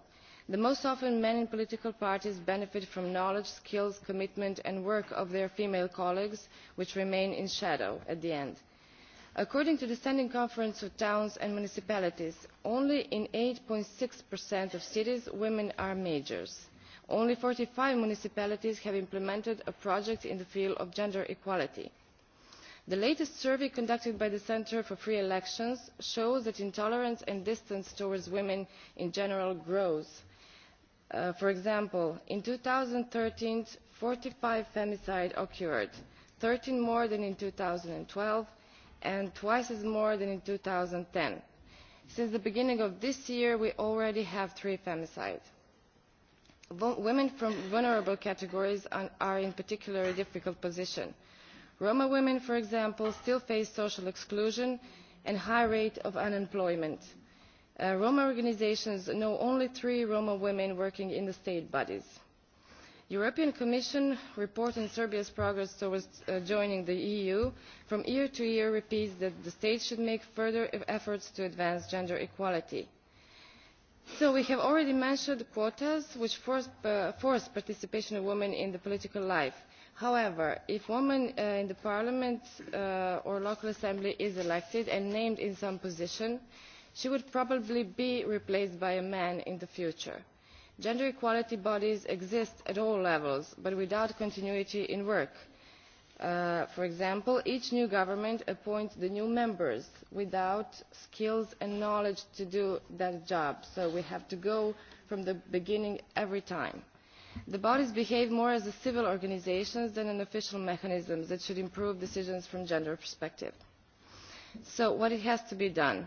Speaker 18: most often men in political parties benefit from the knowledge skills commitment and work of their female colleagues which remain in shadow at the end. according to the standing conference of towns and municipalities only in eight six of cities women are majors only forty five municipalities have implemented a project in the field of gender equality. the latest survey conducted by the centre for free elections shows that intolerance and distance towards women in general grows. Uh, for example in two thousand and thirteen forty five femicides occurred thirteen more than in two thousand and twelve and twice as more than in. two thousand and ten since the beginning of this year we already have three femicides women from vulnerable categories are in a particularly difficult position. roma women for example still face social exclusion and a high rate of unemployment. Uh, roma organisations know only three roma women working in the state bodies. the european commission report on serbia's progress towards uh, joining the eu from year to year repeats that the state should make further e-, efforts to advance gender equality So we have already mentioned quotas which force, uh, force participation of women in the political life. However, if women uh, in the parliament uh, or local assembly is elected and named in some position, she would probably be replaced by a man in the future. Gender equality bodies exist at all levels, but without continuity in work. Uh, Uh, for example each new government appoints the new members without skills and knowledge to do that job so we have to go from the beginning every time. the bodies behave more as civil organisations than an official mechanism that should improve decisions from a gender perspective. so what has to be done?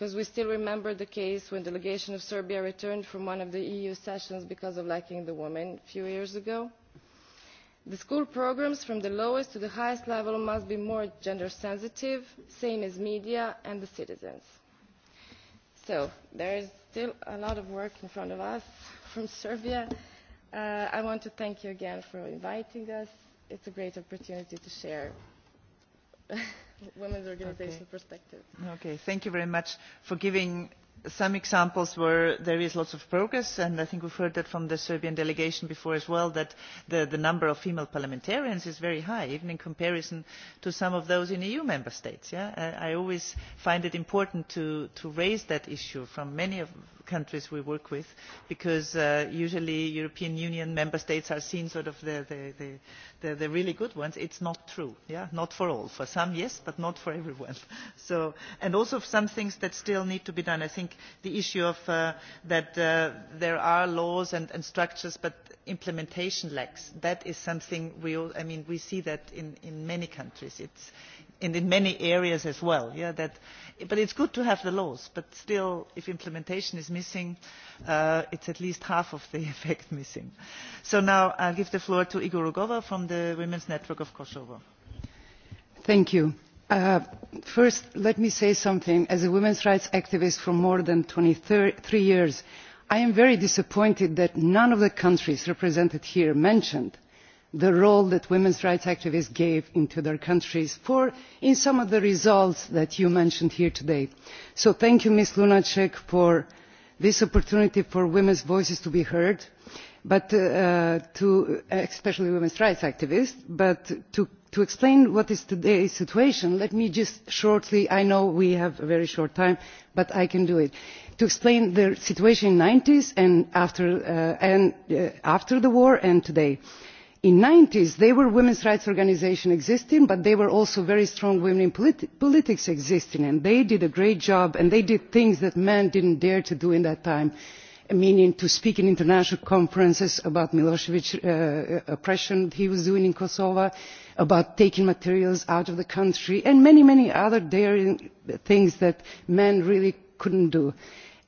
Speaker 18: because we still remember the case when a delegation of serbia returned from one of the eu sessions because of lacking the women a few years ago. the school programmes from the lowest to the highest level must be more gender sensitive same as media and the citizens. so there is still a lot of work in front of us [laughs] from serbia. Uh, i want to thank you again for inviting us. it's a great opportunity to share [laughs] women's organization okay. perspective.
Speaker 1: Okay, thank you very much for giving some examples where there is lots of progress and i think we have heard that from the serbian delegation before as well that the, the number of female parliamentarians is very high even in comparison to some of those in eu member states. Yeah? Uh, i always find it important to, to raise that issue from many of, countries we work with because uh, usually european union member states are seen as sort of the, the, the, the really good ones. it is not true yeah? not for all for some yes but not for everyone. [laughs] So, and also some things that still need to be done. i think the issue of uh, that uh, there are laws and, and structures but implementation lacks that is something we, all, I mean, we see that in, in many countries. It's, and in many areas as well. Yeah, that, but it's good to have the laws, but still, if implementation is missing, uh, it's at least half of the [laughs] effect missing. So now I'll give the floor to Igor Rugova from the Women's Network of Kosovo.
Speaker 19: Thank you. Uh, first, let me say something. As a women's rights activist for more than 23 years, I am very disappointed that none of the countries represented here mentioned uh, the role that women's rights activists gave to their countries for in some of the results that you mentioned here today. so thank you ms lunacek for this opportunity for women's voices to be heard but, uh, to, uh, especially women's rights activists but to, to explain what is today's situation let me just shortly i know we have a very short time but i can do it to explain the situation in the one thousand nine hundred and ninety s and after, uh, and, uh, after the war and today in the ninety s there were women's rights organisations existing but there were also very strong women in politi politics existing and they did a great job and they did things that men did not dare to do at that time meaning to speak in international conferences about milosevic's uh, uh, oppression he was doing in kosovo about taking materials out of the country and many many other daring things that men really could not do.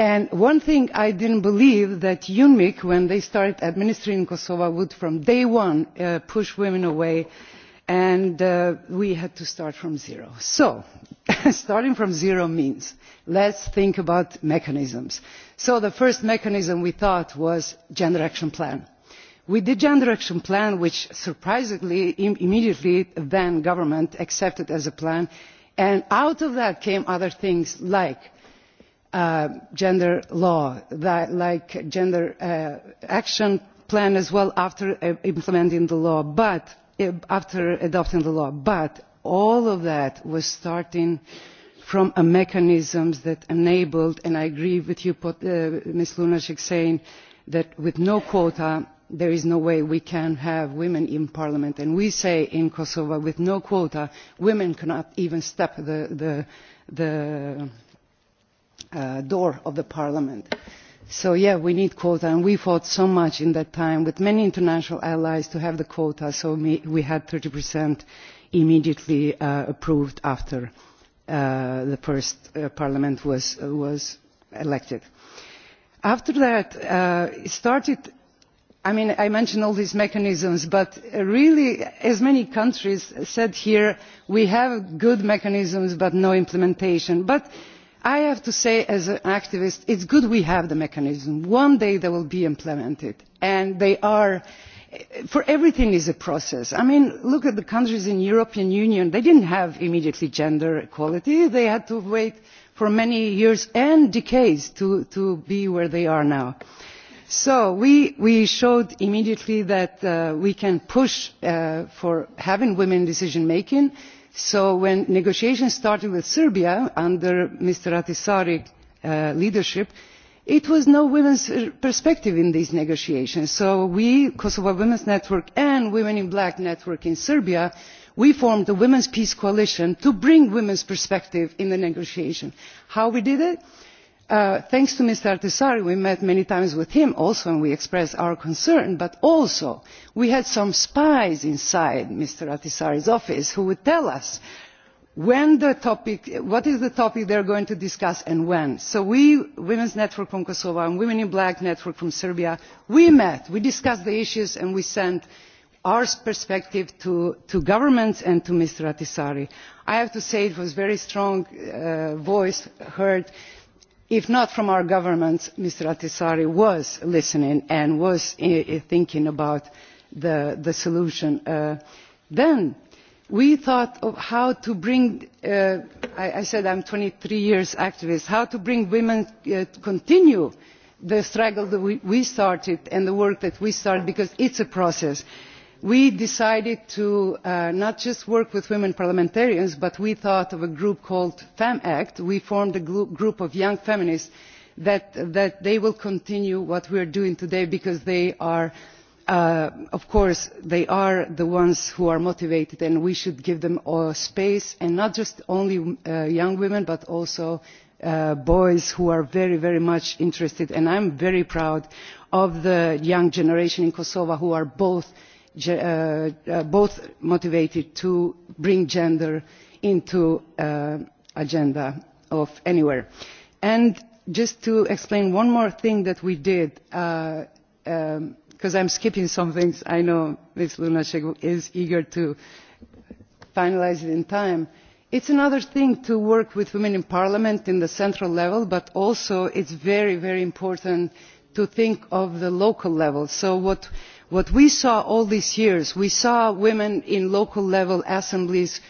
Speaker 19: And one thing i did not believe that unmic when they started administering kosovo would from day one uh, push women away and uh, we had to start from zero. so [laughs] starting from zero means let us think about mechanisms. so the first mechanism we thought was the gender action plan. with the gender action plan which surprisingly im immediately the then government accepted as a plan and out of that came other things like uh, gender law, that, like gender uh, action plan as well after uh, implementing the law, but uh, after adopting the law. But all of that was starting from a mechanisms that enabled, and I agree with you, uh, Ms. Lunacek, saying that with no quota, there is no way we can have women in parliament and we say in kosovo with no quota women cannot even step the, the, the uh, door of the parliament. so yes yeah, we need quotas and we fought so much in that time with many international allies to have the quota so we had thirty immediately uh, approved after uh, the first uh, parliament was, uh, was elected. after that uh, it started i mean i mentioned all these mechanisms but really as many countries said here we have good mechanisms but no implementation. but i have to say as an activist it is good we have the mechanism. one day they will be implemented and they are for everything is a process. i mean look at the countries in the european union they did not have immediately gender equality they had to wait for many years and decades to, to be where they are now. so we, we showed immediately that uh, we can push uh, for having women in decision making and so when negotiations started with serbia under mr ahtisaari's uh, leadership there was no women's uh, perspective in these negotiations so we kosovo women's network and women in black network in serbia formed a women's peace coalition to bring women's perspective into the negotiations. how did we do Uh, thanks to mr ahtisaari we met many times with him also and we expressed our concern but also we had some spies inside mr ahtisaari's office who would tell us topic, what is the topic they are going to discuss and when. so we the women's network from kosovo and women in black network from serbia we met we discussed the issues and we sent our perspective to, to governments and to mr ahtisaari. i have to say it was a very strong uh, voice heard and if not from our governments mr ahtisaari was listening and was eh, eh, thinking about the, the solution uh, then we thought of how to bring uh, I, i said i am a twenty three year activist how to bring women uh, to continue the struggle that we, we started and the work that we started because it is a process we decided to uh, not just work with women parliamentarians but we thought of a group called femact we formed a group of young feminists that, that they will continue what we are doing today because they are uh, of course they are the ones who are motivated and we should give them uh, space and not just only uh, young women but also Uh, boys who are very very much interested and i am very proud of the young generation in kosovo who are both uh, uh, both motivated to bring gender into uh, agenda of anywhere. And just to explain one more thing that we did, because uh, um, I'm skipping some things, I know Ms. Lunacek is eager to finalize it in time. It's another thing to work with women in parliament in the central level, but also it's very, very important to think of the local level. So what what we saw all these years we saw women in local level assemblies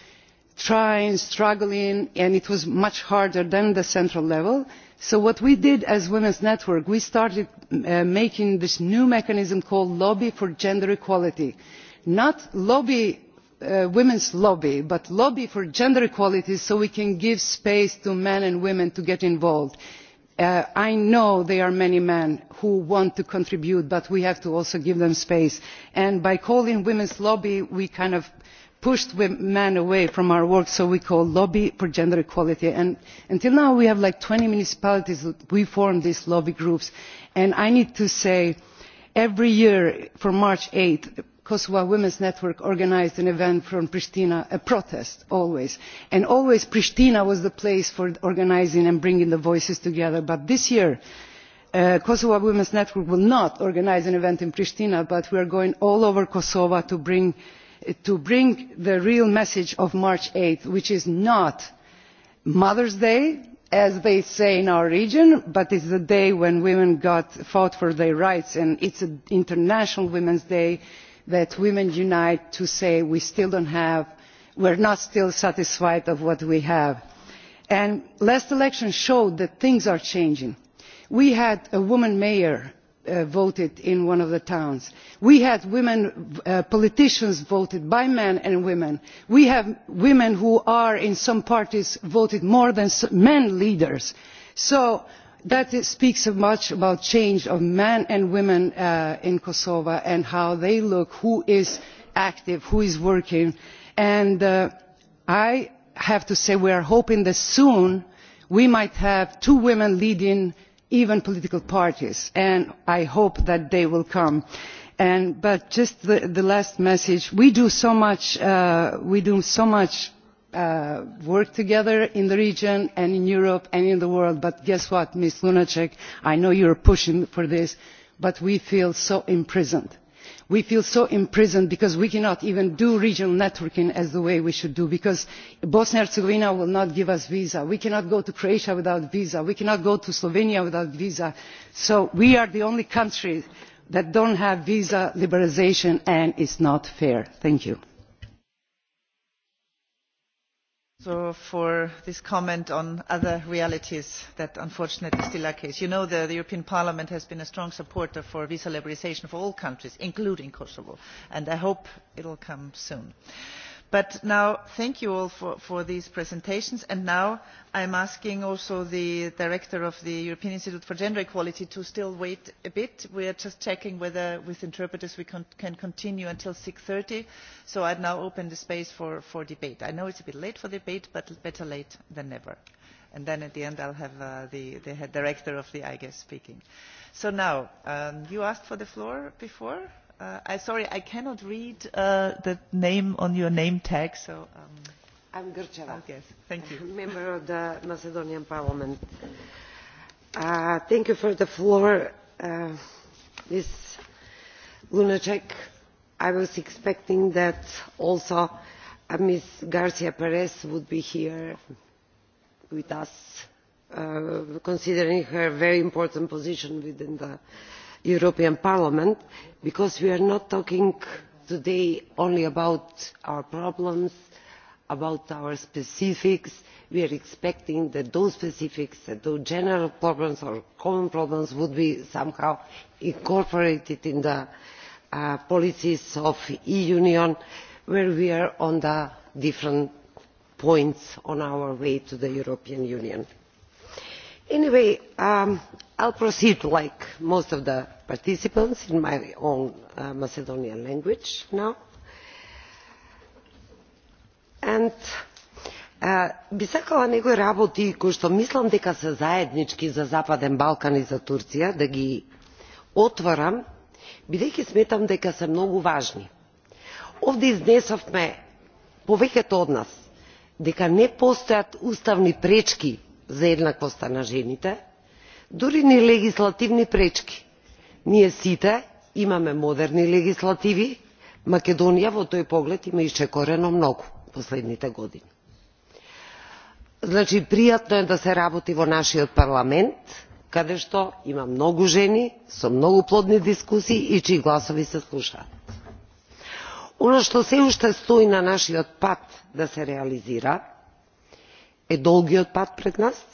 Speaker 19: trying struggling and it was much harder than the central level so what we did as the women's network we started uh, making this new mechanism called lobby for gender equality not lobby uh, women's lobby but lobby for gender equality so we can give space to men and women to get involved. Uh, i know there are many men who want to contribute but we have to also give them space and by calling it women's lobby we kind of pushed men away from our work so we call it lobby for gender equality and until now we have like twenty municipalities that form these lobby groups and i need to say that every year on march eight kosovo women's network organised an event from pristina a protest always and always pristina was the place for organising and bringing the voices together but this year the uh, kosovo women's network will not organise an event in pristina but we are going all over kosovo to bring, to bring the real message of march eight which is not mother's day as they say in our region but it is the day when women got, fought for their rights and it is international women's day and that women unite to say we still don't have we're not still satisfied of what we have and last election showed that things are changing we had a woman mayor uh, voted in one of the towns we had women uh, politicians voted by men and women we have women who are in some parties voted more than men leaders so that speaks much about change of men and women uh, in kosovo and how they look who is active who is working and uh, i have to say we are hoping that soon we might have two women leading even political parties and i hope that they will come. And, but just the, the last message we do so much, uh, do so much uh, work together in the region and in Europe and in the world. But guess what, Ms. Lunacek, I know you're pushing for this, but we feel so imprisoned. We feel so imprisoned because we cannot even do regional networking as the way we should do because Bosnia and Herzegovina will not give us visa. We cannot go to Croatia without visa. We cannot go to Slovenia without visa. So we are the only country that don't have visa liberalisation and it's not fair. Thank you.
Speaker 1: So for this comment on other realities that unfortunately still are the case. You know the, the European Parliament has been a strong supporter for visa liberalisation for all countries, including Kosovo, and I hope it will come soon. Uh, But now, thank you all for, for these presentations. And now I'm asking also the Director of the European Institute for Gender Equality to still wait a bit. We are just checking whether with interpreters we con can continue until 6.30. So I'd now open the space for, for debate. I know it's a bit late for debate, but better late than never and then at the end I'll have uh, the, the head director of the IGES speaking. So now, um, you asked for the floor before? Uh, I sorry, I cannot read uh, the name on your name tag, so. Um, I'm Grčeva. Oh, yes, thank you. [laughs] Member of
Speaker 20: the Macedonian Parliament. Uh, thank you for the floor, uh, Ms. Lunacek. I was expecting that also uh, Ms. Garcia Perez would be here with us, uh, considering her very important position within the uh, european parliament because we are not talking today only about our problems about our specifics we are expecting that those specifics and those general problems or common problems would be somehow incorporated in the uh, policies of the eu union where we are on the different points on our way to the european union anyway um, i will proceed like most of the participants in my own uh, macedonian language now. And, uh, би сакала некои работи кои што мислам дека се заеднички за западен балкан и за турција да ги отворам бидејќи сметам дека се многу важни. овде изнесовме повеќето од нас дека не постојат уставни пречки за еднаквоста на жените дури ни легислативни пречки ние сите имаме модерни легислативи македонија во тој поглед има исчекорено многу последните години значи пријатно е да се работи во нашиот парламент каде што има многу жени со многу плодни дискусии и чии гласови се слушаат она што сѐ уште стои на нашиот пат да се реализира е долгият пат пред нас.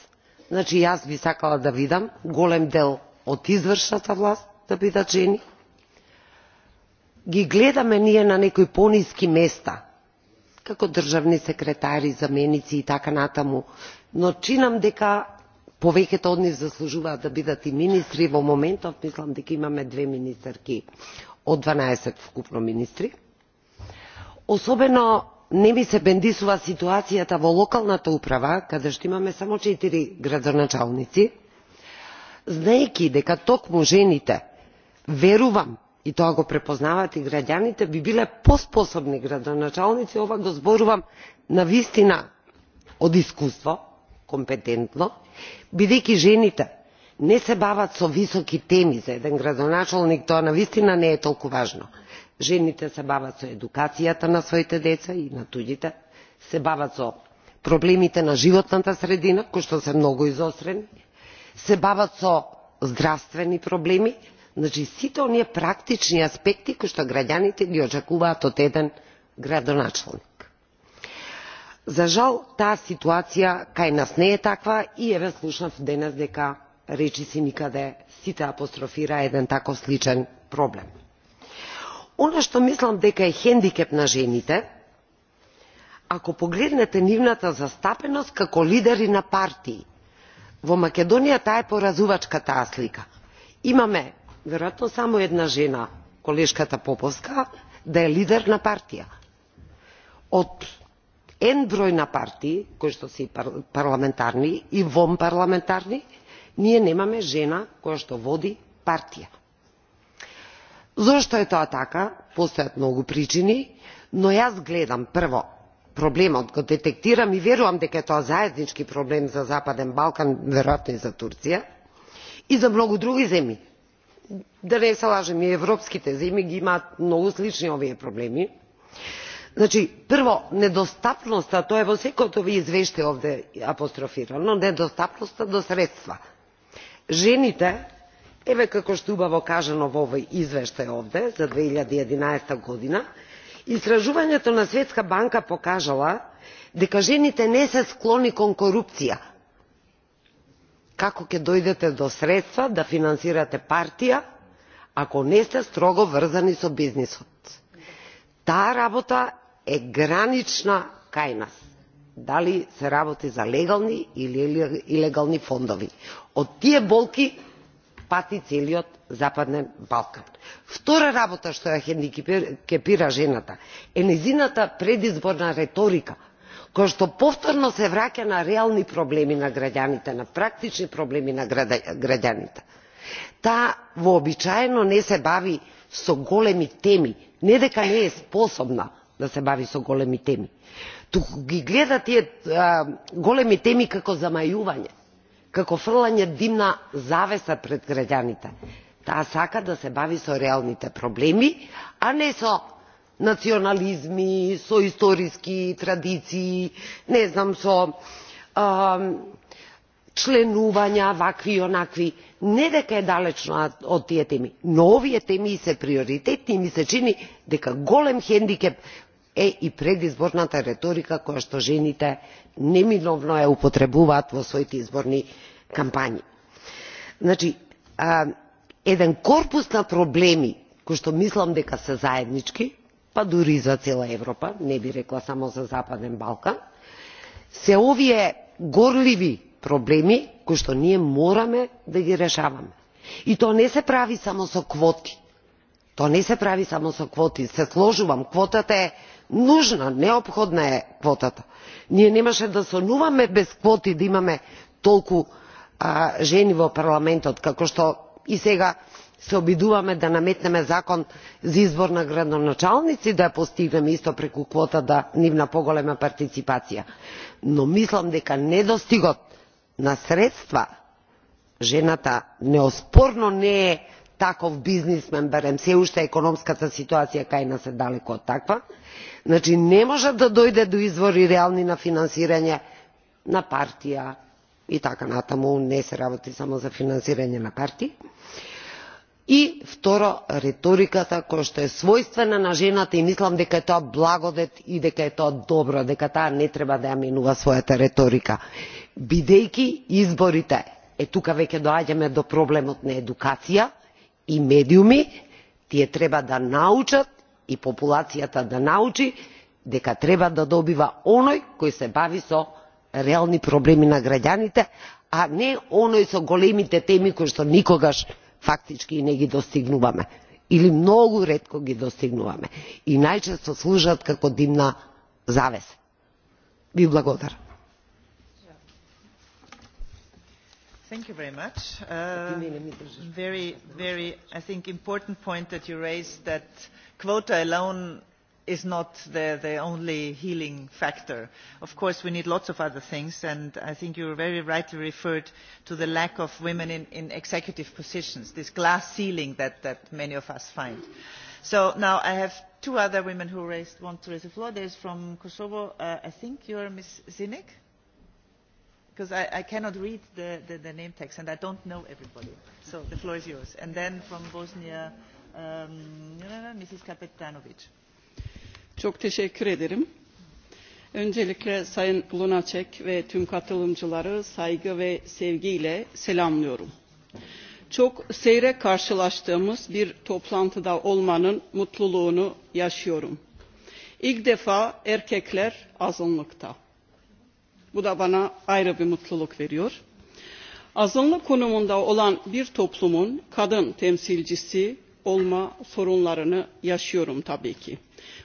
Speaker 20: Значи аз би сакала да видам голем дел од извршната власт да бидат жени. Ги гледаме ние на некои пониски места, како државни секретари, заменици и така натаму, но чинам дека повеќето од нив заслужуваат да бидат и министри во моментов мислам дека имаме две министерки од дванаесет вкупно министри особено не ми се бендисува ситуацијата во локалната управа каде што имаме само четири градоначалници знаејќи дека токму жените верувам и тоа го препознаваат и граѓаните би биле поспособни градоначалници ова го зборувам навистина од искуство компетентно бидејќи жените не се бават со високи теми за еден градоначалник тоа навистина не е толку важно жените се бават со едукацијата на своите деца и на туѓите се бават со проблемите на животната средина кои што се многу изострени се бават со здравствени проблеми значи сите оние практични аспекти кои што граѓаните ги очекуваат од еден градоначалник. За жал, таа ситуација кај нас не е таква и еве слушнав денес дека речиси никаде сите апострофираа еден таков сличен проблем. Оно што мислам дека е хендикеп на жените, ако погледнете нивната застапеност како лидери на партии, во Македонија таа е поразувачка таа слика. Имаме веројатно само една жена, колешката Поповска, да е лидер на партија. Од ен број на партии, кои што се и парламентарни и вонпарламентарни, ние немаме жена која што води партија. Зошто е тоа така? Постојат многу причини, но јас гледам прво проблемот го детектирам и верувам дека е тоа заеднички проблем за Западен Балкан, веројатно и за Турција и за многу други земји. Да не се лажем, и европските земји ги имаат многу слични овие проблеми. Значи, прво, недостапноста, тоа е во секојот овие извештај овде апострофирано, недостапноста до средства. Жените еве како што убаво кажано во овој извештај овде за 2011 година, истражувањето на Светска банка покажала дека жените не се склони кон корупција. Како ќе дојдете до средства да финансирате партија ако не сте строго врзани со бизнисот? Таа работа е гранична кај нас. Дали се работи за легални или илегални фондови. Од тие болки пати целиот Западен Балкан. Втора работа што ја хендикепира жената е незината предизборна реторика, која што повторно се враќа на реални проблеми на граѓаните, на практични проблеми на граѓаните. Таа вообичаено не се бави со големи теми, не дека не е способна да се бави со големи теми, туку ги гледа тие големи теми како замајување како фрлање димна завеса пред граѓаните. Таа сака да се бави со реалните проблеми, а не со национализми, со историски традиции, не знам, со а, членувања вакви и онакви. Не дека е далечно од тие теми, но овие теми се приоритетни и ми се чини дека голем хендикеп е и предизборната реторика којашто жените неминовно ја употребуваат во своите изборни кампањи. Значи, а, еден корпус на проблеми кои што мислам дека се заеднички, па дури и за цела Европа, не би рекла само за Западен Балкан, се овие горливи проблеми кои што ние мораме да ги решаваме. И тоа не се прави само со квоти. Тоа не се прави само со квоти. Се сложувам, квотата е нужна неопходна е квотата. ние немаше да сонуваме без квоти да имаме толку а, жени во парламентот како што и сега се обидуваме да наметнеме закон за избор на градоначалници да ја постигнеме исто преку квота да нивна поголема партиципација но мислам дека недостигот на средства жената неоспорно не е таков бизнисмен барем сѐ уште економската ситуација кај нас е далеку од таква значи не може да дојде до извори реални на финансирање на партија и така натаму не се работи само за финансирање на партии и второ реториката која што е својствена на жената и мислам дека е тоа благодет и дека е тоа добро дека таа не треба да ја менува својата реторика бидејќи изборите е тука веќе доаѓаме до проблемот на едукација и медиуми, тие треба да научат и популацијата да научи дека треба да добива оној кој се бави со реални проблеми на граѓаните, а не оној со големите теми кои што никогаш фактички не ги достигнуваме или многу ретко ги достигнуваме и најчесто служат како димна завеса. Ви благодарам.
Speaker 1: Thank you very much. Uh, very, very, I think, important point that you raised that quota alone is not the, the only healing factor. Of course, we need lots of other things, and I think you very rightly referred to the lack of women in, in executive positions, this glass ceiling that, that many of us find. So now I have two other women who raised, want to raise the floor. There is from Kosovo, uh, I think you're Ms. Zinek? because I, I cannot read the, the, the name text and I don't know everybody. So the floor is yours. And then from Bosnia, um, Mrs. Kapetanovic.
Speaker 21: Çok teşekkür ederim. Öncelikle Sayın Lunacek ve tüm katılımcıları saygı ve sevgiyle selamlıyorum. Çok seyre karşılaştığımız bir toplantıda olmanın mutluluğunu yaşıyorum. İlk defa erkekler azınlıkta Bu da bana ayrı bir mutluluk veriyor. Azınlık konumunda olan bir toplumun kadın temsilcisi olma sorunlarını yaşıyorum tabii ki.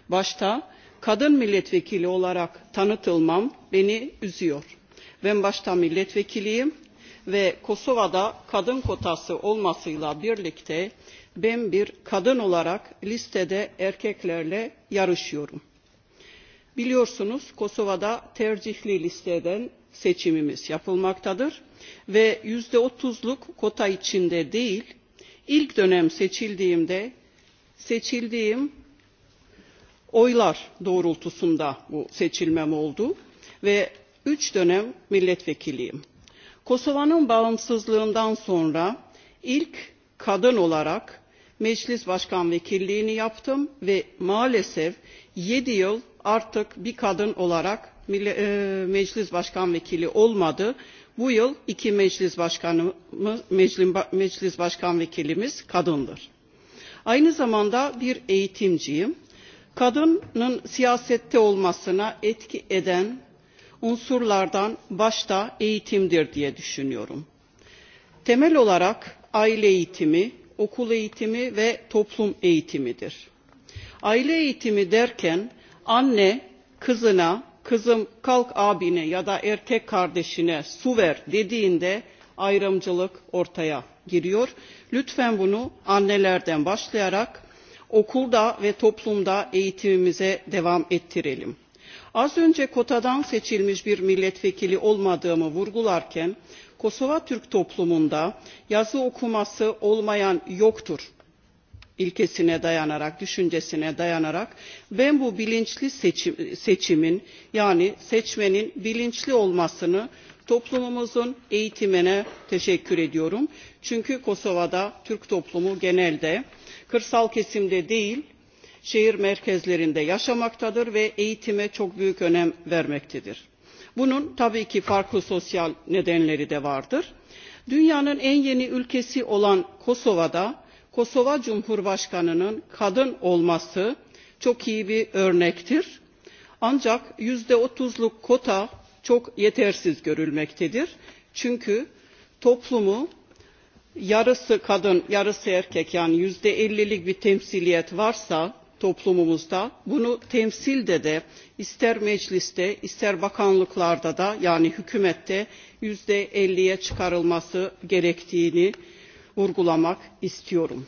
Speaker 21: Başta kadın milletvekili olarak tanıtılmam beni üzüyor. Ben başta milletvekiliyim ve Kosova'da kadın kotası olmasıyla birlikte ben bir kadın olarak listede erkeklerle yarışıyorum. Biliyorsunuz Kosova'da tercihli listeden seçimimiz yapılmaktadır ve yüzde otuzluk kota içinde değil, ilk dönem seçildiğimde seçildiğim oylar doğrultusunda bu seçilmem oldu ve üç dönem milletvekiliyim. Kosova'nın bağımsızlığından sonra ilk kadın olarak meclis başkan vekilliğini yaptım ve maalesef 7 yıl artık bir kadın olarak e, meclis başkan vekili olmadı. Bu yıl iki meclis başkanı meclis başkan vekilimiz kadındır. Aynı zamanda bir eğitimciyim. Kadının siyasette olmasına etki eden unsurlardan başta eğitimdir diye düşünüyorum. Temel olarak aile eğitimi, okul eğitimi ve toplum eğitimidir. Aile eğitimi derken anne kızına kızım kalk abine ya da erkek kardeşine su ver dediğinde ayrımcılık ortaya giriyor. Lütfen bunu annelerden başlayarak okulda ve toplumda eğitimimize devam ettirelim. Az önce kotadan seçilmiş bir milletvekili olmadığımı vurgularken Kosova Türk toplumunda yazı okuması olmayan yoktur ilkesine dayanarak, düşüncesine dayanarak ben bu bilinçli seçim, seçimin yani seçmenin bilinçli olmasını toplumumuzun eğitimine teşekkür ediyorum. Çünkü Kosova'da Türk toplumu genelde kırsal kesimde değil şehir merkezlerinde yaşamaktadır ve eğitime çok büyük önem vermektedir. Bunun tabii ki farklı sosyal nedenleri de vardır. Dünyanın en yeni ülkesi olan Kosova'da Kosova Cumhurbaşkanı'nın kadın olması çok iyi bir örnektir. Ancak yüzde otuzluk kota çok yetersiz görülmektedir. Çünkü toplumu yarısı kadın yarısı erkek yani yüzde ellilik bir temsiliyet varsa toplumumuzda bunu temsilde de ister mecliste ister bakanlıklarda da yani hükümette yüzde elliye çıkarılması gerektiğini vurgulamak istiyorum.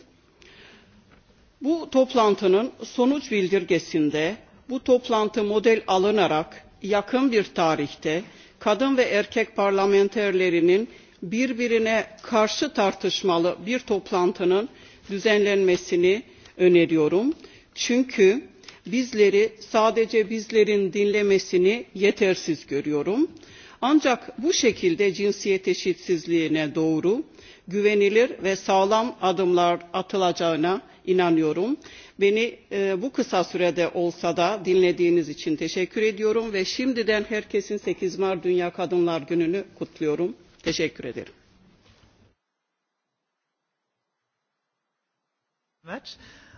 Speaker 21: Bu toplantının sonuç bildirgesinde bu toplantı model alınarak yakın bir tarihte kadın ve erkek parlamenterlerinin birbirine karşı tartışmalı bir toplantının düzenlenmesini öneriyorum. Çünkü bizleri sadece bizlerin dinlemesini yetersiz görüyorum. Ancak bu şekilde cinsiyet eşitsizliğine doğru güvenilir ve sağlam adımlar atılacağına inanıyorum. Beni e, bu kısa sürede olsa da dinlediğiniz için teşekkür ediyorum ve şimdiden herkesin 8 Mart Dünya Kadınlar Günü'nü kutluyorum. Teşekkür ederim.
Speaker 1: Much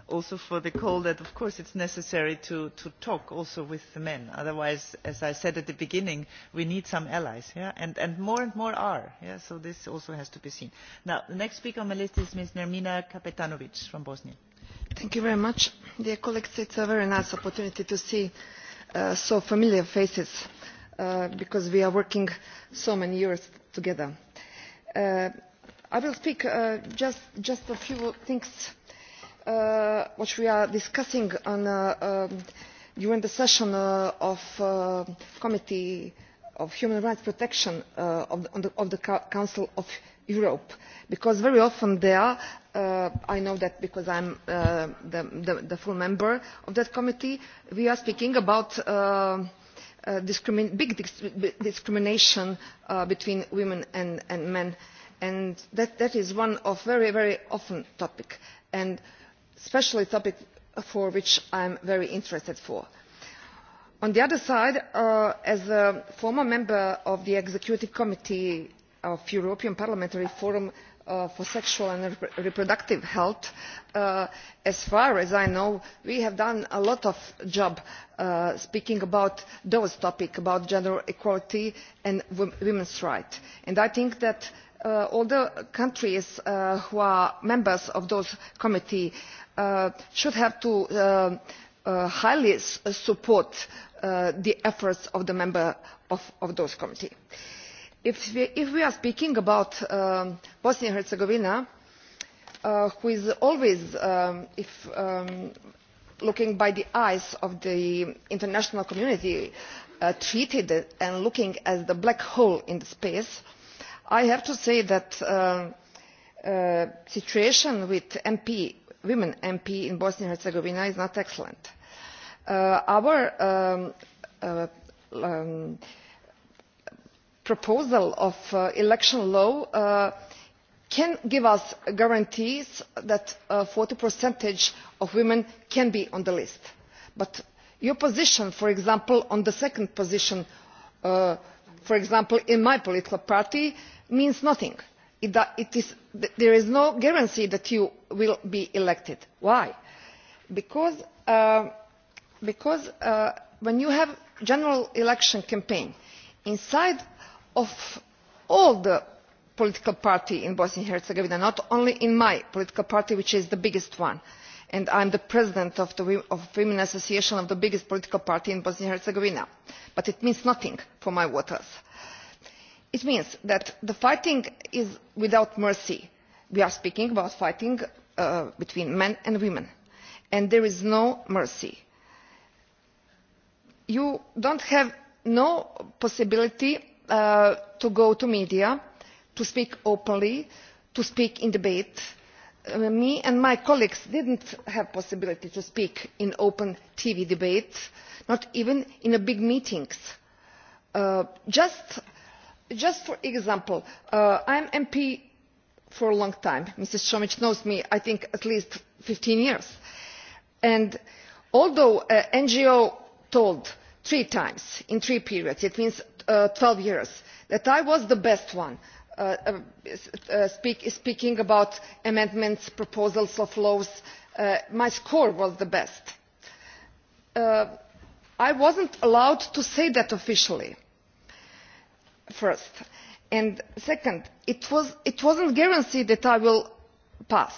Speaker 1: also for the call that of course it is necessary to, to talk also with the men otherwise as i said at the beginning we need some allies yeah? and, and more and more are yeah? so this also has to be seen. now the next speaker on my list is ms nermina kapetanovic from bosnia.
Speaker 22: thank you very much. dear colleagues it is a very nice opportunity to see uh, so familiar faces uh, because we are working so many years together. Uh, i will speak uh, just, just a few things uh, which we are discussing on, uh, um, during the session uh, of uh, Committee of Human Rights Protection uh, of, the, on the, of the Council of Europe, because very often there, uh, I know that because I'm uh, the, the, the full member of that committee, we are speaking about uh, uh, discrimin big dis discrimination uh, between women and, and men, and that, that is one of very, very often topic. And uh, especially a topic for which i am very interested. on the other side uh, as a former member of the executive committee of the european parliamentary forum uh, for sexual and reproductive health uh, as far as i know we have done a lot of work speaking about those topics about gender equality and women's rights and i think that all the countries which are members of those committees uh, should have to uh, uh, highly uh, support uh, the efforts of the member of, of those committee. If we, if we are speaking about um, Bosnia and Herzegovina, uh, who is always, um, if um, looking by the eyes of the international community, uh, treated and looking as the black hole in the space, I have to say that the uh, uh, situation with MP women mp in bosnia and herzegovina is not excellent. Uh, our um, uh, um, proposal of uh, election law uh, can give us guarantees that a uh, forty percentage of women can be on the list but your position for example on the second position uh, for example in my political party means nothing is, there is no guarantee that you will be elected. why? because, uh, because uh, when you have a general election campaign inside of all the political parties in bosnia and herzegovina not only in my political party which is the biggest one and i am the president of the women's association of the biggest political party in bosnia and herzegovina but it means nothing for my voters it means that the fighting is without mercy. we are speaking about fighting uh, between men and women and there is no mercy. you do not have no possibility uh, to go to the media to speak openly to speak in debate. Uh, me and my colleagues did not have the possibility to speak in open tv debates not even in big meetings. Uh, just just for example uh, i am an mp for a long time mrs somi knows me i think at least fifteen years and although an uh, ngo told me three times in three periods it means uh, twelve years that i was the best one speaking about amendments proposals of laws my score was the best i was not allowed to say that officially first and second it was not a guarantee that i will pass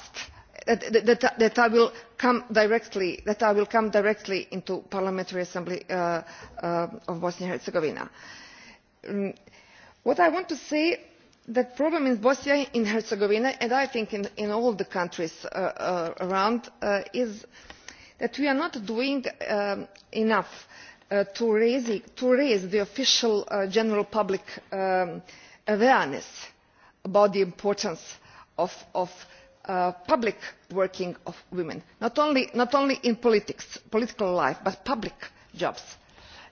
Speaker 22: that i will come directly into the parliamentary assembly uh, uh, of bosnia and herzegovina. Mm, what i want to say is that the problem in bosnia and herzegovina and i think in all the countries uh, around is that we are not doing um, enough Uh, to, raising, to raise the official uh, general public um, awareness about the importance of, of Uh, public working of women not only, not only in politics, political life but public jobs.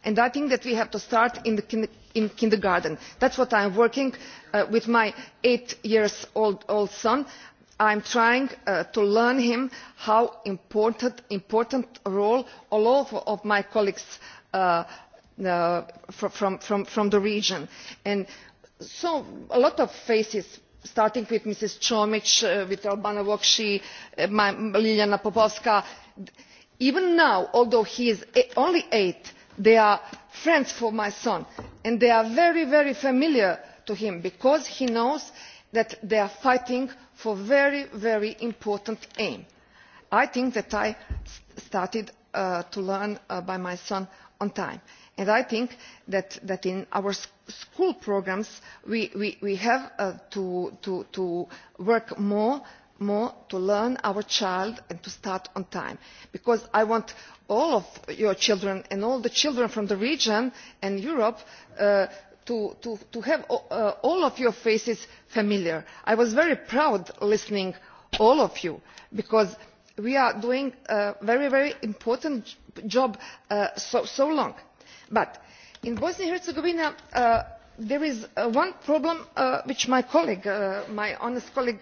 Speaker 22: And i think that we have to start in, kind in kindergarten. that is what i am working on uh, with my eight year old, old son. i am trying uh, to learn him how important, important a role all of, of my colleagues Uh, uh, from, from, from the region. And so a lot of faces starting with mrs comi uh, with albana vokshi liljana popovska even now although he is e, only eight they are friends of my son and they are very very familiar to him because he knows that they are fighting for a very very important aim. i think that i started uh, to learn uh, by my son on time. And i think that, that in our school programmes we, we, we have uh, to, to, to work more, more to learn our child and to start on time because i want all of your children and all the children from the region and europe uh, to, to have uh, all of your faces familiar. i was very proud listening to all of you because we are doing a very, very important job for uh, so long. but in bosnia and herzegovina uh, there is uh, one problem which my colleague my honest colleague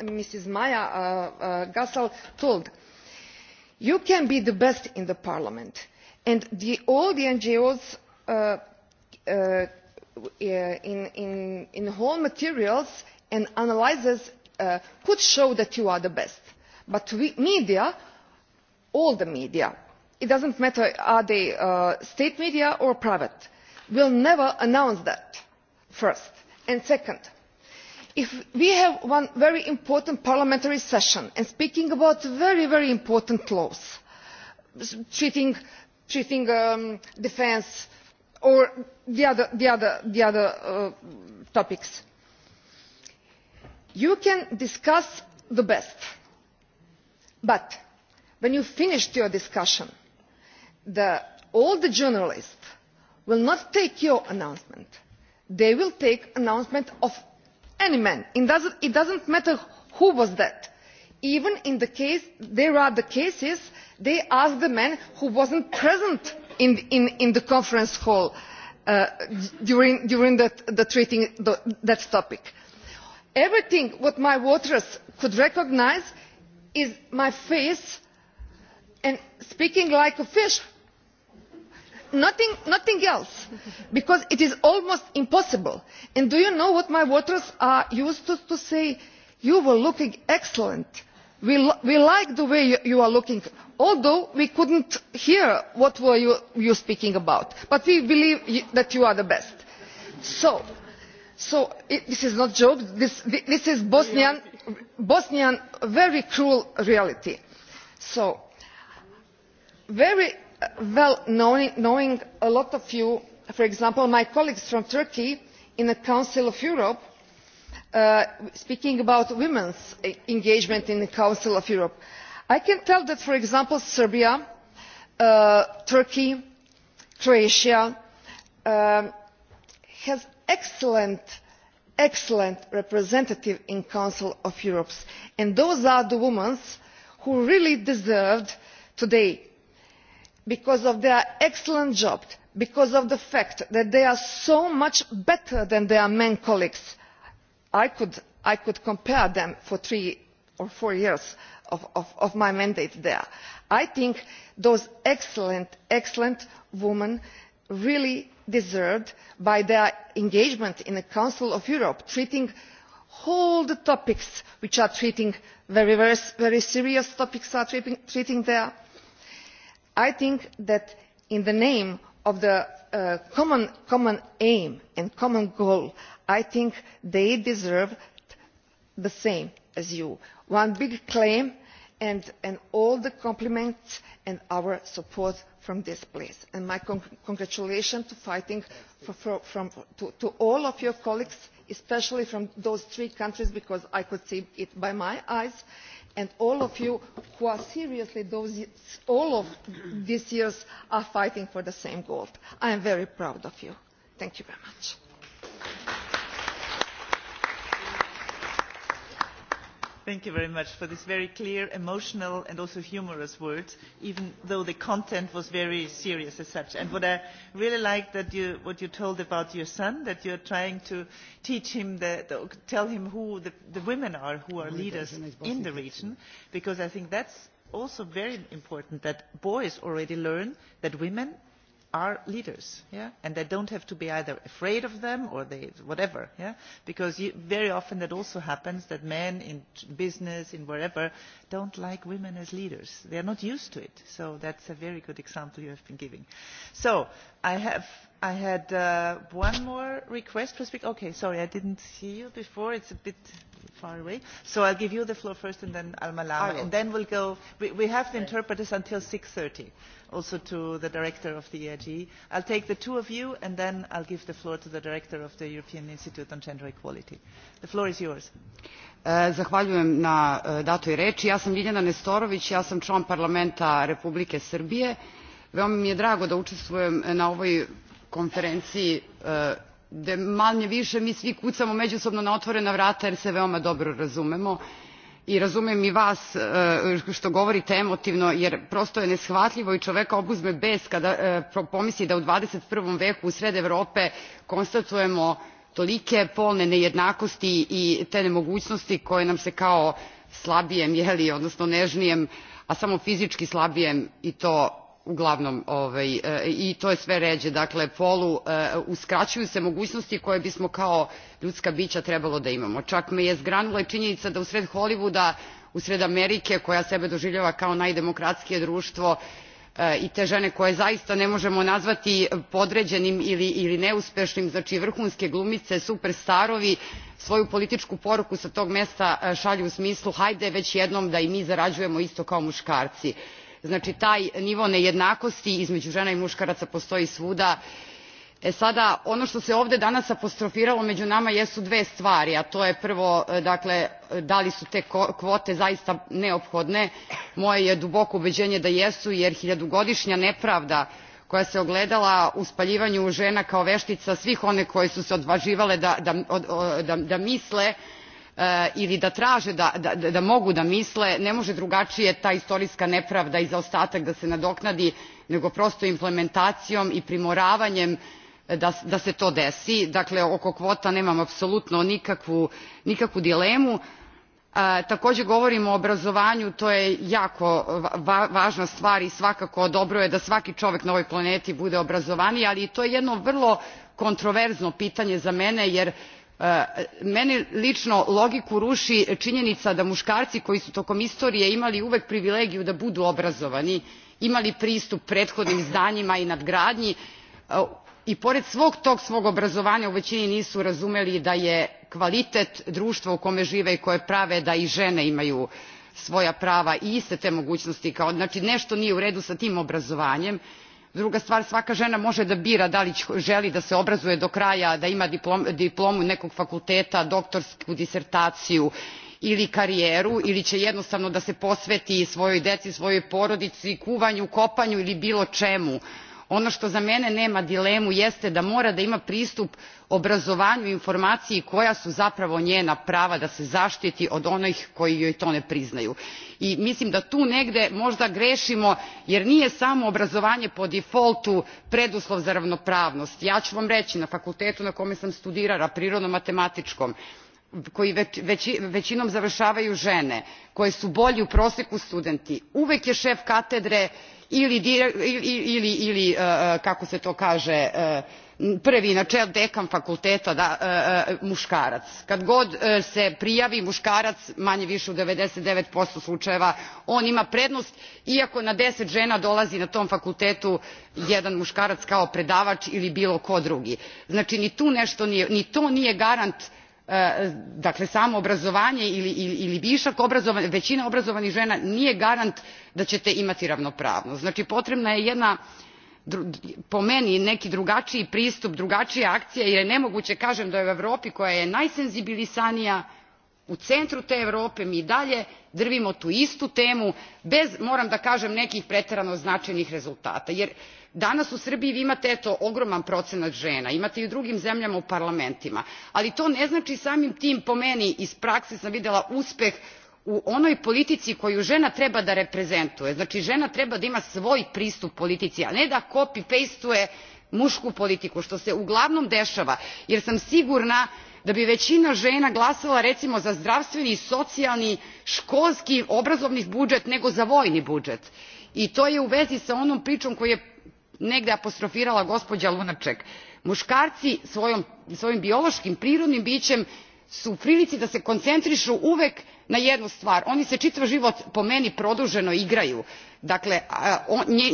Speaker 22: mrs maja gazel told us you can be the best in the parliament and the, all the ngos uh, uh, in, in, in whole materials and analyses uh, could show that you are the best but the media all the media it does not matter whether they are uh, state media or private will never announce that first and second if we have one very important parliamentary session and speak about very important laws treating um, defence or the other uh, topics you can discuss the best but when you have finished your discussion the, all the journalists will not take your announcement they will take the announcement of any man it does not matter who was that even in the case there are the cases they ask the man who was not present in, in, in the conference hall uh, during, during the, the treating the, that topic. everything what my voters could recognise is my face and speaking like a fish nothing, nothing else because it is almost impossible. and do you know what my voters used to, to say? you were looking excellent we, we like the way you, you are looking although we could not hear what you were speaking about but we believe that you are the best. so, so it, this is not a joke this, this is bosnian, bosnian very cruel reality. so very well knowing a lot of you for example my colleagues from turkey in the council of europe uh, speaking about women's engagement in the council of europe i can tell that for example serbia uh, turkey croatia um, have excellent representatives in the council of europe and those are the women who really deserve today because of their excellent job because of the fact that they are so much better than their male colleagues i could compare them for three or four years of my mandate there i think those excellent women really deserved by their engagement in the council of europe treating all the topics which are treated very serious topics are treated there i think that in the name of the uh, common, common aim and common goal i think they deserve the same as you one big claim and, and all the compliments and our support from this place and my con congratulations to fighting for, for, from, to, to all of your colleagues especially from those three countries because i could see it with my own eyes and all of you who are seriously those, all of these years are fighting for the same goal. i am very proud of you. thank you very much.
Speaker 1: thank you very much for these very clear emotional and also humorous words even though the content was very serious as such. And what i really liked that you what you told about your son that you are trying to teach him the, the, tell him who the, the women are who are leaders in the region because i think that's also very important that boys already learn that women are leaders yeah? and they do not have to be either afraid of them or they, whatever yeah? because you, very often it also happens that men in business in wherever do not like women as leaders they are not used to it so that is a very good example you have been giving. so i, have, I had uh, one more request to speak okay sorry i did not see you before it is a bit far away. So I'll give you the floor first and then Al-Malama. And then we'll go, we, we have the interpreters until 6.30, also to the director of the EIG. I'll take the two of you and then I'll give the floor to the director of the European Institute on Gender Equality. The floor is yours.
Speaker 23: E, zahvaljujem na e, datoj reči. Ja sam Ljiljana Nestorović, ja sam član parlamenta Republike Srbije. Veoma mi je drago da učestvujem na ovoj konferenciji e, gde manje više mi svi kucamo međusobno na otvorena vrata jer se veoma dobro razumemo i razumem i vas e, što govorite emotivno jer prosto je neshvatljivo i čoveka obuzme bes kada e, pomisli da u dvadeset i prvom veku u sred evrope konstatujemo tolike polne nejednakosti i te nemogućnosti koje nam se kao slabijem odnosno nežnijem a samo fizički slabijem i to uglavnom ovaj, e, i to je sve ređe dakle polu e, uskraćuju se mogućnosti koje bismo kao ljudska bića trebalo da imamo čak me je zgranula i činjenica da usred hollywooda usred amerike koja sebe doživljava kao najdemokratskije društvo e, i te žene koje zaista ne možemo nazvati podređenim ili, ili neuspešnim znači vrhunske glumice superstarovi svoju političku poruku sa tog mesta šalju u smislu hajde već jednom da i mi zarađujemo isto kao muškarci znači taj nivo nejednakosti između žena i muškaraca postoji svuda. E sada, ono što se ovde danas apostrofiralo među nama jesu dve stvari, a to je prvo, e, dakle, da li su te kvote zaista neophodne. Moje je duboko ubeđenje da jesu, jer hiljadugodišnja nepravda koja se ogledala u spaljivanju žena kao veštica svih one koje su se odvaživale da, da, da, da misle Eh, ili da traže da, da, da mogu da misle ne može drugačije ta istorijska nepravda i zaostatak da se nadoknadi nego prosto implementacijom i primoravanjem eh, da, da se to desi. dakle oko kvota nemam apsolutno nikakvu, nikakvu dilemu. E, eh, takođe govorimo o obrazovanju to je jako va važna stvar i svakako dobro je da svaki čovek na ovoj planeti bude obrazovaniji ali to je jedno vrlo kontroverzno pitanje za mene jer E, meni lično logiku ruši činjenica da muškarci koji su tokom istorije imali uvek privilegiju da budu obrazovani imali pristup prethodnim znanjima i nadgradnji e, i pored svog tog svog obrazovanja u većini nisu razumeli da je kvalitet društva u kome žive i koje prave da i žene imaju svoja prava i iste te mogućnosti. znači nešto nije u redu s tim obrazovanjem druga stvar svaka žena može da bira da li želi da se obrazuje do kraja da ima diplom, diplomu nekog fakulteta doktorsku disertaciju ili karijeru ili će jednostavno da se posveti svojoj deci svojoj porodici kuvanju kopanju ili bilo čemu drugom ono što za mene nema dilemu jeste da mora da ima pristup obrazovanju i informaciji koja su zapravo njena prava da se zaštiti od onih koji joj to ne priznaju i mislim da tu negde možda grešimo jer nije samo obrazovanje po defaultu preduslov za ravnopravnost ja ću vam reći na fakultetu na kome sam studirala prirodno matematičkom koji većinom završavaju žene koje su bolji u proseku studenti uvek je šef katedre ili, ili, ili uh, uh, kako se to kaže uh, prvi na čelu dekan fakulteta da, muškarac. kad god se prijavi muškarac manje više u ninety nine slučajeva on ima prednost iako na deset žena dolazi na tom fakultetu jedan muškarac kao predavač ili bilo ko drugi. znači ni to nije garant E, dakle samo obrazovanje ili višak obrazovanja većina obrazovanih žena nije garant da ćete imati ravnopravnost. znači potreban je jedan po meni neki drugačiji pristup drugačija akcija jer je nemoguće kažem da u europi koja je najsenzibiliziranija u centru te europe mi i dalje drvimo tu istu temu bez moram da kaem nekih preterano znaajnih rezultata jer danas u srbiji vi imate ogroman procenat ena imate i u drugim zemljama u parlamentima ali to ne znai samim tim po meni iz prakse sam videla uspeh u onoj politici koju ena treba da reprezentuje znai ena treba da ima svoj pristup politici a ne da copy pastuje muku politiku to se uglavnom deava jer sam sigurna da bi većina žena glasala recimo za zdravstveni socijalni školski obrazovni budžet nego za vojni budžet i to je u vezi sa onom pričom koju je negde apostrofirala gospođa lunacek muškarci svojim biološkim prirodnim bićem su u prilici da se koncentrišu uvek na jednu stvar oni se čitav život po meni produženo igraju dakle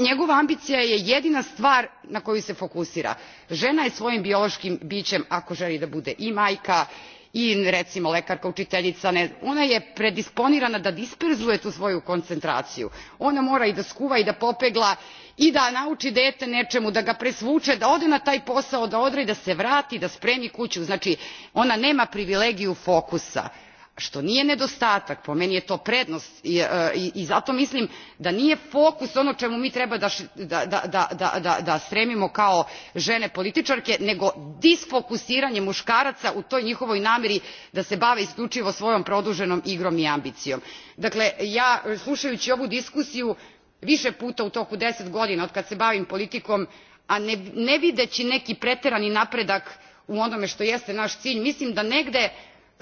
Speaker 23: njegova ambicija je jedina stvar na koju se fokusira. žena je svojim biološkim bićem ako želi da bude i majka i recimo lekarka učiteljica ona je predisponirana da disperzuje tu svoju koncentraciju ona mora i da skuva i da popegla i da nauči dete nečemu da ga presvuče da ode na taj posao da odradi da se vrati da spremi kuću znači ona nema privilegiju fokusa što nije nedostatak po meni je to prednost i, e, i, i zato mislim da nije fokus ono čemu mi treba da, da, da, da stremimo kao žene političarke nego disfokusiranje muškaraca u toj njihovoj nameri da se bave isključivo svojom produženom igrom i ambicijom. dakle ja slušajući ovu diskusiju više puta u toku deset godina otkad se bavim politikom a ne, ne videći neki preterani napredak u onome što jeste naš cilj mislim da negde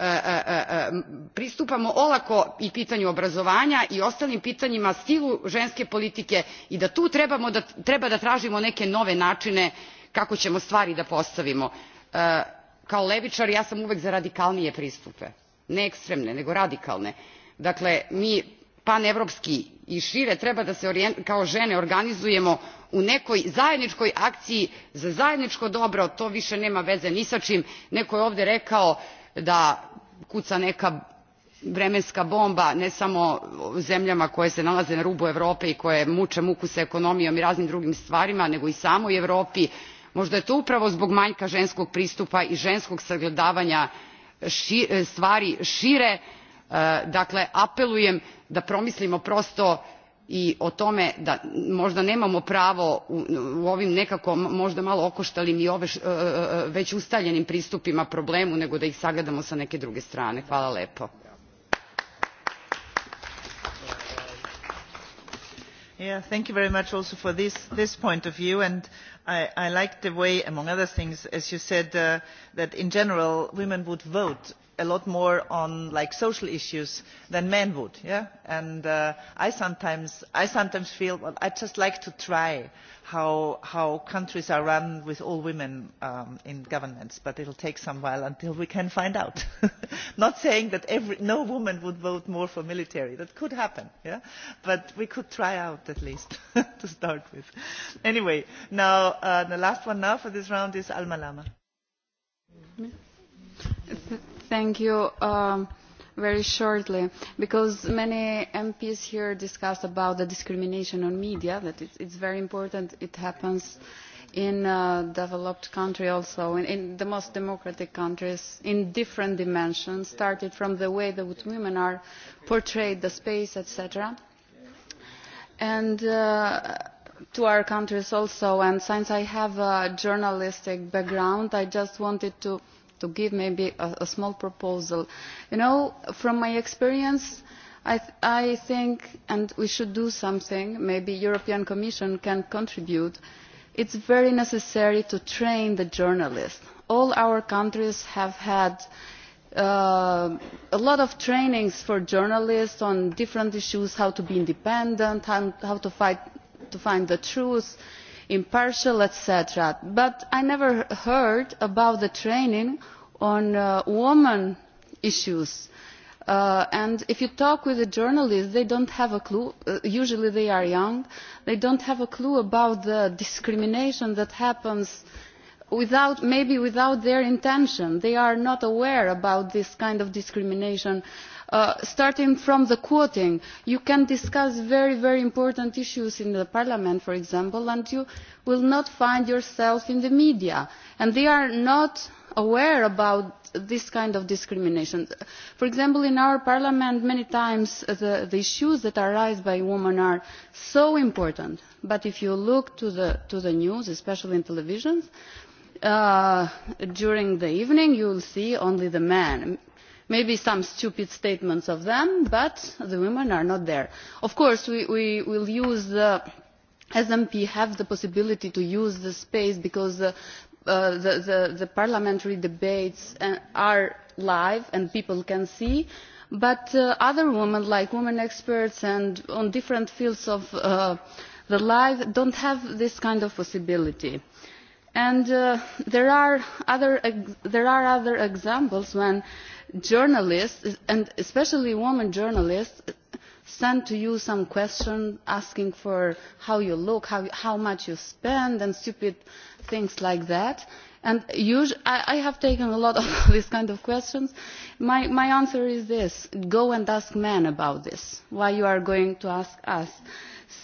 Speaker 23: E, e, e, pristupamo olako i pitanju obrazovanja i ostalim pitanjima stilu ženske politike i da tu treba da tražimo neke nove načine kako ćemo stvari da postavimo. kao levičar ja sam uvek za radikalnije pristupe ne ekstremne nego radikalne. dakle mi panevropski i šire treba da se kao žene organizujemo u nekoj zajedničkoj akciji za zajedničko dobro to više nema veze ni sa čim. neko je ovde rekao da kuca neka vremenska bomba ne samo zemljama koje se nalaze na rubu evrope i koje muče muku s ekonomijom i raznim drugim stvarima nego i samoj evropi možda je to upravo zbog manjka ženskog pristupa i ženskog sagledavanja e, stvari šire e, dakle apelujem da promislimo prosto i o tome da možda nemamo pravo u, u ovim nekako možda malo okoštalim i ove, š, e, e, e, već ustaljenim pristupima problemu nego da ih sagledamo sa
Speaker 1: neke druge strane. Hvala lepo. Yeah, thank you very much also for this, this point of view and i, I like the way among other things as you said uh, that in general women would vote a lot more on like social issues than men would yeah and uh, i sometimes i sometimes feel well, i just like to try how how countries are run with all women um, in governments but it'll take some while until we can find out [laughs] not saying that every no woman would vote more for military that could happen yeah but we could try out at least [laughs] to start with anyway now uh, the last one now for this round is alma lama yeah. Mm-hmm
Speaker 14: thank you. Um, very shortly because many mps here discussed about the discrimination on media that it, it's very important it happens in uh, developed countries also in, in the most democratic countries in different dimensions starting from the way that women are portrayed the space etc and uh, to our countries also and since i have a journalistic background i just wanted to uh, to give maybe a, a small proposal. You know, from my experience, I, th I think, and we should do something, maybe European Commission can contribute, it's very necessary to train the journalists. All our countries have had uh, a lot of trainings for journalists on different issues, how to be independent, how, how to, fight, to find the truth, uh, impartial etc. but i never heard about the training on uh, women issues uh, and if you talk with the journalists they don't have a clue uh, usually they are young they don't have a clue about the discrimination that happens without maybe without their intention they are not aware about this kind of discrimination Uh, starting from the quoting you can discuss very very important issues in parliament for example and you will not find yourself in the media and they are not aware of this kind of discrimination. for example in our parliament many times the, the issues that are raised by women are so important but if you look to the, to the news especially on television uh, during the evening you will see only the men maybe some stupid statements of them but the women are not there. of course we, we will use the smp have the possibility to use the space because the, uh, the, the, the parliamentary debates uh, are live and people can see but uh, other women like women experts and on different fields of uh, the life do not have this kind of possibility. And, uh, there, are other, there are other examples when journalists and especially women journalists send to you some question asking for how you look how, how much you spend and stupid things like that and usually, I, i have taken a lot [laughs] of these kind of questions my, my answer is this go and ask men about this why you are going to ask us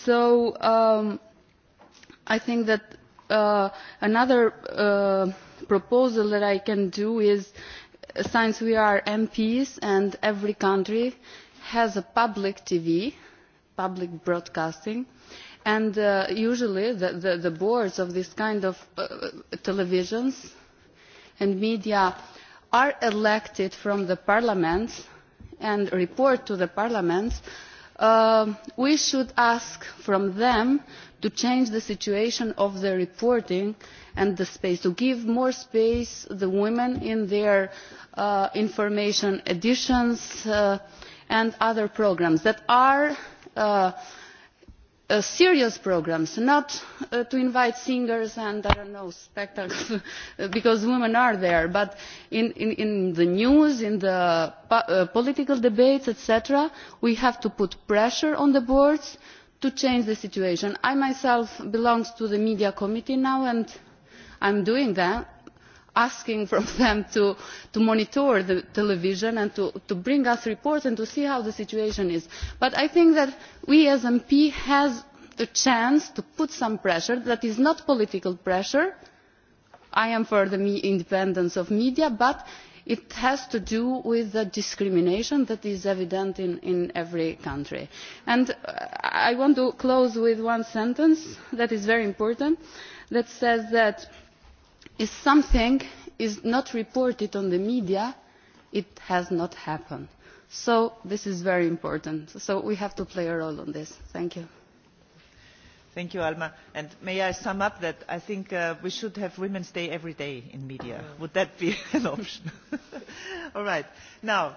Speaker 14: so um, i think that uh, another uh, proposal that i can do is uh, since we are mps and every country has a public tv public broadcasting and uh, usually the, the, the boards of this kind of uh, televisions and media are elected from the parliaments and report to the parliaments uh, we should ask from them uh, to change the situation of the reporting and the space to give more space to women in their uh, information editions uh, and other programmes that are uh, uh, serious programmes not uh, to invite singers and i don't know spectacles [laughs] because women are there but in, in, in the news in the po uh, political debates etc we have to put pressure on the boards to change the situation. i myself belong to the media committee now and i am doing that asking [laughs] them to, to monitor the television and to, to bring us reports and to see how the situation is. but i think that we as mps have the chance to put some pressure that is not political pressure i am for the independence of the media but it has to do with the discrimination that is evident in, in every country. And uh, i want to close with one sentence that is very important that says that if something is not reported on the media it has not happened. so this is very important so we have to play a role in this. thank you
Speaker 1: thank you alma and may i sum up that i think uh, we should have women's day every day in media would that be [laughs] an option [laughs] all right now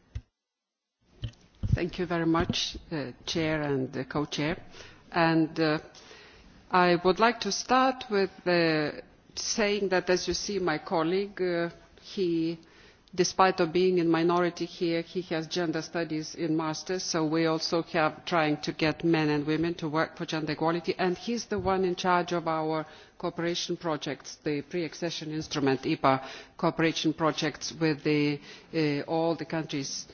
Speaker 24: Thank you very much, uh, Chair and uh, Co-Chair. And uh, I would like to start with uh, saying that, as you see, my colleague, uh, he, despite of being in minority here, he has gender studies in master's, so we also have trying to get men and women to work for gender equality, and he's the one in charge of our cooperation projects, the pre-accession instrument, IPA cooperation projects with the, uh, all the countries uh,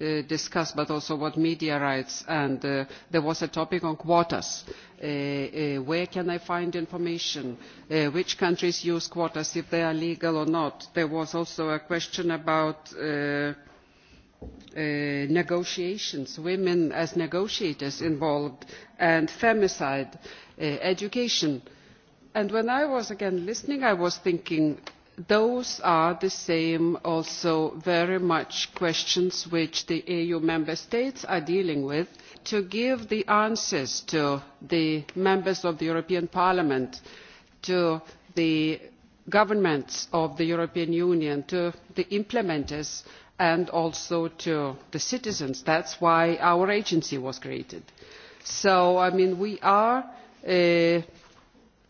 Speaker 24: uh, discussed but also what media rights and uh, there was a topic on quotas uh, uh, where can i find information uh, which countries use quotas if they are legal or not there was also a question about uh, Uh, negotiations women as negotiators involved and femicide uh, education and when i was again listening i was thinking those are the same also very much questions which the eu member states are dealing with to give the answers to the members of the european parliament to the governments of the european union to the implementers and also to the citizens. that is why our agency was created. so I mean, we are uh,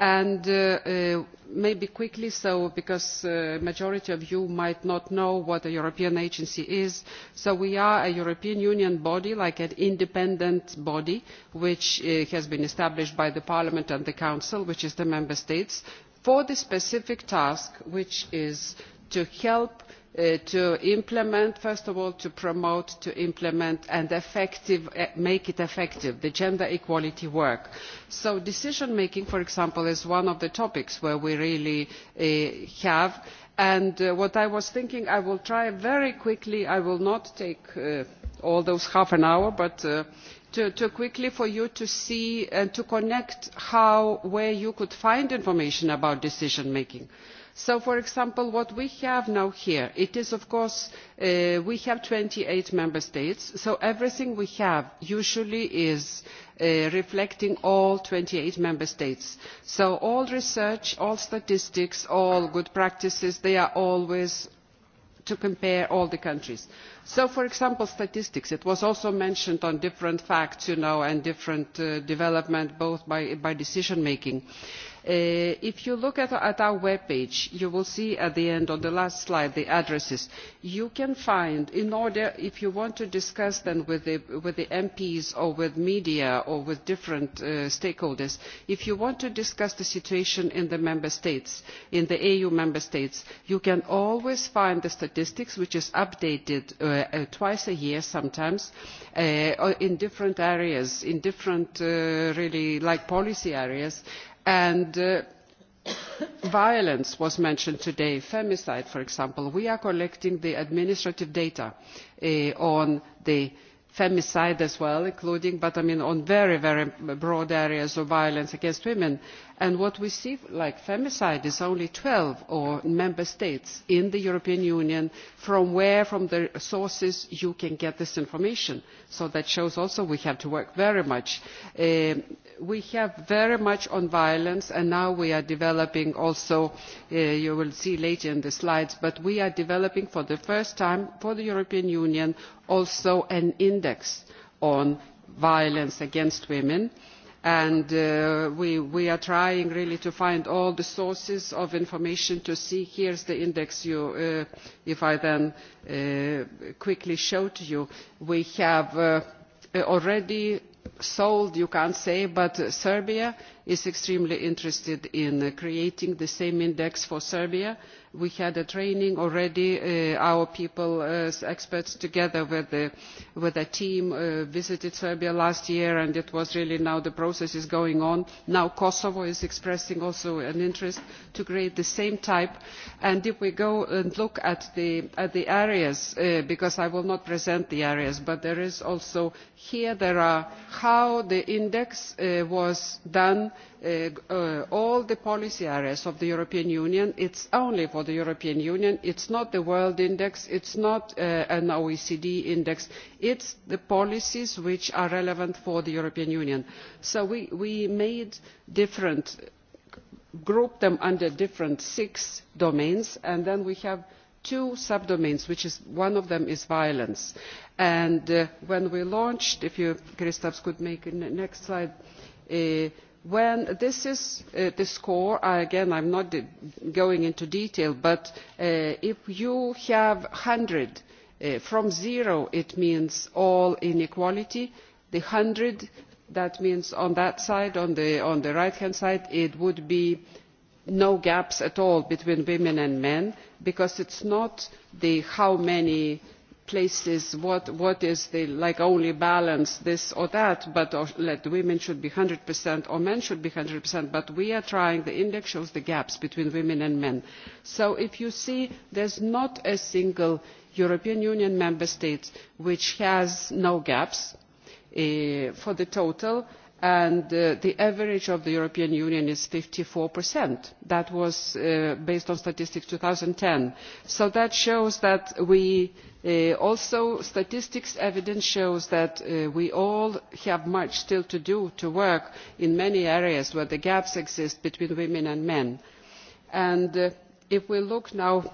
Speaker 24: and uh, uh, maybe quickly so because the uh, majority of you might not know what a european agency is so we are a european union body like an independent body which uh, has been established by parliament and the council which is the member states for the specific task which is to help uh, to implement first of all to promote to implement and effective, uh, make it effective the gender equality work. so decision making for example is one of the topics where we really uh, have and uh, what i was thinking i will try very quickly i will not take uh, all those half an hour but uh, to, to quickly for you to see and to connect how where you could find information about decision making so for example what we have now here is of course uh, we have twenty eight member states so everything we have usually is uh, reflecting all twenty eight member states so all research all statistics all good practices they are always to compare all the countries. So, for example, statistics. It was also mentioned on different facts, you know, and different uh, development, both by, by decision making. Uh, if you look at, at our webpage, you will see at the end, on the last slide, the addresses. You can find, in order, if you want to discuss then with the, with the MPs or with media or with different uh, stakeholders, if you want to discuss the situation in the member states, in the EU member states, you can always find the statistics which is updated uh, Uh, uh, twice a year sometimes uh, uh in different areas in different uh, really like policy areas and violence was mentioned today femicide for example we are collecting the administrative data on the femicide as well including but i mean on very very broad areas of violence against women and what we see like femicide is only twelve member states in the european union from where from the sources you can get this information so that shows also we have to work very much. Eh, we have very much on violence and now we are developing also eh, you will see later in the slides but we are developing for the first time for the european union also an index on violence against women and uh, we, we are trying really to find all the sources of information to see here is the index you, uh, if I then uh, quickly show to you. We have uh, already sold, you can't say, but Serbia is extremely interested in uh, creating the same index for serbia. we had a training already uh, our people as uh, experts together with, the, with a team visited serbia last year and it was really now the process is going on. now kosovo is expressing also an interest to create the same type and if we go and look at the, at the areas because i will not present the areas but there is also here there are how the index was done Uh, uh, all the policy areas of the european union it is only for the european union it is not the world index it is not uh, an oecd index it is the policies which are relevant for the european union. so we grouped them under different six domains and then we have two sub domains which is one of them is violence and uh, when we launched if you Christoph could make the next slide uh, when this is uh, the score again i am not going into detail but uh, if you have one hundred uh, from zero it means all inequality the hundred that means on that side on the, on the right hand side it would be no gaps at all between women and men because it is not how many places what, what is the like only balance this or that but or, uh, let women should be 100% or men should be 100% but we are trying the index shows the gaps between women and men so if you see there's not a single european union member state which has no gaps uh, for the total and uh, the average of the european union is. fifty four that was uh, based on statistics two thousand and ten so that shows that we uh, also statistics evidence shows that uh, we all have much still to do to work in many areas where the gaps exist between women and men. And, uh, if we look now uh,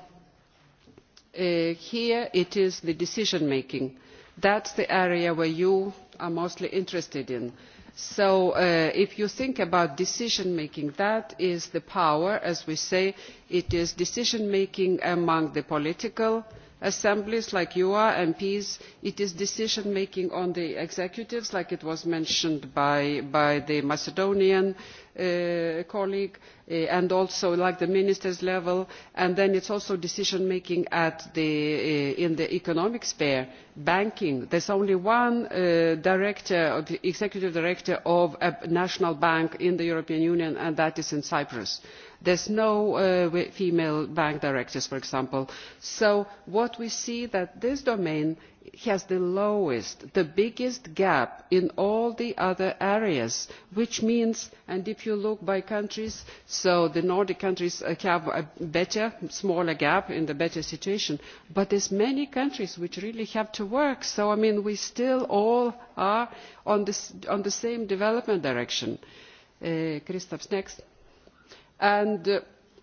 Speaker 24: here it is the decision making that is the area where you are mostly interested in so uh, if you think about decision making that is the power as we say it is decision making among the political uh, assemblies like you are mps it is decision making on the executives like was mentioned by, by the macedonian uh, colleague uh, and also at the ministers' level and then it is also decision making the, uh, in the economic sphere banking there is only one uh, director, executive director of a national bank in the european union and that is in cyprus there are no uh, female bank directors for example. so what we see is that this domain has the lowest the biggest gap in all the other areas which means and if you look by countries so the nordic countries uh, have a better smaller gap in a better situation but there are many countries which really have to work so i mean we still all are on the, on the same development direction. Uh, Christoph's next. And uh,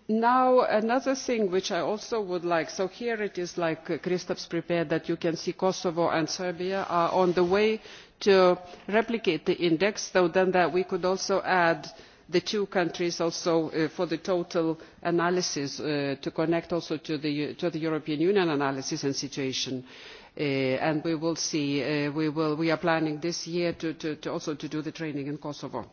Speaker 24: now another thing which i also would like so here it is like christophe prepared that you can see kosovo and serbia are on the way to replicate the index so then that we could also add the two countries also uh, for the total analysis uh, to connect also to the, to the european union analysis and situation. Uh, and we will see uh, we, will, we are planning this year to, to, also to do the training in kosovo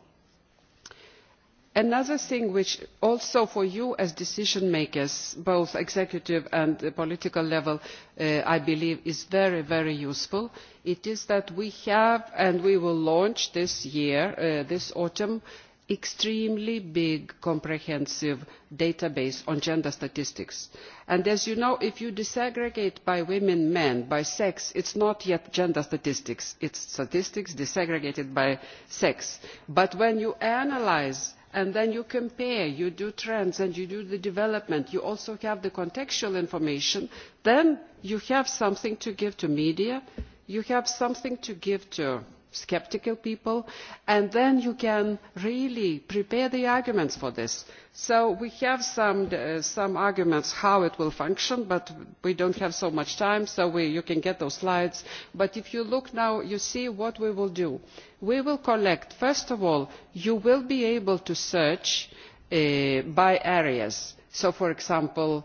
Speaker 24: another thing which also for you as decision makers both at executive and political level uh, i believe is very very useful is that we have and we will launch this year uh, this autumn an extremely big comprehensive database on gender statistics and as you know if you disaggregate by women and men by sex it is not yet gender statistics it is statistics disaggregated by sex but when you analyse and then you compare you do trends and you do the development you also have the contextual information then you have something to give to the media you have something to give to sceptical people and then you can really prepare the arguments for this. so we have some, uh, some arguments on how it will function but we do not have so much time so we, you can get those slides but if you look now you see what we will do. we will collect first of all you will be able to search uh, by areas so for example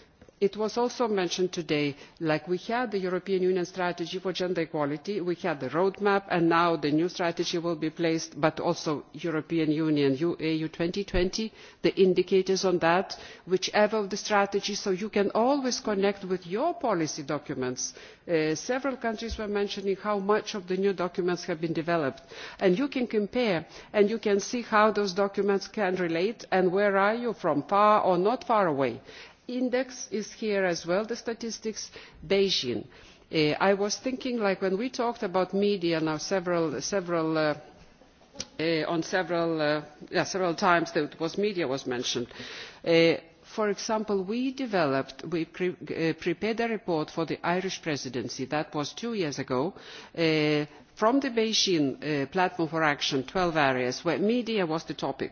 Speaker 24: it was also mentioned today like we had the european union strategy for gender equality we had the roadmap and now the new strategy will be placed but also the european union eu two thousand and twenty the indicators on that whichever of the strategies so you can always connect with your policy documents. Uh, several countries were mentioning how much of the new documents have been developed and you can compare and you can see how those documents can relate and where you are from far or not far away index is here as well the statistics beijing. Uh, i was thinking like when we talked about media now several, several, uh, uh, on several, uh, yeah, several times that was media was mentioned uh, for example we developed we pre uh, prepared a report for the irish presidency that was two years ago uh, from the beijing uh, platform for action twelve areas where media was the topic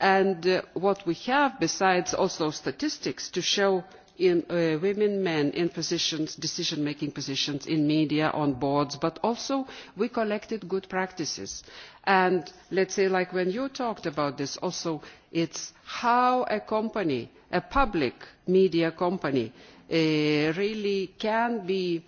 Speaker 24: and uh, what we have besides also statistics to show in, uh, women men in positions, decision making positions in media on boards but also we collected good practices and let us say like when you talked about this also it is how a company a public media company uh, really can be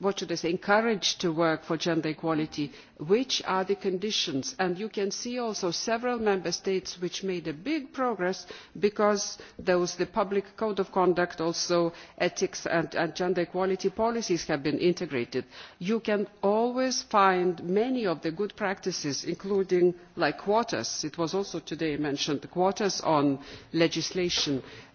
Speaker 24: what should i say encouraged to work for gender equality which are the conditions and you can see also several member states which made big progress because there was the public code of conduct also ethics and, and gender equality policies have been integrated. you can always find many of the good practices including like quotas it was also today mentioned quotas on legislation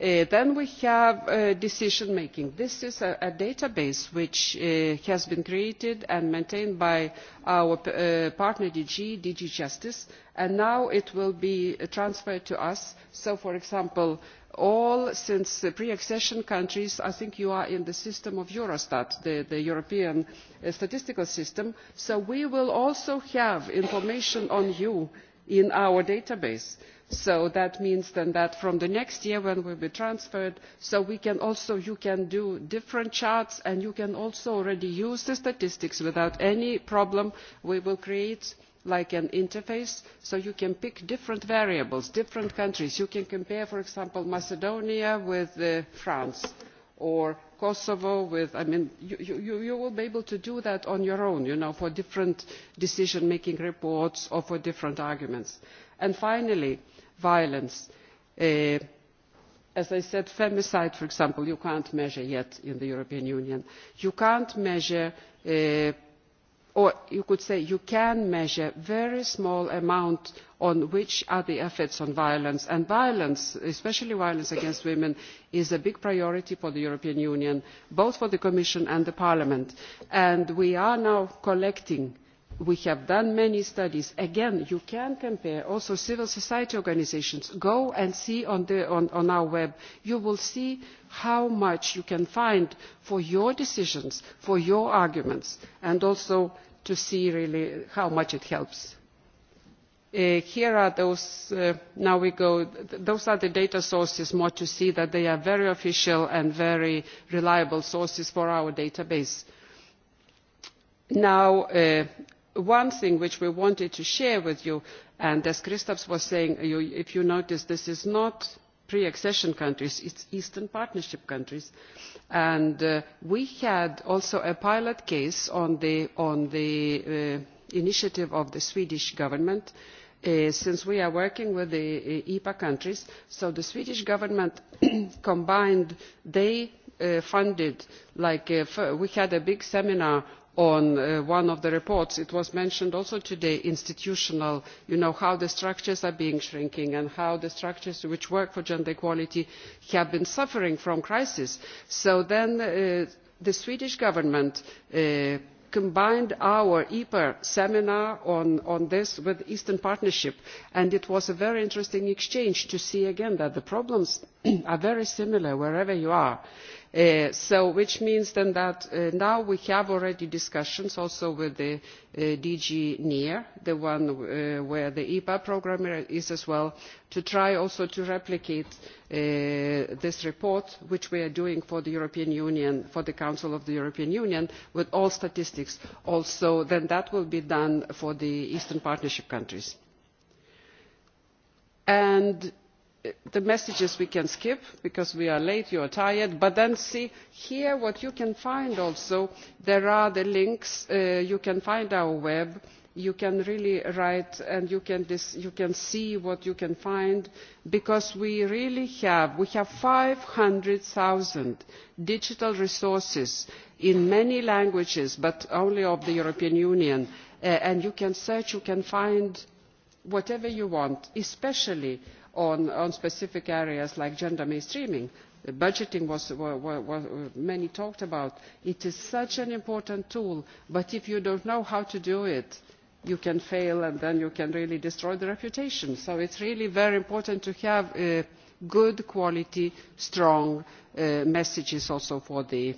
Speaker 24: Uh, then we have uh, decision making. this is a, a database which uh, has been created and maintained by our uh, partner dg dg justice and now it will be uh, transferred to us so for example all since pre accession countries i think you are in the system of eurostat the, the european uh, statistical system so we will also have information on you in our database so that means then that from the next year when will be transferred so we can also you can do different charts and you can also already use the statistics without any problem we will create like an interface so you can pick different variables different countries you can compare for example macedonia with uh, france or kosovo with i mean you, you, you will be able to do that on your own you know for different decision making reports or for different arguments and finally violence uh, as i said femicide for example you cannot measure yet in the european union. you cannot measure uh, or you could say you can measure a very small amount on which are the efforts on violence and violence especially violence against women is a big priority for the european union both for the commission and parliament and we are now collecting we have done many studies again you can compare also civil society organisations go and see on, the, on, on our web you will see how much you can find for your decisions for your arguments and also to see really how much it helps. Uh, here are those uh, now we go those are the data sources more to see that they are very official and very reliable sources for our database. now uh, one thing which we wanted to share with you and as christophe was saying you, if you notice this is not pre accession countries it is eastern partnership countries and uh, we had also a pilot case on the, on the uh, initiative of the swedish government uh, since we are working with the uh, epa countries so the swedish government [clears throat] combined they uh, funded like uh, we had a big seminar on uh, one of the reports it was mentioned also today institutional you know how the structures are being shrinking and how the structures which work for gender equality have been suffering from crisis so then uh, the swedish government uh, combined our ipa e seminar on, on this with the eastern partnership and it was a very interesting exchange to see again that the problems [clears throat] are very similar wherever you are Uh, so, which means then that uh, now we have already discussions also with the uh, dg near the one uh, where the epa programme is as well to try also to replicate uh, this report which we are doing for the european union for the council of the european union with all statistics also then that will be done for the eastern partnership countries. And the messages we can skip because we are late you are tired but then see here what you can find also there are the links uh, you can find our web you can really write and you can, dis you can see what you can find because we really have we have 500,000 digital resources in many languages but only of the European Union uh, and you can search you can find whatever you want especially uh, on, on specific areas like gender mainstreaming. The budgeting was, was, was many talked about. It is such an important tool, but if you don't know how to do it, you can fail and then you can really destroy the reputation. So it's really very important to have uh, good quality, strong uh, messages also for the,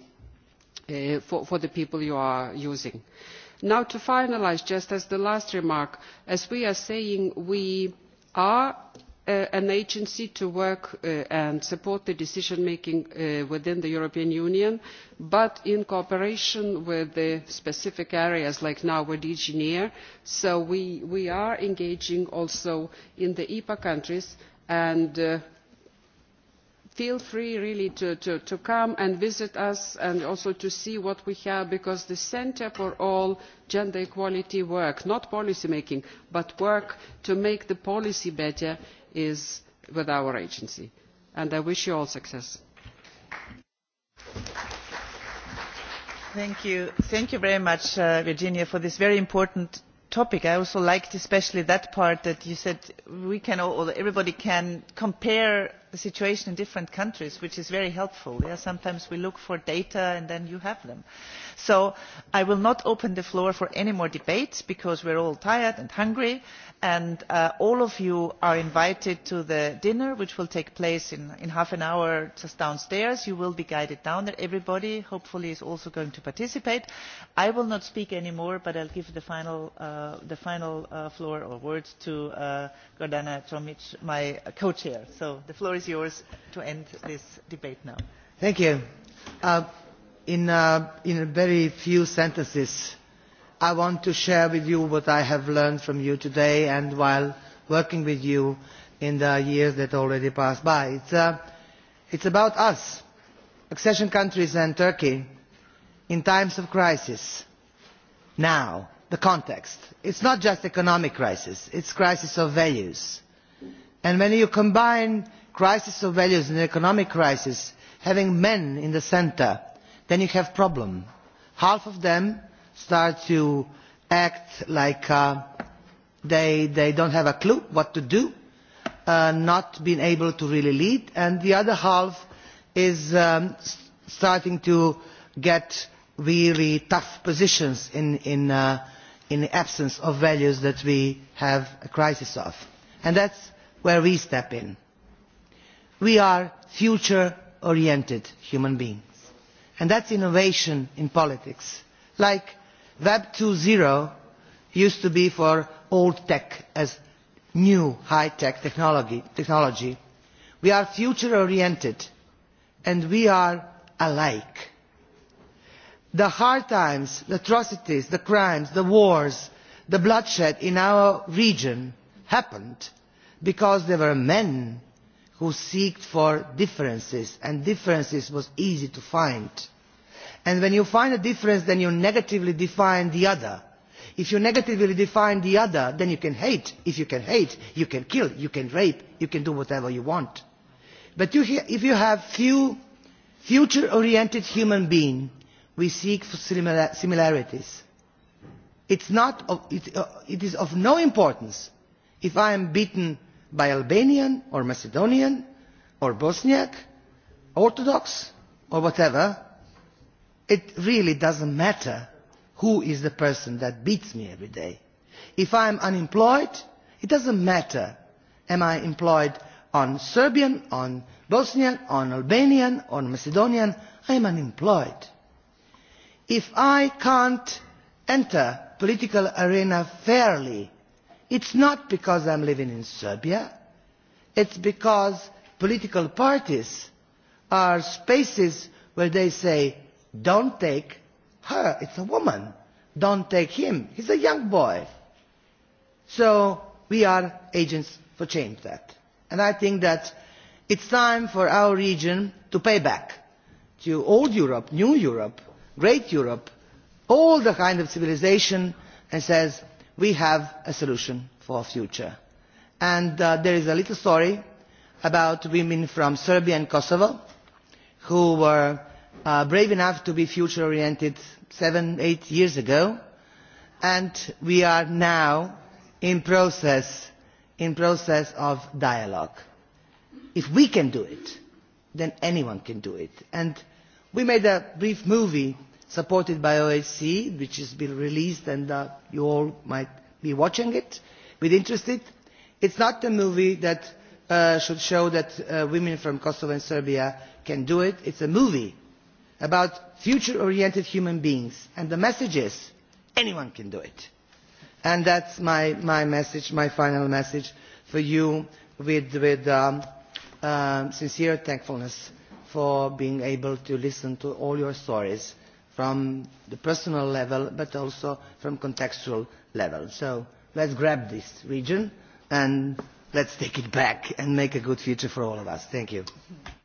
Speaker 24: uh, for, for the people you are using. Now to finalise, just as the last remark, as we are saying, we are Uh, an agency to work uh, and support the decision making uh, within the european union but in cooperation with the specific areas like now with dg near so we, we are engaging also in the epa countries and feel free really to, to, to come and visit us and also to see what we have because the centre for all gender equality work not policy making but work to make the policy better is with our agency and i wish you all success. Thank you. thank you very much uh, virginia for this
Speaker 1: very important topic. i also liked especially that part that you said we can all, everybody can compare the situation in different countries which is very helpful. Yeah? sometimes we look for data and then you have them. so i will not open the floor for any more debates because we are all tired and hungry and uh, all of you are invited to the dinner which will take place in, in half an hour just downstairs. you will be guided down there. everybody hopefully is also going to participate. i will not speak any more but i will give the final, uh, the final uh, floor or words to uh, gordana tomic my co chair. so the floor is yours to end this debate now.
Speaker 2: Thank you. Uh, in, uh, in very few sentences, I want to share with you what I have learned from you today and while working with you in the years that already passed by. It's, uh, it's about us, accession countries and Turkey, in times of crisis. Now, the context. It's not just economic crisis, it's crisis of values. And when you combine crisis of values and an economic crisis having men in the centre then you have a problem. half of them start to act like uh, they, they don't have a clue what to do, uh, not being able to really lead, and the other half is um, starting to get really tough positions in, in, uh, in the absence of values that we have a crisis of. And that's where we step in we are future oriented human beings and that is innovation in politics like web. two used to be for old tech as new high tech technology. we are future oriented and we are alike. the hard times the atrocities the crimes the wars the bloodshed in our region happened because there were men who seeked for differences and differences was easy to find. And when you find a difference then you negatively define the other. If you negatively define the other then you can hate. If you can hate you can kill, you can rape, you can do whatever you want. But you, if you have few future oriented human beings we seek similar, similarities. It's not of, it, uh, it is of no importance if I am beaten by albanian or macedonian or bosniak orthodox or whatever it really does not matter who is the person that beats me every day. if i am unemployed it does not matter am i employed on serbian on bosnian on albanian on macedonian i am unemployed. if i cannot enter the political arena fairly it's not because i'm living in serbia it's because political parties are spaces where they say don't take her it's a woman don't take him he's a young boy so we are agents for change that and i think that it's time for our region to pay back to old europe new europe great europe all the kind of civilization and says we have a solution for our future. And uh, there is a little story about women from Serbia and Kosovo who were uh, brave enough to be future oriented seven, eight years ago. And we are now in process, in process of dialogue. If we can do it, then anyone can do it. And we made a brief movie supported by OSCE, which has been released and uh, you all might be watching it with interest. It's not a movie that uh, should show that uh, women from Kosovo and Serbia can do it. It's a movie about future-oriented human beings. And the message is, anyone can do it. And that's my, my message, my final message for you with, with um, um, sincere thankfulness for being able to listen to all your stories from the personal level but also from contextual level. So let's grab this region and let's take it back and make a good future for all of us. Thank you. Mm -hmm.